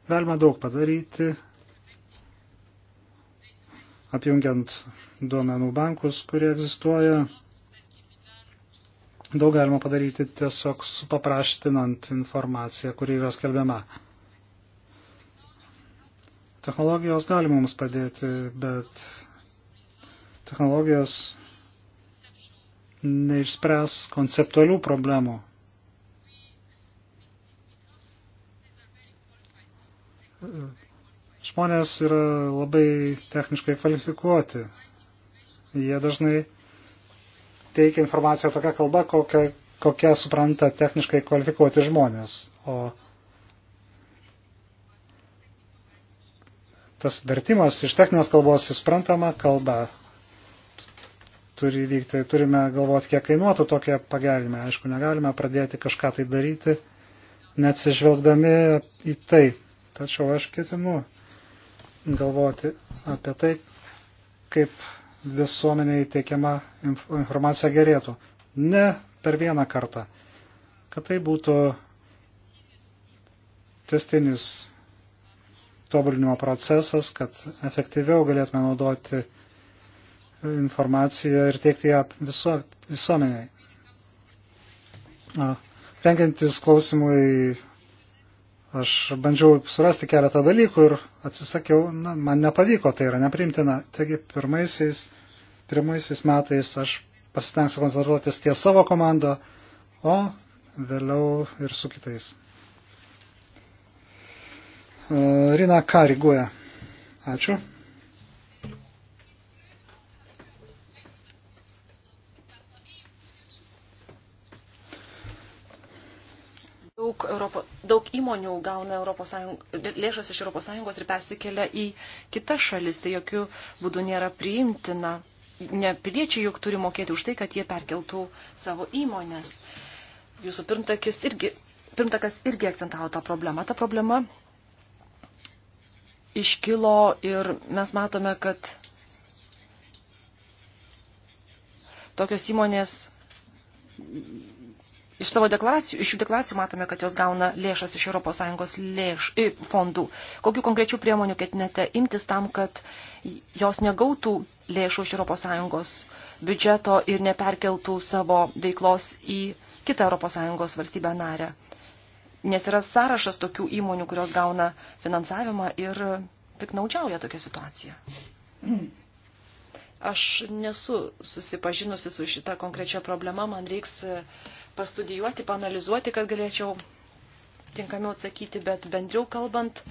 Galima daug padaryti, apjungiant duomenų bankus, kurie egzistuoja. Daug galima padaryti tiesiog supapraštinant informaciją, kuri yra skelbiama. Technologijos gali mums padėti, bet technologijos neišspręs konceptualių problemų. Žmonės yra labai techniškai kvalifikuoti. Jie dažnai teikia informaciją tokia kalba, kokia, kokia supranta techniškai kvalifikuoti žmonės. O tas vertimas iš techninės kalbos į suprantamą kalbą turi vykti, turime galvoti, kiek kainuotų tokie pagelime. Aišku, negalime pradėti kažką tai daryti, neatsižvelgdami į tai. Tačiau aš ketinu galvoti apie tai, kaip visuomeniai teikiama informacija gerėtų. Ne per vieną kartą. Kad tai būtų testinis tobulinimo procesas, kad efektyviau galėtume naudoti informaciją ir teikti ją viso, visuomeniai. Renkiantis klausimui, aš bandžiau surasti keletą dalykų ir atsisakiau, na, man nepavyko, tai yra neprimtina. Taigi pirmaisiais, pirmaisiais metais aš pasitengsiu koncentruotis ties savo komandą, o vėliau ir su kitais. E, Rina, ką reaguoja? Ačiū. daug, Europo, daug įmonių gauna Europos Sąjung, lėšas iš ES ir persikelia į kitas šalis. Tai jokių būdų nėra priimtina. Ne piliečiai juk turi mokėti už tai, kad jie perkeltų savo įmonės. Jūsų pirmtakis irgi, pirmtakas irgi akcentavo tą problemą. Ta problema iškilo ir mes matome, kad tokios įmonės Iš savo deklaracijų, iš šių deklaracijų matome, kad jos gauna lėšas iš ES lėš, fondų. Kokiu konkrečiu priemonių ketinate imtis tam, kad jos negautų lėšų iš ES biudžeto ir neperkeltų savo veiklos į kitą ES valstybę narę? Nes yra sąrašas tokių įmonių, kurios gauna finansavimą ir piknaudžiauja tokią situaciją. Mm. Aš nesu susipažinusi su šita konkrečia problema, man reiks uh, pastudijuoti, panalizuoti, kad galėčiau tinkamiau atsakyti, bet bendriau kalbant,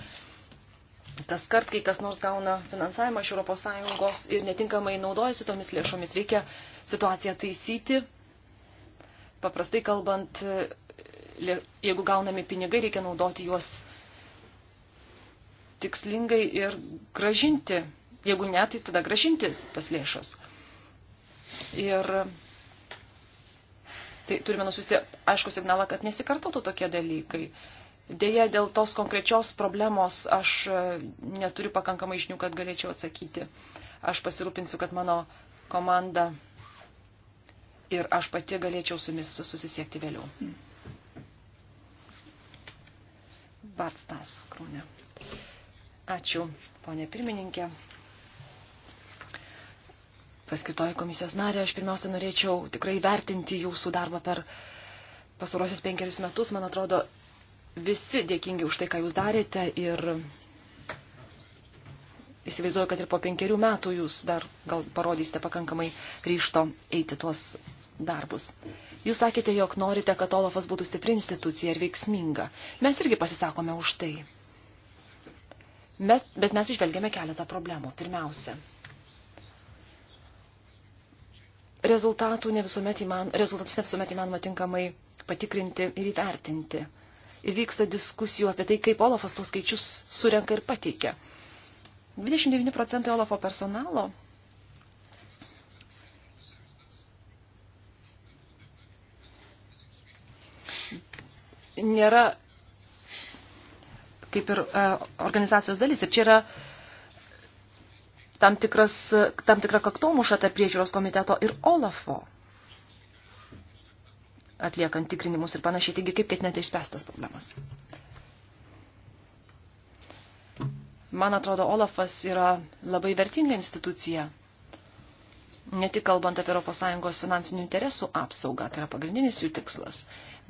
kas kart, kai kas nors gauna finansavimą iš ES ir netinkamai naudojasi tomis lėšomis, reikia situaciją taisyti. Paprastai kalbant, jeigu gaunami pinigai, reikia naudoti juos tikslingai ir gražinti. Jeigu ne, tai tada gražinti tas lėšas. Ir tai turime nusiųsti aišku signalą, kad nesikartotų tokie dalykai. Deja, dėl tos konkrečios problemos aš e, neturiu pakankamai žinių, kad galėčiau atsakyti. Aš pasirūpinsiu, kad mano komanda ir aš pati galėčiau su jumis susisiekti vėliau. Bartstas Krūne. Ačiū, ponė pirmininkė paskirtoji komisijos narė, aš pirmiausia norėčiau tikrai vertinti jūsų darbą per pasarosius penkerius metus. Man atrodo, visi dėkingi už tai, ką jūs darėte ir įsivaizduoju, kad ir po penkerių metų jūs dar gal parodysite pakankamai ryšto eiti tuos darbus. Jūs sakėte, jog norite, kad Olafas būtų stipri institucija ir veiksminga. Mes irgi pasisakome už tai. Bet, bet mes išvelgėme keletą problemų. Pirmiausia, rezultatų ne visuomet įman, rezultatus ne visuomet įmanoma tinkamai patikrinti ir įvertinti. Ir vyksta diskusijų apie tai, kaip Olafas tuos skaičius surenka ir pateikia. 29 procentai Olafo personalo nėra kaip ir e, organizacijos dalis. Ir čia yra tam, tikras, tam tikrą kaktomušą tarp priežiūros komiteto ir Olafo atliekant tikrinimus ir panašiai. Taigi, kaip ketinate išspręstas problemas? Man atrodo, Olafas yra labai vertinga institucija. Ne tik kalbant apie ES finansinių interesų apsaugą, tai yra pagrindinis jų tikslas,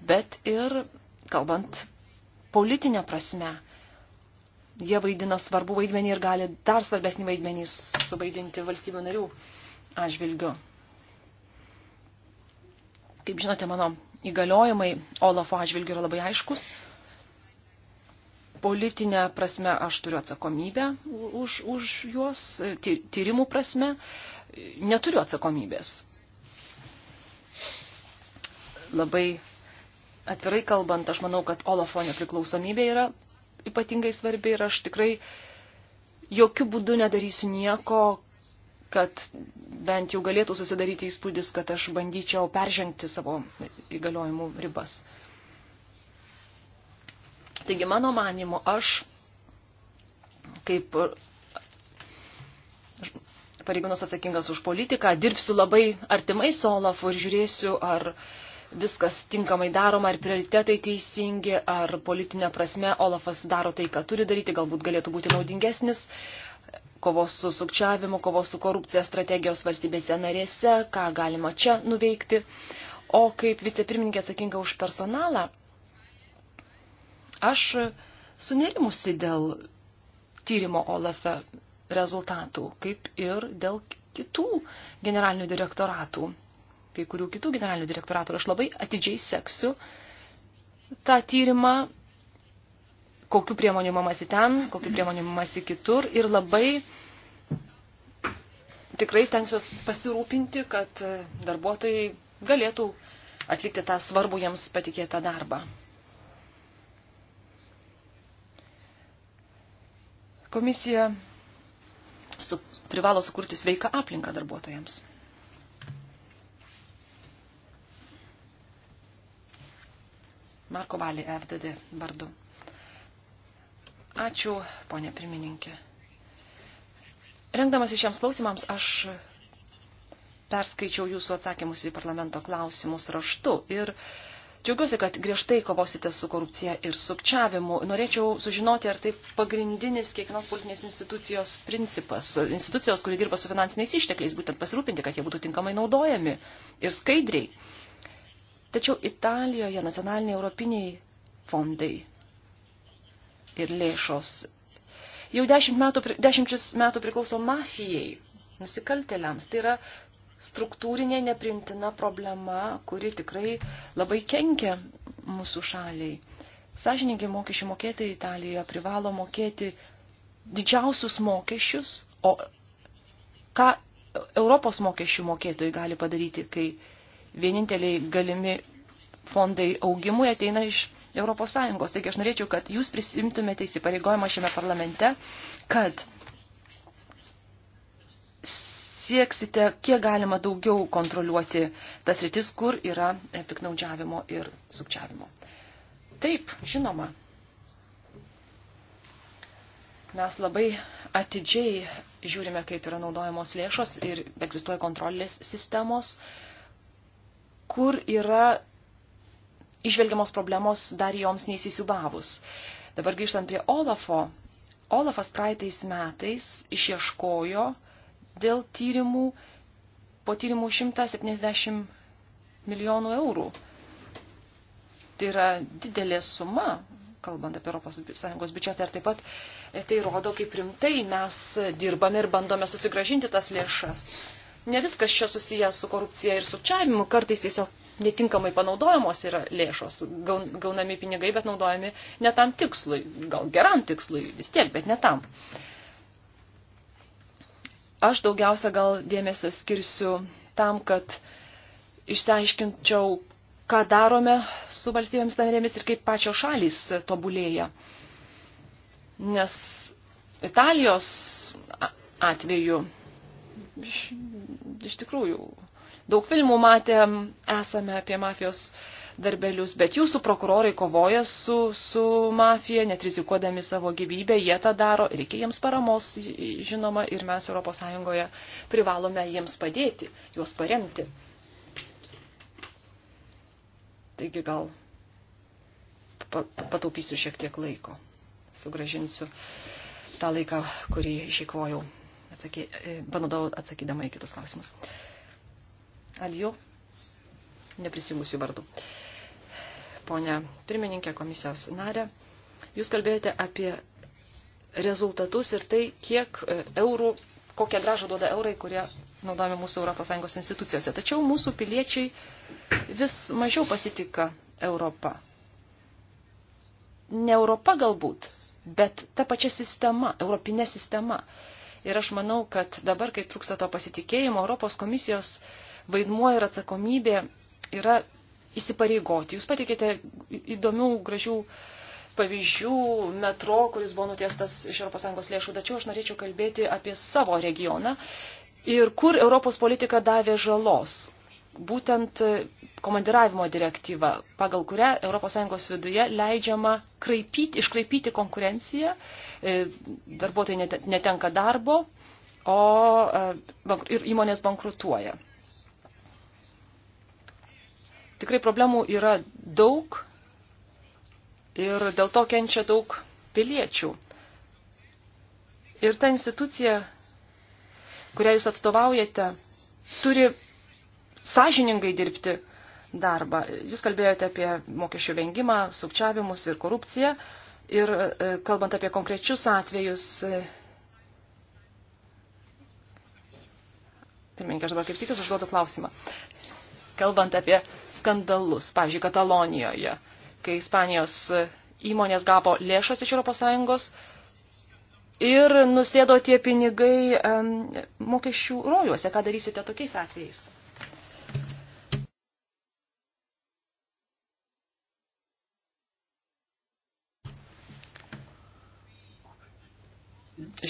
bet ir kalbant politinę prasme, jie vaidina svarbu vaidmenį ir gali dar svarbesnį vaidmenį suvaidinti valstybių narių atžvilgiu. Kaip žinote, mano įgaliojimai Olafo atžvilgiu yra labai aiškus. Politinė prasme aš turiu atsakomybę už, už juos, tyrimų prasme neturiu atsakomybės. Labai atvirai kalbant, aš manau, kad Olafo nepriklausomybė yra ypatingai svarbi ir aš tikrai jokių būdų nedarysiu nieko, kad bent jau galėtų susidaryti įspūdis, kad aš bandyčiau peržengti savo įgaliojimų ribas. Taigi, mano manimo, aš kaip pareigūnas atsakingas už politiką dirbsiu labai artimai su Olafu ir žiūrėsiu, ar uh, viskas tinkamai daroma, ar prioritetai teisingi, ar politinė prasme Olafas daro tai, ką turi daryti, galbūt galėtų būti naudingesnis kovos su sukčiavimu, kovos su korupcija strategijos valstybėse narėse, ką galima čia nuveikti. O kaip vicepirmininkė atsakinga už personalą, aš sunerimusi dėl tyrimo Olafe rezultatų, kaip ir dėl kitų generalinių direktoratų kai kurių kitų generalinių direktoratų. Aš labai atidžiai seksiu tą tyrimą, kokiu priemonių mamasi ten, kokiu priemonių mamasi kitur ir labai tikrai stengsiuos pasirūpinti, kad darbuotojai galėtų atlikti tą svarbų jiems patikėtą darbą. Komisija su, privalo sukurti sveiką aplinką darbuotojams. Marko Valį FDD vardu. Ačiū, ponė pirmininkė. Rengdamas šiems klausimams, aš perskaičiau jūsų atsakymus į parlamento klausimus raštu ir Džiaugiuosi, kad griežtai kovosite su korupcija ir sukčiavimu. Norėčiau sužinoti, ar tai pagrindinis kiekvienos politinės institucijos principas, institucijos, kuri dirba su finansiniais ištekliais, būtent pasirūpinti, kad jie būtų tinkamai naudojami ir skaidriai. Tačiau Italijoje nacionaliniai europiniai fondai ir lėšos jau dešimt metų, dešimčius metų priklauso mafijai, nusikaltėliams. Tai yra struktūrinė neprimtina problema, kuri tikrai labai kenkia mūsų šaliai. Sažininkai mokesčių mokėtojai Italijoje privalo mokėti didžiausius mokesčius, o ką Europos mokesčių mokėtojai gali padaryti, kai vieninteliai galimi fondai augimui ateina iš Europos Sąjungos. Taigi aš norėčiau, kad jūs prisimtumėte įsipareigojimą šiame parlamente, kad sieksite kiek galima daugiau kontroliuoti tas rytis, kur yra e, piknaudžiavimo ir sukčiavimo. Taip, žinoma. Mes labai atidžiai žiūrime, kaip yra naudojamos lėšos ir egzistuoja kontrolės sistemos. Uh, kur yra išvelgiamos problemos dar joms neįsisiubavus. Dabar grįžtant prie Olafo, Olafas praeitais metais išieškojo dėl tyrimų, po tyrimų 170 milijonų eurų. Tai yra didelė suma, kalbant apie ES biudžetą ir taip pat tai rodo, kaip rimtai mes dirbame ir bandome susigražinti tas lėšas ne viskas čia susiję su korupcija ir sukčiavimu, kartais tiesiog netinkamai panaudojamos yra lėšos, gaunami pinigai, bet naudojami ne tam tikslui, gal geram tikslui vis tiek, bet ne tam. Aš daugiausia gal dėmesio skirsiu tam, kad išsiaiškinčiau, ką darome su valstybėms narėmis ir kaip pačios šalys tobulėja. Nes Italijos atveju iš tikrųjų daug filmų matėm, esame apie mafijos darbelius, bet jūsų prokurorai kovoja su, su mafija, net rizikuodami savo gyvybę, jie tą daro, reikia jiems paramos, žinoma, ir mes ES privalome jiems padėti, juos paremti. Taigi gal pataupysiu šiek tiek laiko, sugražinsiu tą laiką, kurį išeikvojau atsaky, e, panaudojau atsakydama į kitus klausimus. Aliu, neprisijungusiu vardu. Pone pirmininkė komisijos narė, jūs kalbėjote apie rezultatus ir tai, kiek e, eurų, kokią gražą duoda eurai, kurie naudojami mūsų ES institucijose. Tačiau mūsų piliečiai vis mažiau pasitika Europą. Ne Europa galbūt, bet ta pačia sistema, europinė sistema. Ir aš manau, kad dabar, kai trūksta to pasitikėjimo, Europos komisijos vaidmuo ir atsakomybė yra įsipareigoti. Jūs patikėte įdomių, gražių pavyzdžių metro, kuris buvo nutiestas iš ES lėšų, tačiau aš norėčiau kalbėti apie savo regioną ir kur Europos politika davė žalos būtent e, komandiravimo direktyva, pagal kurią ES viduje leidžiama kraipyti, iškraipyti konkurenciją, e, darbuotojai netenka darbo, o e, ir įmonės bankrutuoja. Tikrai problemų yra daug ir dėl to kenčia daug piliečių. Ir ta institucija, kurią jūs atstovaujate, turi sąžiningai dirbti darbą. Jūs kalbėjote apie mokesčių vengimą, sukčiavimus ir korupciją. Ir e, kalbant apie konkrečius atvejus, e, pirmininkė, aš dabar kaip sykis užduodu klausimą. Kalbant apie skandalus, pavyzdžiui, Katalonijoje, kai Ispanijos e, įmonės gavo lėšas iš ES ir nusėdo tie pinigai mokesčių rojuose. Ką darysite tokiais atvejais?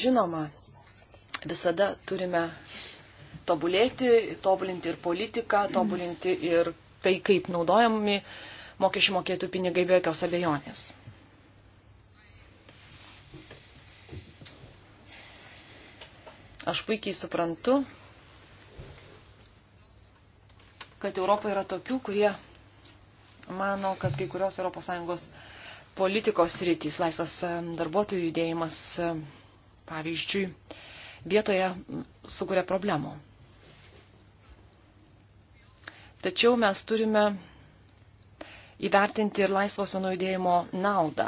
Žinoma, visada turime tobulėti, tobulinti ir politiką, tobulinti ir tai, kaip naudojami mokesčių mokėtų pinigai be jokios abejonės. Aš puikiai suprantu, kad Europoje yra tokių, kurie mano, kad kai kurios ES politikos rytys, laisvas darbuotojų judėjimas, pavyzdžiui, vietoje sukuria problemų. Tačiau mes turime įvertinti ir laisvos vienų judėjimo naudą,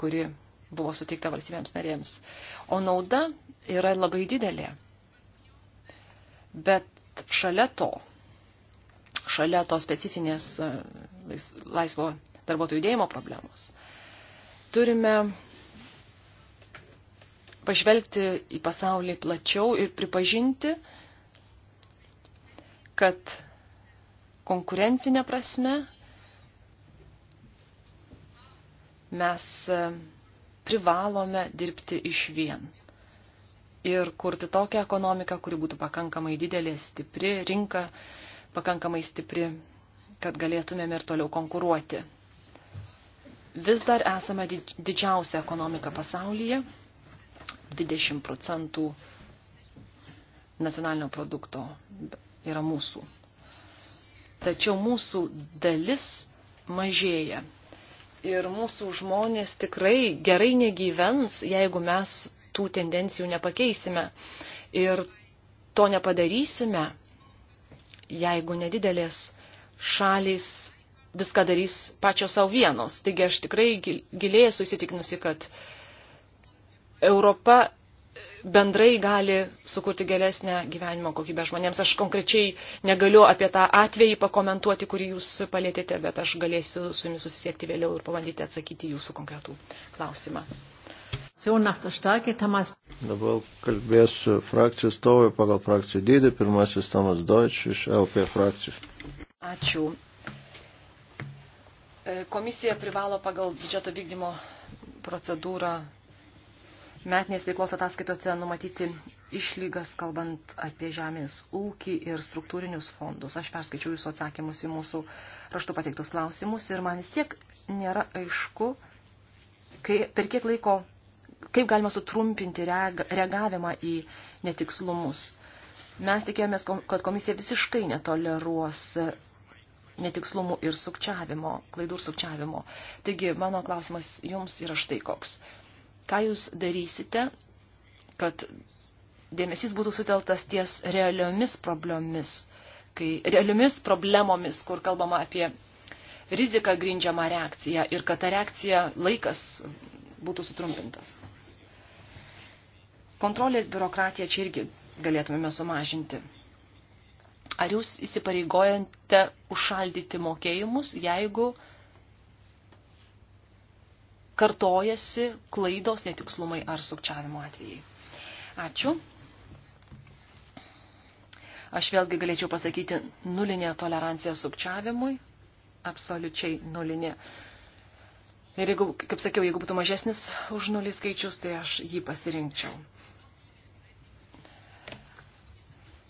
kuri buvo suteikta valstybėms narėms. O nauda yra labai didelė. Bet šalia to, šalia to specifinės e, laisvo darbuotojų judėjimo problemos, turime pažvelgti į pasaulį plačiau ir pripažinti, kad konkurencinė prasme mes e, privalome dirbti iš vien ir kurti tokią ekonomiką, kuri būtų pakankamai didelė, stipri, rinka pakankamai stipri, kad galėtumėm ir toliau konkuruoti. Vis dar esame didžiausia ekonomika pasaulyje 20 procentų nacionalinio produkto yra mūsų. Tačiau mūsų dalis mažėja. Ir mūsų žmonės tikrai gerai negyvens, jeigu mes tų tendencijų nepakeisime. Ir to nepadarysime, jeigu nedidelės šalys viską darys pačios savo vienos. Taigi aš tikrai gilėsiu įsitikinusi, kad uh, Europa bendrai gali sukurti geresnę gyvenimo kokybę žmonėms. Aš konkrečiai negaliu apie tą atvejį pakomentuoti, kurį jūs palėtėte, bet aš galėsiu su jumis susisiekti vėliau ir pabandyti atsakyti jūsų konkretų klausimą. Dabar kalbėsiu frakcijų stovai pagal frakcijų dydį. Pirmasis Tomas Deutsch iš LP frakcijos. Ačiū. E, komisija privalo pagal biudžeto vykdymo procedūrą metinės veiklos ataskaitose numatyti išlygas, kalbant apie žemės ūkį ir struktūrinius fondus. Aš perskaičiau jūsų atsakymus į mūsų raštu pateiktus klausimus ir man vis tiek nėra aišku, kai, per kiek laiko, kaip galima sutrumpinti reagavimą į netikslumus. Mes tikėjomės, kad komisija visiškai netoleruos netikslumų ir sukčiavimo, klaidų ir sukčiavimo. Taigi, mano klausimas jums yra štai koks. Ką jūs darysite, kad dėmesys būtų suteltas ties realiomis problemomis, kai, realiomis problemomis, kur kalbama apie riziką grindžiamą reakciją ir kad ta reakcija laikas būtų sutrumpintas. Kontrolės biurokratiją čia irgi galėtumėme sumažinti. Ar jūs įsipareigojate užšaldyti mokėjimus, jeigu kartojasi klaidos, netikslumai ar sukčiavimo atvejai. Ačiū. Aš vėlgi galėčiau pasakyti nulinė tolerancija sukčiavimui, absoliučiai nulinė. Ir jeigu, kaip sakiau, jeigu būtų mažesnis už nulį skaičius, tai aš jį pasirinkčiau.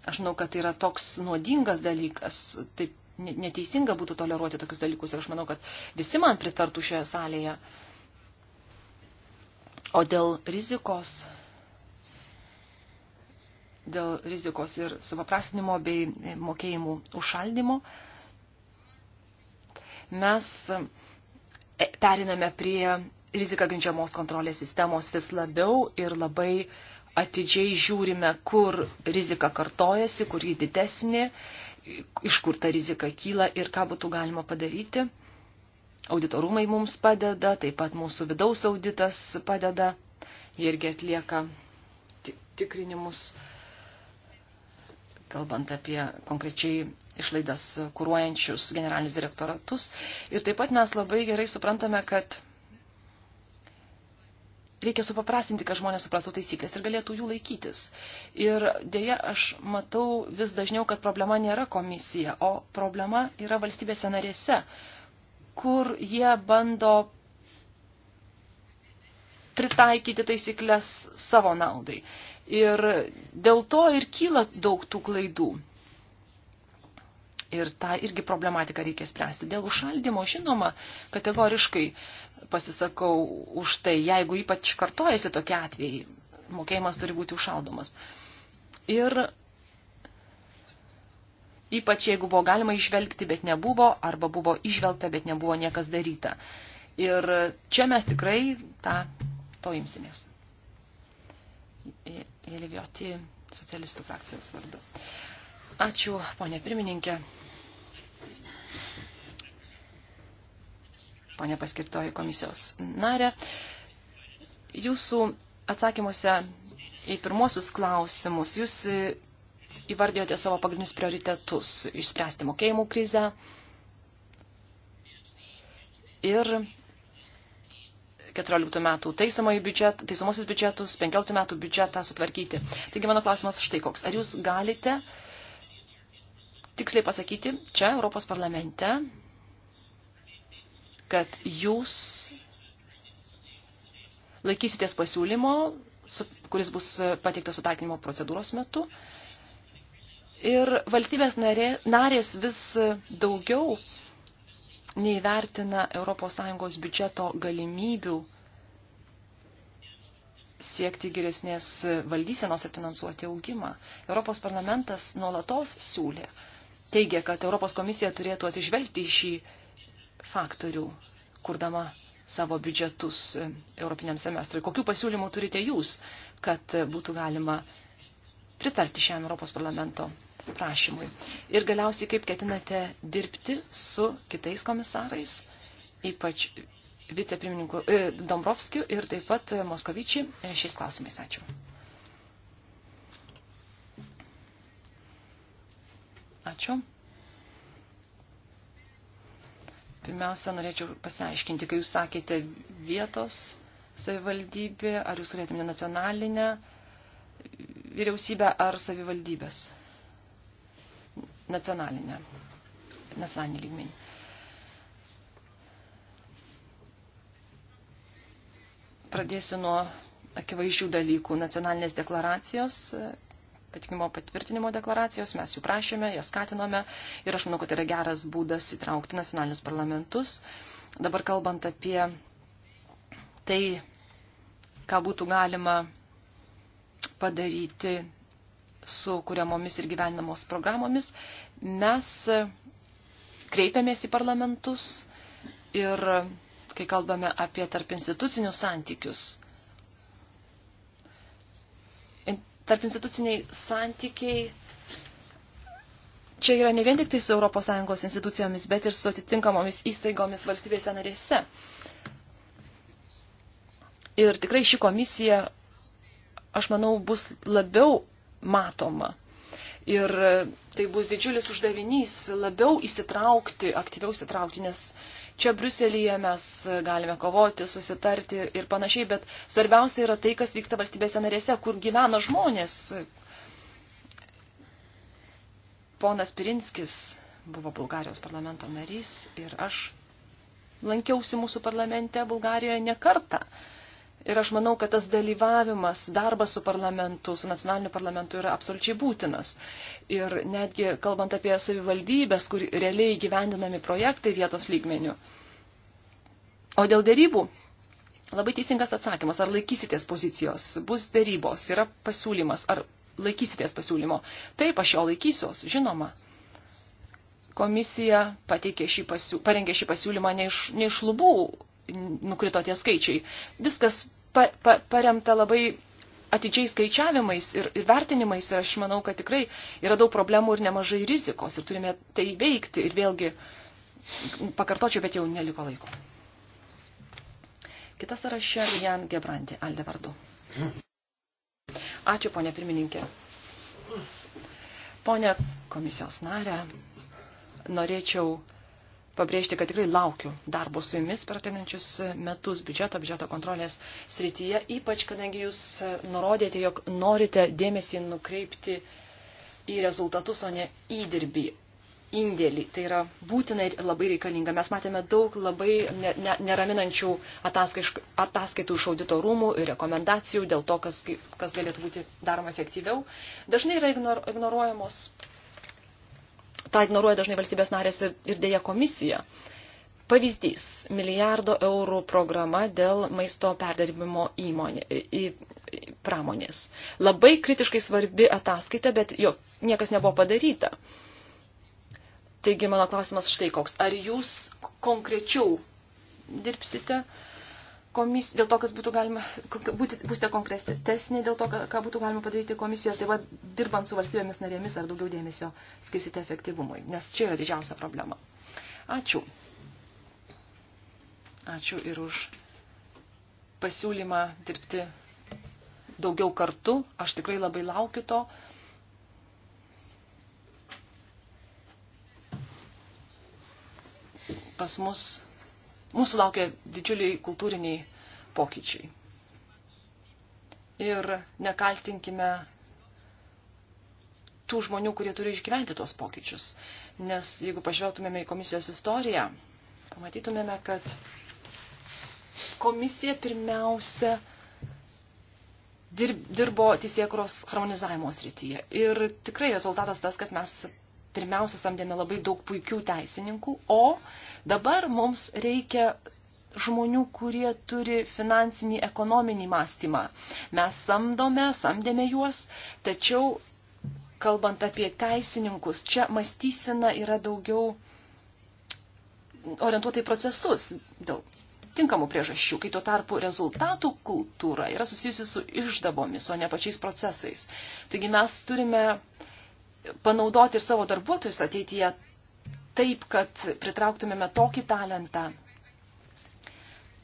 Aš žinau, kad tai yra toks nuodingas dalykas, taip neteisinga būtų toleruoti tokius dalykus ir aš manau, kad visi man pritartų šioje salėje. Uh, O dėl rizikos, dėl rizikos ir supaprastinimo bei mokėjimų užšaldimo, mes e, periname prie riziką grindžiamos kontrolės sistemos vis labiau ir labai atidžiai žiūrime, kur rizika kartojasi, kur ji didesnė, iš kur ta rizika kyla ir ką būtų galima padaryti. Auditorumai mums padeda, taip pat mūsų vidaus auditas padeda. Jie irgi atlieka tikrinimus, kalbant apie konkrečiai išlaidas kūruojančius generalinius direktoratus. Ir taip pat mes labai gerai suprantame, kad reikia supaprastinti, kad žmonės suprastų taisyklės ir galėtų jų laikytis. Ir dėja, aš matau vis dažniau, kad problema nėra komisija, o problema yra valstybėse narėse, kur jie bando pritaikyti taisyklės savo naudai. Ir dėl to ir kyla daug tų klaidų. Ir tą irgi problematiką reikia spręsti. Dėl užšaldimo, žinoma, kategoriškai pasisakau už tai, jeigu ypač kartojasi tokie atvejai, mokėjimas turi būti užšaldomas. Ir ypač jeigu buvo galima išvelgti, bet nebuvo, arba buvo išvelgta, bet nebuvo niekas daryta. Ir čia mes tikrai tą, to imsimės. Elivijoti socialistų frakcijos vardu. Ačiū, ponė pirmininkė. Pone paskirtoji komisijos narė, jūsų atsakymuose į pirmosius klausimus jūs įvardėjote savo pagrindinius prioritetus - išspręsti mokėjimų krizę ir 14 metų taisomosius biudžet, biudžetus, 15 metų biudžetą sutvarkyti. Taigi mano klausimas štai koks. Ar jūs galite tiksliai pasakyti čia Europos parlamente, kad jūs laikysitės pasiūlymo, kuris bus pateiktas sutaikinimo procedūros metu Ir valstybės narė, narės vis daugiau neįvertina ES biudžeto galimybių siekti geresnės valdysenos ir finansuoti augimą. Europos parlamentas nuolatos siūlė, teigia, kad Europos komisija turėtų atsižvelgti į šį faktorių, kurdama savo biudžetus Europiniam semestrui. Kokių pasiūlymų turite jūs, kad būtų galima pritarti šiam Europos parlamento prašymui. Ir galiausiai, kaip ketinate dirbti su kitais komisarais, ypač vicepirmininku e, Dombrovskiu ir taip pat e, Moskovičiai e, šiais klausimais. Ačiū. Ačiū. Pirmiausia, norėčiau pasiaiškinti, kai jūs sakėte vietos savivaldybė, ar jūs galėtumėte nacionalinę vyriausybę ar savivaldybės nacionalinę, nacionalinį lygmenį. Pradėsiu nuo akivaizdžių dalykų nacionalinės deklaracijos, patikimo patvirtinimo deklaracijos, mes jų prašėme, jas skatinome ir aš manau, kad yra geras būdas įtraukti nacionalinius parlamentus. Dabar kalbant apie tai, ką būtų galima padaryti su kuriamomis ir gyvenamos programomis, mes e, kreipiamės į parlamentus ir e, kai kalbame apie tarp institucinius santykius. Tarp instituciniai santykiai čia yra ne vien tik tai su ES institucijomis, bet ir su atitinkamomis įstaigomis valstybėse narėse. Ir tikrai ši komisija, aš manau, bus labiau matoma. Ir tai bus didžiulis uždavinys labiau įsitraukti, aktyviau įsitraukti, nes čia Bruselėje mes galime kovoti, susitarti ir panašiai, bet svarbiausia yra tai, kas vyksta valstybėse narėse, kur gyvena žmonės. Ponas Pirinskis buvo Bulgarijos parlamento narys ir aš lankiausi mūsų parlamente Bulgarijoje ne kartą. Ir aš manau, kad tas dalyvavimas, darbas su parlamentu, su nacionaliniu parlamentu yra absoliučiai būtinas. Ir netgi kalbant apie savivaldybės, kur realiai gyvendinami projektai vietos lygmenių. O dėl dėrybų, labai teisingas atsakymas, ar laikysitės pozicijos, bus dėrybos, yra pasiūlymas, ar laikysitės pasiūlymo. Taip, aš jo laikysiuos, žinoma. Komisija šį pasiū... parengė šį pasiūlymą ne iš, ne iš lubų, nukrito tie skaičiai. Viskas pa, pa, paremta labai atidžiai skaičiavimais ir, ir vertinimais ir aš manau, kad tikrai yra daug problemų ir nemažai rizikos ir turime tai veikti ir vėlgi pakartočiau, bet jau neliko laiko. Kitas sąraše Jan Gebranti, Alde vardu. Ačiū, ponė pirmininkė. Ponė komisijos narė, norėčiau pabrėžti, kad tikrai laukiu darbo su jumis per ateinančius metus biudžeto, biudžeto kontrolės srityje, ypač kadangi jūs nurodėte, jog norite dėmesį nukreipti į rezultatus, o ne įdirbį. Indėlį. Tai yra būtina ir labai reikalinga. Mes matėme daug labai ne, ne, neraminančių ataskaitų iš audito rūmų ir rekomendacijų dėl to, kas, kas galėtų būti daroma efektyviau. Dažnai yra ignor, ignoruojamos tą ignoruoja dažnai valstybės narės ir dėja komisija. Pavyzdys - milijardo eurų programa dėl maisto perdirbimo įmonė, į, į pramonės. Labai kritiškai svarbi ataskaita, bet jo niekas nebuvo padaryta. Taigi mano klausimas štai koks. Ar jūs konkrečiau dirbsite? Uh, komis, dėl to, kas būtų galima, būti, būsite konkretesnė dėl to, ką būtų galima padaryti komisijoje, taip pat dirbant su valstybėmis narėmis ar daugiau dėmesio skirsite efektyvumui, nes čia yra didžiausia problema. Ačiū. Ačiū ir už pasiūlymą dirbti daugiau kartu. Aš tikrai labai laukiu to. Pas mus mūsų laukia didžiuliai kultūriniai pokyčiai. Ir nekaltinkime tų žmonių, kurie turi išgyventi tuos pokyčius. Nes jeigu pažvelgtumėme į komisijos istoriją, pamatytumėme, kad komisija pirmiausia dirbo teisėkros harmonizavimo srityje. Ir tikrai rezultatas tas, kad mes pirmiausia samdėme labai daug puikių teisininkų, o dabar mums reikia žmonių, kurie turi finansinį ekonominį mąstymą. Mes samdome, samdėme juos, tačiau kalbant apie teisininkus, čia mąstysena yra daugiau orientuota į procesus dėl tinkamų priežasčių, kai tuo tarpu rezultatų kultūra yra susijusi su išdabomis, o ne pačiais procesais. Taigi mes turime uh, panaudoti ir savo darbuotojus ateityje taip, kad pritrauktumėme tokį talentą.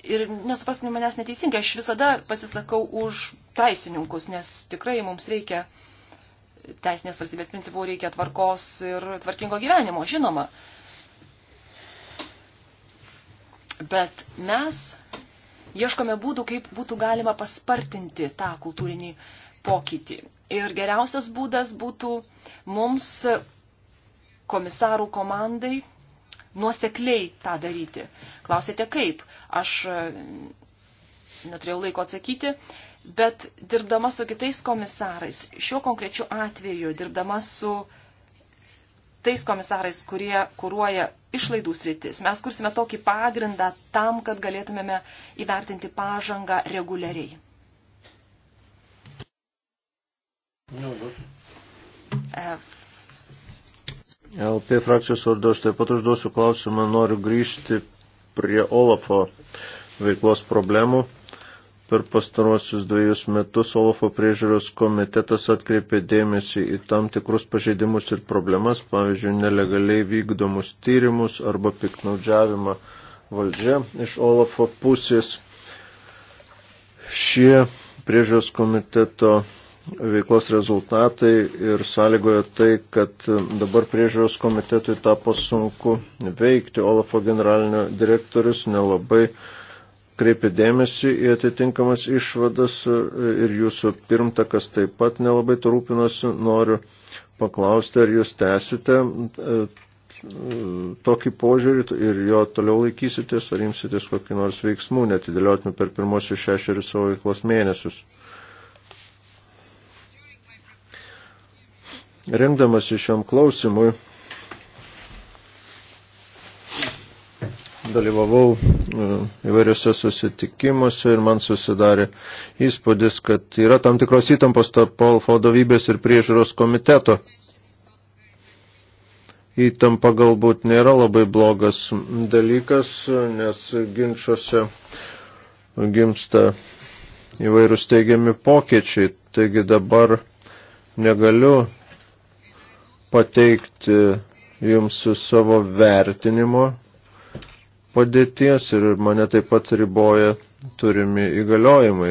Ir nesupraskime manęs neteisingai, aš visada pasisakau už teisininkus, nes tikrai mums reikia teisinės valstybės principų, reikia tvarkos ir tvarkingo gyvenimo, žinoma. Bet mes ieškome būdų, kaip būtų galima paspartinti tą kultūrinį pokytį. Ir geriausias būdas būtų mums, komisarų komandai, nuosekliai tą daryti. Klausėte kaip? Aš e, neturėjau laiko atsakyti, bet dirbdama su kitais komisarais, šiuo konkrečiu atveju, dirbdama su tais komisarais, kurie kūruoja išlaidų sritis. Mes kursime tokį pagrindą tam, kad galėtumėme įvertinti pažangą reguliariai. Nu, nu. ehm. LP frakcijos vardu aš taip pat užduosiu klausimą, noriu grįžti prie Olafo veiklos problemų. Per pastaruosius dviejus metus Olafo priežiūros komitetas atkreipė dėmesį į tam tikrus pažeidimus ir problemas, pavyzdžiui, nelegaliai vykdomus tyrimus arba piknaudžiavimą valdžia iš Olafo pusės. Šie priežiūros komiteto veiklos rezultatai ir sąlygojo tai, kad dabar priežiūros komitetui tapo sunku veikti. Olafo generalinio direktorius nelabai kreipė dėmesį į atitinkamas išvadas ir jūsų pirmtakas taip pat nelabai turūpinosi. Noriu paklausti, ar jūs tęsite e, tokį požiūrį ir jo toliau laikysitės, ar imsitės kokį nors veiksmų, netidėliotinų per pirmosius šešerius savo veiklos mėnesius. rengdamas iš šiam klausimui dalyvavau e, įvairiose susitikimuose ir man susidarė įspūdis, kad yra tam tikros įtampos tarp Polfo vadovybės ir priežiūros komiteto. Įtampa galbūt nėra labai blogas dalykas, nes ginčiuose gimsta įvairūs teigiami pokėčiai. Taigi dabar negaliu pateikti jums savo vertinimo padėties ir mane taip pat riboja turimi įgaliojimai,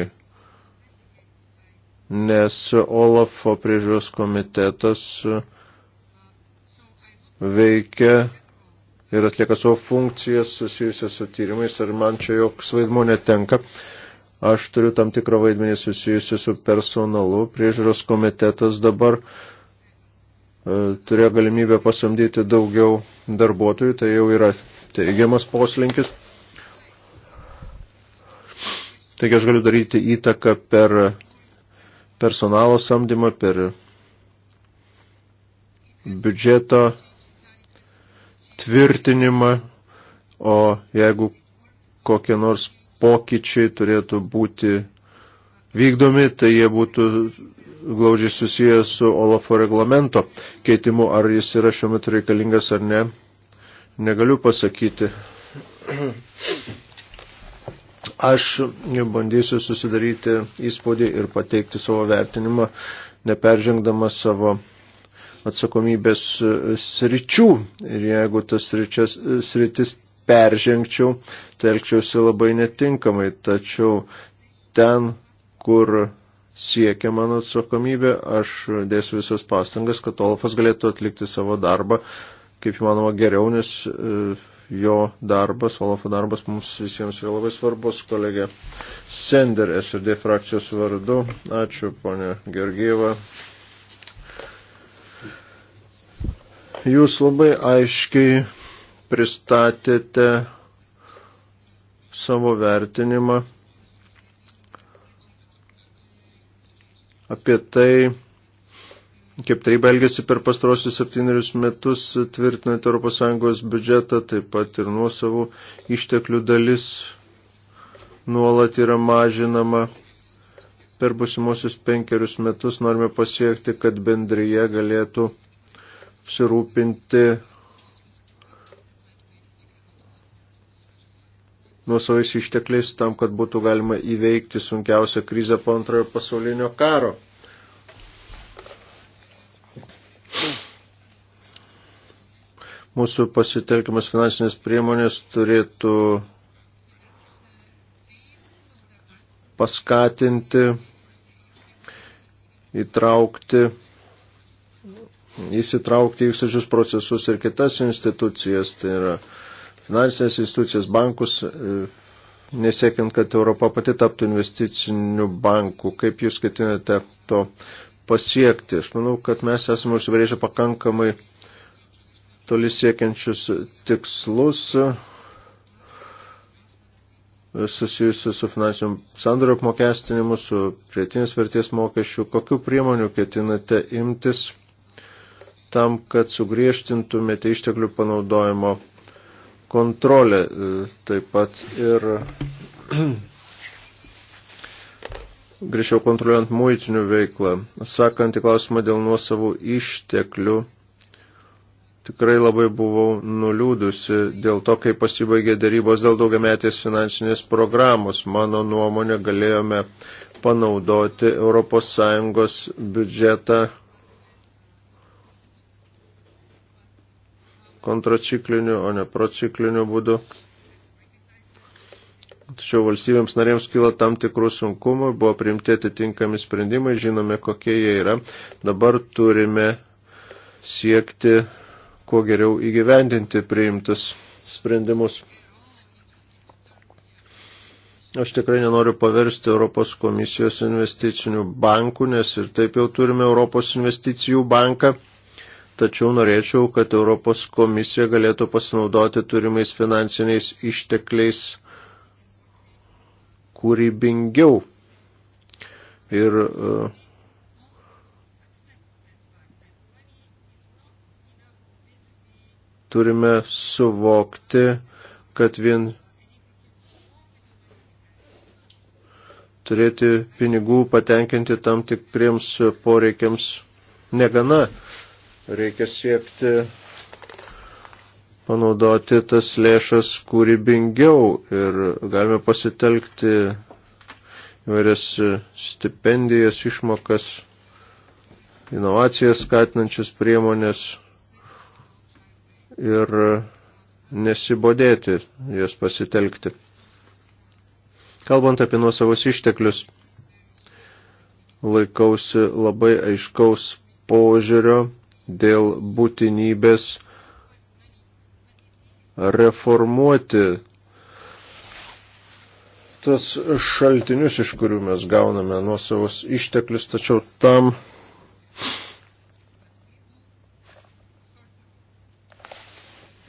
nes Olafo priežiūros komitetas veikia ir atlieka savo funkcijas susijusias su tyrimais ir man čia joks vaidmuo netenka. Aš turiu tam tikrą vaidmenį susijusiu su personalu. Priežiūros komitetas dabar uh, E, turėjo galimybę pasamdyti daugiau darbuotojų, tai jau yra teigiamas poslinkis. Taigi aš galiu daryti įtaką per personalo samdymą, per biudžeto tvirtinimą, o jeigu kokie nors pokyčiai turėtų būti vykdomi, tai jie būtų glaudžiai susijęs su Olafo reglamento keitimu, ar jis yra šiuo metu reikalingas ar ne, negaliu pasakyti. Aš bandysiu susidaryti įspūdį ir pateikti savo vertinimą, neperžengdama savo atsakomybės sričių. Ir jeigu tas sričias, sritis peržengčiau, telkčiausi labai netinkamai. Tačiau ten, kur siekia mano atsakomybė, aš dėsiu visas pastangas, kad Olafas galėtų atlikti savo darbą, kaip įmanoma, geriau, nes e, jo darbas, Olafo darbas mums visiems yra labai svarbus, kolegė Sender, SRD frakcijos vardu. Ačiū, ponė Gergieva. Jūs labai aiškiai pristatėte savo vertinimą apie tai, kaip taryba elgėsi per pastarosius septynerius metus, tvirtinant ES biudžetą, taip pat ir nuosavų išteklių dalis nuolat yra mažinama. Per busimusius penkerius metus norime pasiekti, kad bendryje galėtų apsirūpinti nuosavais ištekliais tam, kad būtų galima įveikti sunkiausią krizę po antrojo pasaulinio karo. Mūsų pasitelkimas finansinės priemonės turėtų paskatinti, įtraukti įsitraukti į visus procesus ir kitas institucijas, tai yra finansinės institucijas, bankus, e, nesiekiant, kad Europa pati taptų investicinių bankų. Kaip jūs ketinate to pasiekti? Aš manau, kad mes esame užsibrėžę pakankamai toli siekiančius tikslus e, susijusius su finansiniu sandorio apmokestinimu, su prietinės vertės mokesčiu. Kokiu priemonių ketinate imtis tam, kad sugriežtintumėte išteklių panaudojimo kontrolė e, taip pat ir grįžčiau kontroliuojant muitinių veiklą. Sakant į klausimą dėl nuosavų išteklių, tikrai labai buvau nuliūdusi dėl to, kai pasibaigė darybos dėl daugiametės finansinės programos. Mano nuomonė galėjome panaudoti ES biudžetą kontracikliniu, o ne procikliniu būdu. Tačiau valstybėms narėms kyla tam tikrų sunkumų, buvo priimti atitinkami sprendimai, žinome, kokie jie yra. Dabar turime siekti kuo geriau įgyvendinti priimtus sprendimus. Aš tikrai nenoriu paversti Europos komisijos investicinių bankų, nes ir taip jau turime Europos investicijų banką tačiau norėčiau, kad Europos komisija galėtų pasinaudoti turimais finansiniais ištekliais kūrybingiau ir e, turime suvokti, kad vien turėti pinigų patenkinti tam tikriems poreikiams negana. Reikia siekti panaudoti tas lėšas kūrybingiau ir galime pasitelkti įvairias stipendijas, išmokas, inovacijas skatinančias priemonės ir nesibodėti jas pasitelkti. Kalbant apie nuosavus išteklius, laikausi labai aiškaus požiūrio dėl būtinybės reformuoti tas šaltinius, iš kurių mes gauname nuo savos išteklius, tačiau tam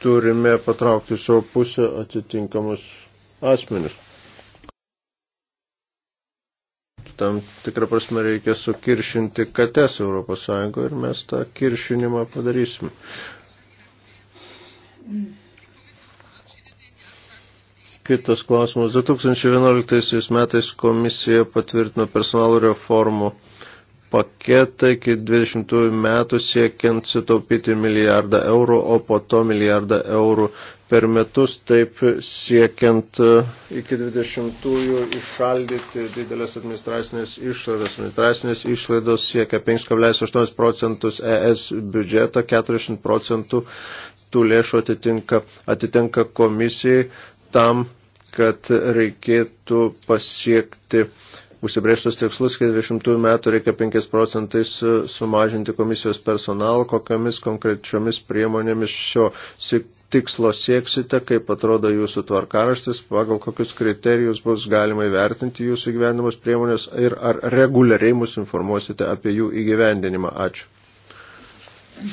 turime patraukti savo pusę atitinkamus asmenis. tam tikrą prasme reikia sukiršinti kates Europos Sąjungoje ir mes tą kiršinimą padarysim. Kitas klausimas. 2011 metais komisija patvirtino personalų reformų paketą iki 20 metų siekiant sutaupyti milijardą eurų, o po to milijardą eurų per metus, taip siekiant e, iki 20-ųjų išaldyti didelės administracinės išlaidas. Administracinės išlaidos siekia 5,8 procentus ES biudžeto, 40 procentų tų lėšų atitinka, atitinka komisijai tam, kad reikėtų pasiekti uh, užsibrėžtus tikslus, kad 20 metų reikia 5 procentais e, sumažinti komisijos personalą, kokiamis konkrečiomis priemonėmis šio tikslo sieksite, kaip atrodo jūsų tvarkaraštis, pagal kokius kriterijus bus galima įvertinti jūsų įgyvendinamos priemonės ir ar reguliariai mus informuosite apie jų įgyvendinimą. Ačiū.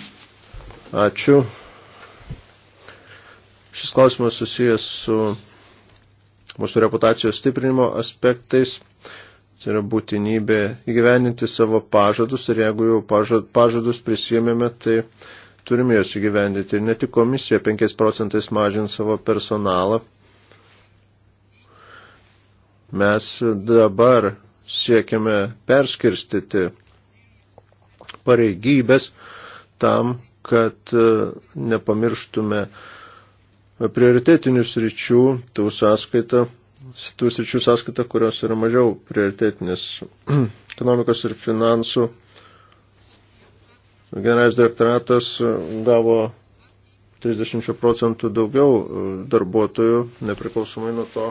Ačiū. Šis klausimas susijęs su mūsų reputacijos stiprinimo aspektais. Tai yra būtinybė įgyveninti savo pažadus ir jeigu jau pažad, pažadus prisijėmėme, tai turime juos įgyvendinti. Ir ne tik komisija 5 procentais mažint savo personalą. Mes dabar siekiame perskirstyti pareigybės tam, kad e, nepamirštume prioritetinių sričių, tų sąskaitą tų sričių sąskaita, kurios yra mažiau prioritetinės ekonomikos ir finansų. Generalinis direktoratas gavo 30 procentų daugiau darbuotojų, nepriklausomai nuo to,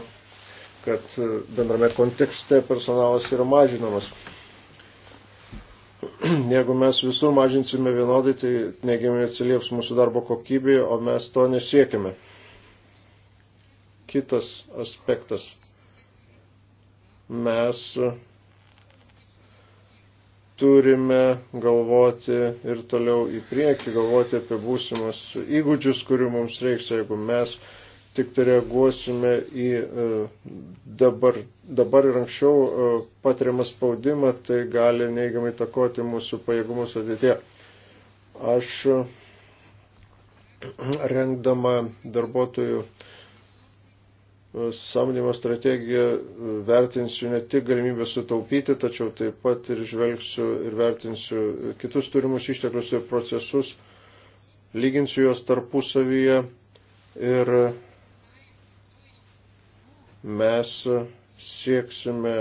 kad bendrame kontekste personalas yra mažinamas. Jeigu mes visur mažinsime vienodai, tai neigiamai atsilieps mūsų darbo kokybė, o mes to nesiekime kitas aspektas. Mes turime galvoti ir toliau į priekį, galvoti apie būsimus įgūdžius, kurių mums reiks, jeigu mes tik tai reaguosime į e, dabar, dabar ir anksčiau e, patiriamą spaudimą, tai gali neigiamai takoti mūsų pajėgumus ateitie. Aš rengdama darbuotojų samdymo strategiją vertinsiu ne tik galimybę sutaupyti, tačiau taip pat ir žvelgsiu ir vertinsiu kitus turimus išteklius ir procesus, lyginsiu juos tarpusavyje ir mes sieksime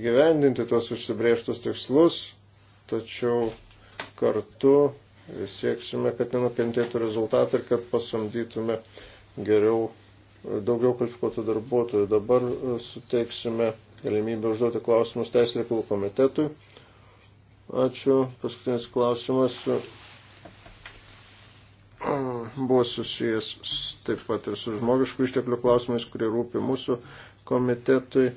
įgyvendinti tos užsibrėžtus tikslus, tačiau kartu sieksime, kad nenukentėtų rezultatai ir kad pasamdytume geriau daugiau kvalifikuotų darbuotojų. Dabar e, suteiksime galimybę užduoti klausimus Teisės reikalų komitetui. Ačiū. Paskutinis klausimas e, buvo susijęs taip pat ir su žmogiškų išteklių klausimais, kurie rūpi mūsų komitetui.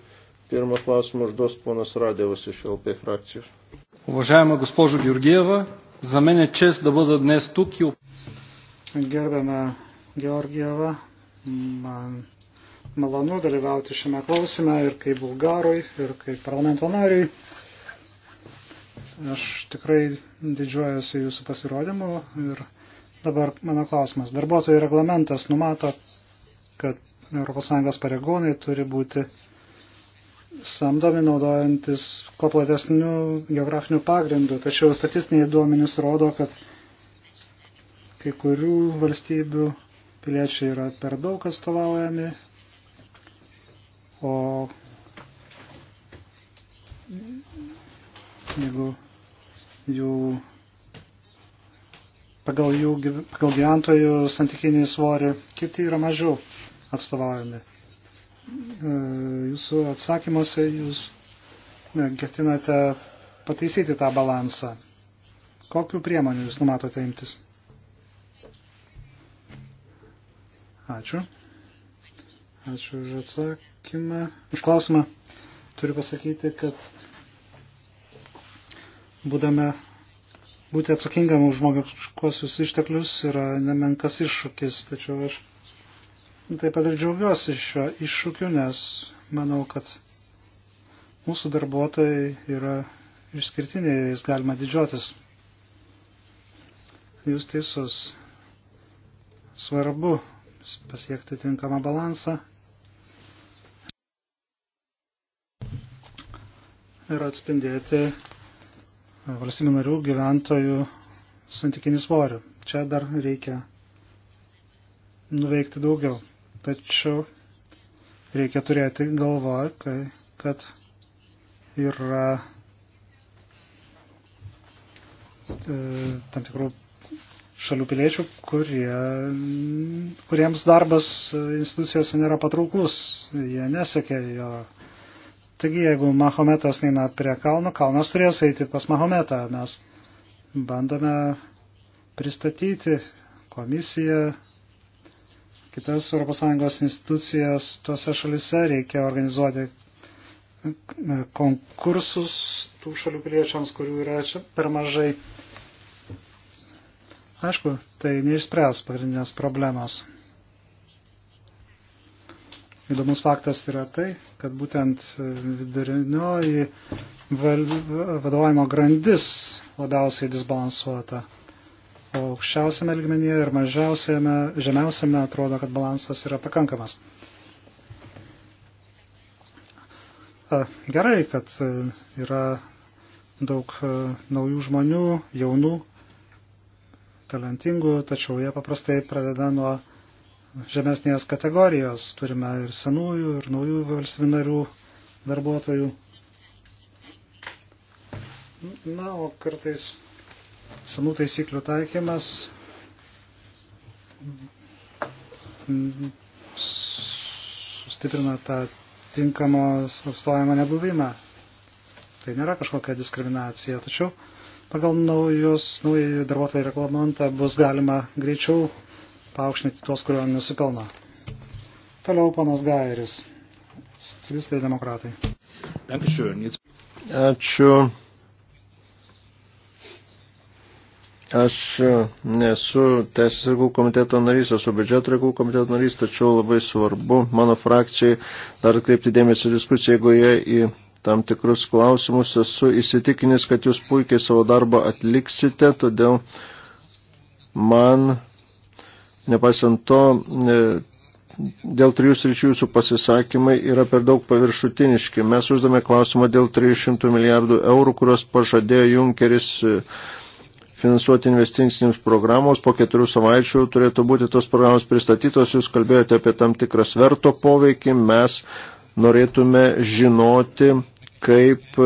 Pirmą klausimą užduos ponas Radėvas iš LP frakcijos. Уважаема госпожо Георгиева, за мен е чест да бъда днес тук и... Гербема Георгиева, man malonu dalyvauti šiame klausime ir kaip bulgarui, ir kaip parlamento nariui. Aš tikrai didžiuojuosi jūsų pasirodymu ir dabar mano klausimas. Darbuotojų reglamentas numato, kad ES pareigūnai turi būti samdomi naudojantis kuo platesnių geografinių pagrindų, tačiau statistiniai duomenys rodo, kad kai kurių valstybių piliečiai yra per daug atstovaujami, o jeigu jų pagal jų pagal gyventojų santykinį svorį, kiti yra mažiau atstovaujami. E, jūsų atsakymuose jūs e, ketinate pataisyti tą balansą. Kokiu priemonių jūs numatote imtis? Ačiū. Ačiū už atsakymą. Už klausimą turiu pasakyti, kad būdame būti atsakingam už žmogiškosius išteklius yra nemenkas iššūkis, tačiau aš taip pat ir džiaugiuosi šio iššūkiu, nes manau, kad mūsų darbuotojai yra išskirtiniai, jais galima didžiuotis. Jūs teisus. Svarbu pasiekti tinkamą balansą. Ir atspindėti valstybių narių gyventojų santykinį svorį. Čia dar reikia nuveikti daugiau. Tačiau reikia turėti galvoj, kad yra e, tam tikrų šalių piliečių, kurie, kuriems darbas institucijose nėra patrauklus, jie nesekė jo. Taigi, jeigu Mahometas neina prie kalno, kalnas turės eiti pas Mahometą. Mes bandome pristatyti komisiją, kitas ES institucijas tuose šalise reikia organizuoti konkursus tų šalių piliečiams, kurių yra čia per mažai Aišku, tai neišspręs pagrindinės problemos. Įdomus faktas yra tai, kad būtent vidurinioji vadovavimo grandis labiausiai disbalansuota. O aukščiausiame lygmenyje ir mažiausiame, žemiausiame atrodo, kad balansas yra pakankamas. Gerai, kad e, yra daug e, naujų žmonių, jaunų talentingų, tačiau jie paprastai pradeda nuo žemesnės kategorijos. Turime ir senųjų, ir naujų valstybinarių darbuotojų. Na, o kartais senų taisyklių taikymas sustiprina tą tinkamo atstovavimo nebuvimą. Tai nėra kažkokia diskriminacija, tačiau Pagal naujus, naują darbuotojų reglamentą bus galima greičiau paaukštinti tuos, kurio nusipelno. Toliau panas Gairis, socialistai demokratai. Ačiū. Aš e, nesu Teisės reikalų komiteto narys, esu biudžeto reikalų komiteto narys, tačiau labai svarbu mano frakcijai dar atkreipti dėmesį diskusiją, jeigu jie į tam tikrus klausimus. Esu įsitikinęs, kad jūs puikiai savo darbą atliksite, todėl man, nepaisant to, dėl trijų sričių jūsų pasisakymai yra per daug paviršutiniški. Mes uždame klausimą dėl 300 milijardų eurų, kuriuos pažadėjo Junkeris e, finansuoti investicinėms programos. Po keturių savaičių turėtų būti tos programos pristatytos. Jūs kalbėjote apie tam tikrą sverto poveikį. Mes norėtume žinoti, kaip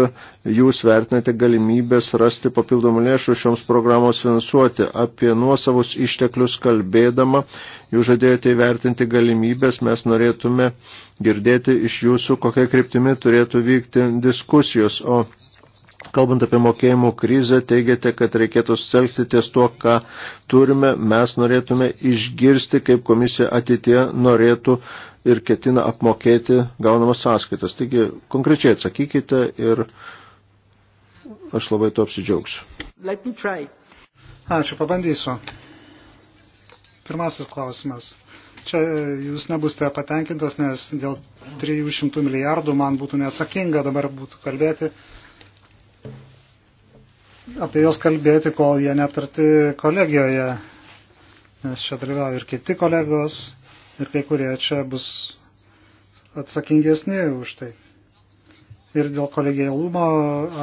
jūs vertinate galimybės rasti papildomų lėšų šioms programos finansuoti. Apie nuosavus išteklius kalbėdama, jūs žadėjote įvertinti galimybės, mes norėtume girdėti iš jūsų, kokia kryptimi turėtų vykti diskusijos. O Kalbant apie mokėjimų krizę, teigiate, kad reikėtų selgti ties tuo, ką turime. Mes norėtume išgirsti, kaip komisija ateitie norėtų uh, ir ketina apmokėti gaunamas sąskaitas. Taigi konkrečiai atsakykite ir aš labai to apsidžiaugsiu. Ačiū, pabandysiu. Pirmasis klausimas. Čia e, jūs nebūsite patenkintas, nes dėl 300 milijardų man būtų neatsakinga dabar būtų kalbėti apie juos kalbėti, kol jie neaptarti kolegijoje, nes čia dalyvauja ir kiti kolegos, ir kai kurie čia bus atsakingesni už tai. Ir dėl kolegialumo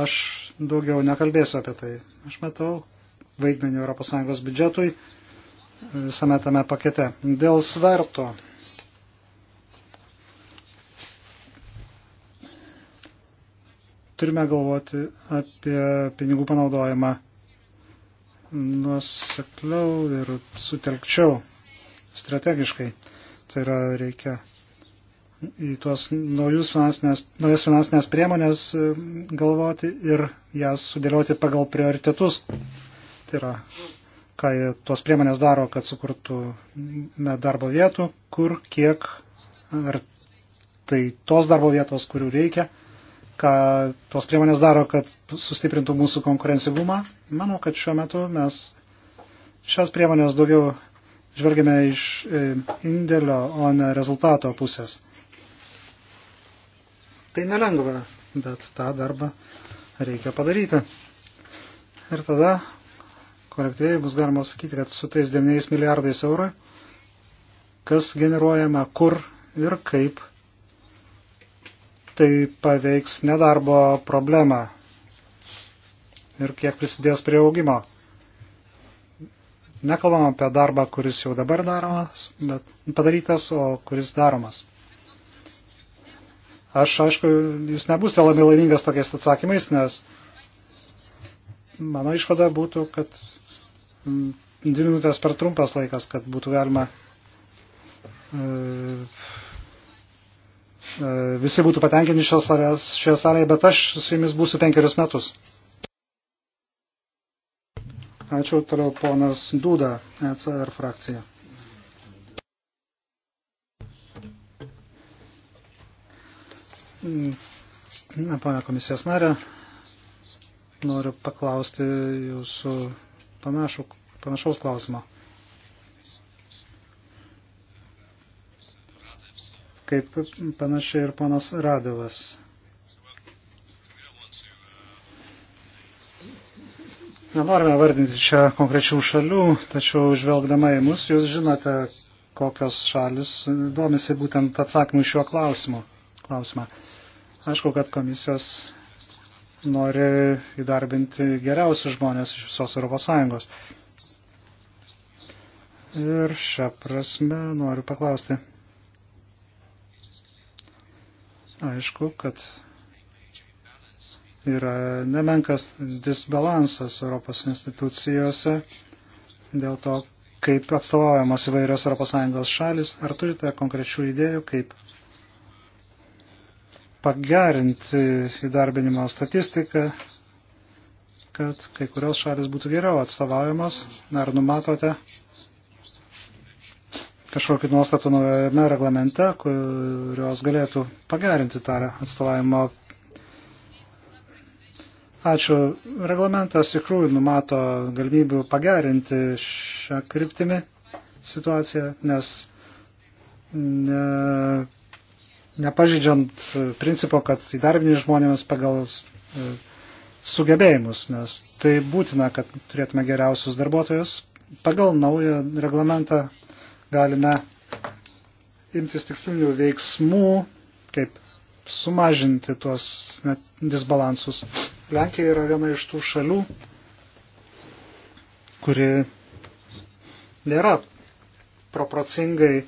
aš daugiau nekalbėsiu apie tai. Aš matau vaidmenį ES biudžetui visame tame pakete. Dėl sverto. Turime galvoti apie pinigų panaudojimą nuosekliau ir sutelkčiau strategiškai. Tai yra reikia į tuos naujus finansinės, naujas finansinės priemonės e, galvoti ir jas sudėlioti pagal prioritetus. Tai yra, ką tuos priemonės daro, kad sukurtume darbo vietų, kur, kiek, ar tai tos darbo vietos, kurių reikia, ką tos priemonės daro, kad sustiprintų mūsų konkurencingumą. Manau, kad šiuo metu mes šias priemonės daugiau žvelgiame iš e, indėlio, o ne rezultato pusės. Tai nelengva, bet tą darbą reikia padaryti. Ir tada kolektyviai bus galima sakyti, kad su tais 9 milijardais eurų, kas generuojama, kur ir kaip, tai paveiks nedarbo problemą ir kiek prisidės prie augimo. Nekalbam apie darbą, kuris jau dabar daromas, bet padarytas, o kuris daromas. Aš, aišku, jūs nebūsite labai laimingas tokiais atsakymais, nes mano išvada būtų, kad mm, dvi minutės per trumpas laikas, kad būtų galima e, e, visi būtų patenkinti šioje salėje, bet aš su jumis būsiu penkerius metus. Ačiū toliau ponas Dūda, ECR frakcija. Na, ponia komisijos narė, noriu paklausti jūsų panašų, panašaus klausimo. Kaip panašiai ir ponas Radovas Nenorime vardinti čia konkrečių šalių, tačiau žvelgdama į mus, jūs žinote, kokios šalis domisi būtent atsakymų šiuo klausimu. Klausimą. Aišku, kad komisijos nori įdarbinti geriausius žmonės iš visos Europos Sąjungos. Ir šią prasme noriu paklausti. Aišku, kad yra nemenkas disbalansas Europos institucijose dėl to, kaip atstovaujamos įvairios ES šalis. Ar turite konkrečių idėjų, kaip pagerinti įdarbinimo statistiką, kad kai kurios šalis būtų geriau atstovaujamos? Ar numatote kažkokiu nuostatu naujame reglamente, kurios galėtų pagerinti tą atstovavimo Ačiū. Reglamentas tikrųjų numato galimybių pagerinti šią kryptimį situaciją, nes ne, nepažydžiant principo, kad įdarbinį žmonėmis pagal e, sugebėjimus, nes tai būtina, kad turėtume geriausius darbuotojus. Pagal naują reglamentą galime imtis tikslinių veiksmų, kaip sumažinti tuos disbalansus. Lenkija yra viena iš tų šalių, kuri nėra proporcingai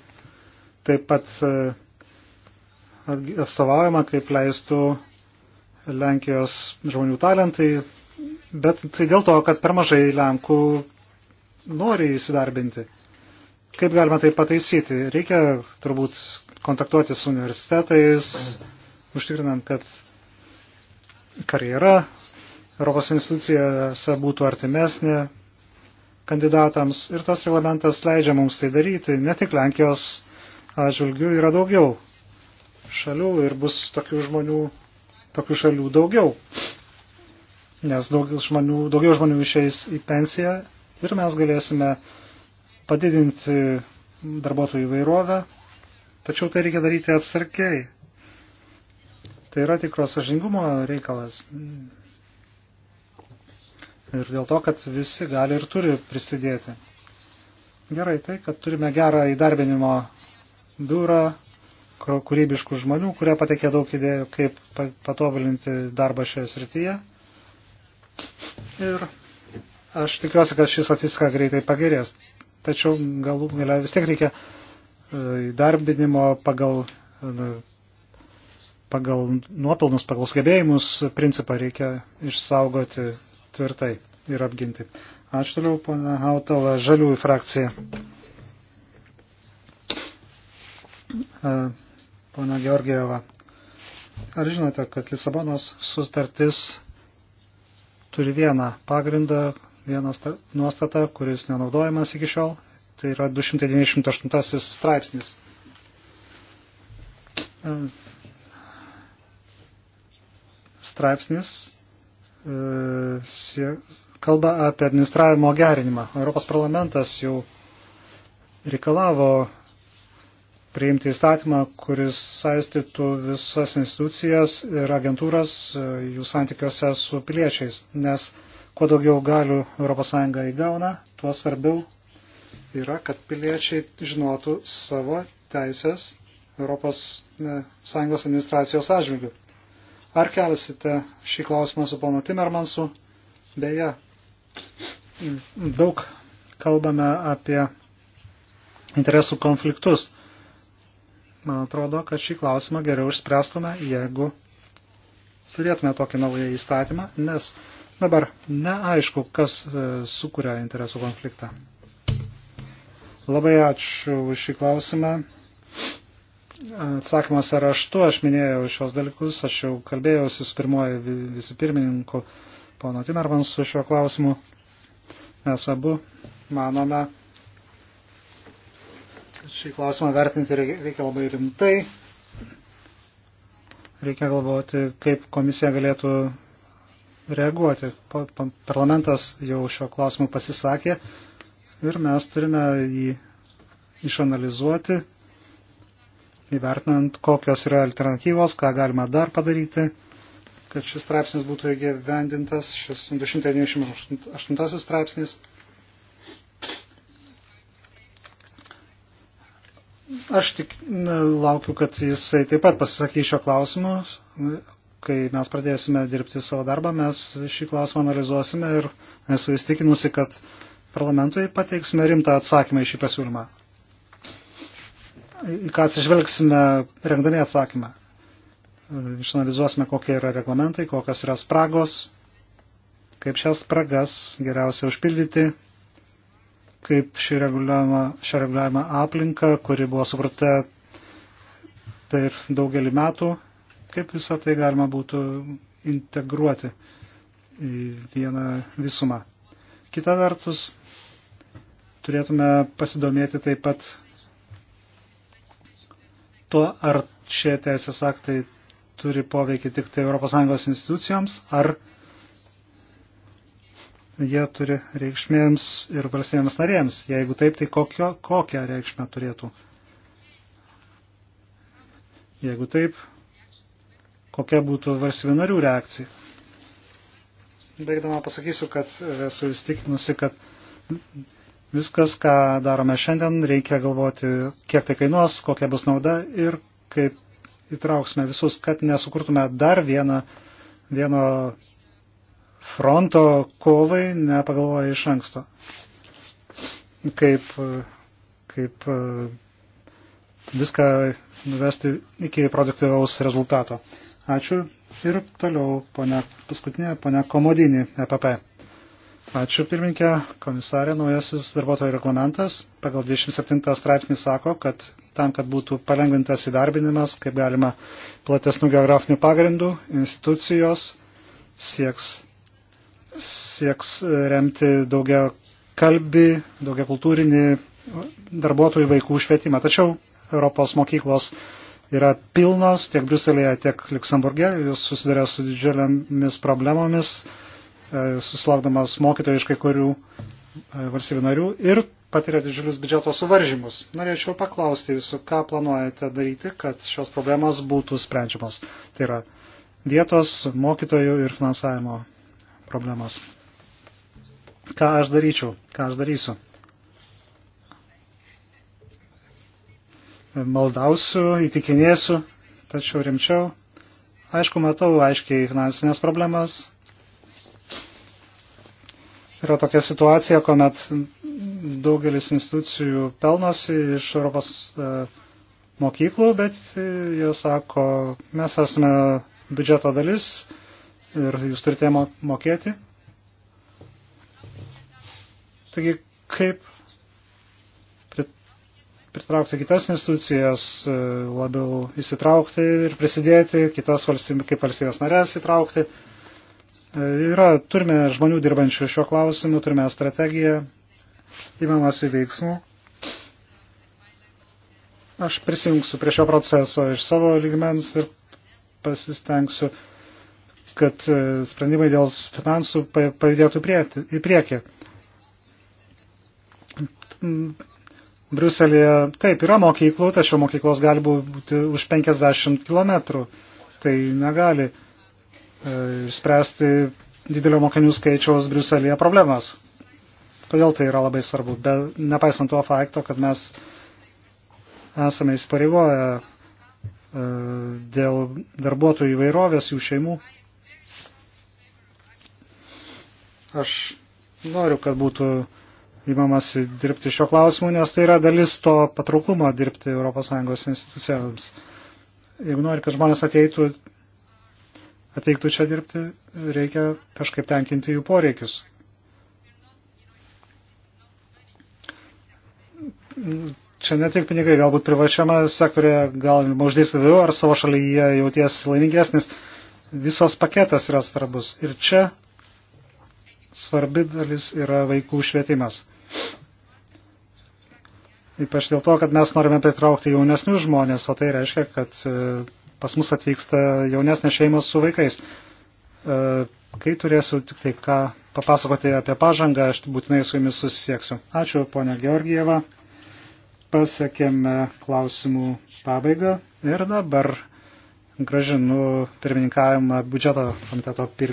taip pat e, atstovaujama, kaip leistų Lenkijos žmonių talentai, bet tai dėl to, kad per mažai Lenkų nori įsidarbinti. Kaip galima tai pataisyti? Reikia turbūt kontaktuoti su universitetais, užtikrinant, kad karjera Europos institucijose būtų artimesnė kandidatams ir tas reglamentas leidžia mums tai daryti, ne tik Lenkijos atžvilgių yra daugiau šalių ir bus tokių žmonių, tokių šalių daugiau, nes daugiau žmonių, daugiau žmonių išeis į pensiją ir mes galėsime padidinti darbuotojų įvairovę, tačiau tai reikia daryti atsargiai. Tai yra tikros sažingumo reikalas. Ir dėl to, kad visi gali ir turi prisidėti. Gerai tai, kad turime gerą įdarbinimo biurą, kūrybiškų žmonių, kurie patekė daug idėjų, kaip patobulinti darbą šioje srityje. Ir aš tikiuosi, kad šis statistika greitai pagerės. Tačiau galų galia vis tiek reikia e, įdarbinimo pagal pagal nuopelnus, pagal sugebėjimus principą reikia išsaugoti tvirtai ir apginti. Ačiū toliau, pana Hautala, žaliųjų frakcija. E, pana Georgieva, ar žinote, kad Lisabonos sutartis turi vieną pagrindą, vieną nuostatą, kuris nenaudojamas iki šiol, tai yra 298 straipsnis e, straipsnis e, kalba apie administravimo gerinimą. Europos parlamentas jau reikalavo priimti įstatymą, kuris saistytų visas institucijas ir agentūras e, jų santykiuose su piliečiais, nes kuo daugiau galių ES įgauna, tuo svarbiau yra, kad piliečiai žinotų savo teisės ES e, administracijos atžvilgių. Ar kelsite šį klausimą su ponu Timermansu? Beje, daug kalbame apie interesų konfliktus. Man atrodo, kad šį klausimą geriau išspręstume, jeigu turėtume tokį naują įstatymą, nes dabar neaišku, kas e, sukuria interesų konfliktą. Labai ačiū už šį klausimą atsakymuose raštu aš minėjau šios dalykus, aš jau kalbėjausi su pirmoji visi pirmininku pono Timermansu šiuo klausimu. Mes abu manome, kad šį klausimą vertinti reikia labai rimtai. Reikia galvoti, kaip komisija galėtų reaguoti. Parlamentas jau šio klausimu pasisakė ir mes turime jį išanalizuoti įvertinant, kokios yra alternatyvos, ką galima dar padaryti, kad šis straipsnis būtų įgyvendintas, šis 298 straipsnis. Aš tik laukiu, kad jisai taip pat pasisakys šio klausimu. Kai mes pradėsime dirbti savo darbą, mes šį klausimą analizuosime ir esu įstikinusi, kad parlamentui pateiksime rimtą atsakymą į šį pasiūlymą į ką atsižvelgsime rengdami atsakymą. Išanalizuosime, kokie yra reglamentai, kokios yra spragos, kaip šias spragas geriausia užpildyti, kaip šį reguliavimą, šią reguliavimą aplinką, kuri buvo suprata per daugelį metų, kaip visą tai galima būtų integruoti į vieną visumą. Kita vertus, turėtume pasidomėti taip pat tuo, ar šie teisės aktai turi poveikį tik tai ES institucijoms, ar jie turi reikšmėms ir valstybėms narėms. Jeigu taip, tai kokio, kokią reikšmę turėtų? Jeigu taip, kokia būtų valstybių narių reakcija? Baigdama pasakysiu, kad esu įstikinusi, kad Viskas, ką darome šiandien, reikia galvoti, kiek tai kainuos, kokia bus nauda ir kaip įtrauksime visus, kad nesukurtume dar vieną, vieno fronto kovai, nepagalvoja iš anksto. Kaip, kaip viską nuvesti iki produktyvaus rezultato. Ačiū. Ir toliau, ponia, paskutinė, ponia Komodinį, EPP. Ačiū pirminkė, komisarė, naujasis darbuotojų reglamentas pagal 27 straipsnį sako, kad tam, kad būtų palengvintas įdarbinimas, kaip galima platesnių geografinių pagrindų, institucijos sieks, sieks remti daugia kalbį, daugia kultūrinį darbuotojų vaikų švietimą. Tačiau Europos mokyklos yra pilnos tiek Briuselėje, tiek Luksemburgė, jūs susiduria su didžiulėmis problemomis E, susilaukdamas mokytojų iš kai kurių e, valstybių narių ir patiria didžiulius biudžeto suvaržymus. Norėčiau paklausti jūsų, ką planuojate daryti, kad šios problemas būtų sprendžiamos. Tai yra vietos, mokytojų ir finansavimo problemos. Ką aš daryčiau, ką aš darysiu. Maldausiu, įtikinėsiu, tačiau rimčiau. Aišku, matau aiškiai finansinės problemas, Yra tokia situacija, kuomet daugelis institucijų pelnosi iš Europos e, mokyklų, bet e, jos sako, mes esame biudžeto dalis ir jūs turite mokėti. Taigi, kaip pritraukti kitas institucijas, e, labiau įsitraukti ir prisidėti, kitas valstybės, kaip valstybės narės įtraukti. E, yra, turime žmonių dirbančių šiuo klausimu, turime strategiją, įmamasi veiksmų. Aš prisijungsiu prie šio proceso iš savo lygmens ir pasistengsiu, kad e, sprendimai dėl finansų pajudėtų į priekį. Briuselėje taip yra mokyklų, tačiau mokyklos gali būti už 50 km. Tai negali E, išspręsti didelio mokinių skaičiaus Briuselėje problemas. Kodėl tai yra labai svarbu? Be, nepaisant to fakto, kad mes esame įsipareigoję e, dėl darbuotojų įvairovės, jų šeimų. Aš noriu, kad būtų įmamas dirbti šio klausimu, nes tai yra dalis to patrauklumo dirbti ES institucijoms. Jeigu nori, kad žmonės ateitų atvyktų čia dirbti, reikia kažkaip tenkinti jų poreikius. Čia ne tik pinigai, galbūt privačiame sektorėje galima uždirbti daugiau, ar savo šalyje jauties laimingesnis. Visos paketas yra svarbus. Ir čia svarbi dalis yra vaikų švietimas. Ypač dėl to, kad mes norime pritraukti jaunesnius žmonės, o tai reiškia, kad pas mus atvyksta jaunesnės šeimos su vaikais. E, kai turėsiu tik tai ką papasakoti apie pažangą, aš būtinai su jumis susisieksiu. Ačiū, ponia Georgieva. Pasiekėme klausimų pabaigą ir dabar gražinu pirmininkavimą biudžeto komiteto pirmininkavimą.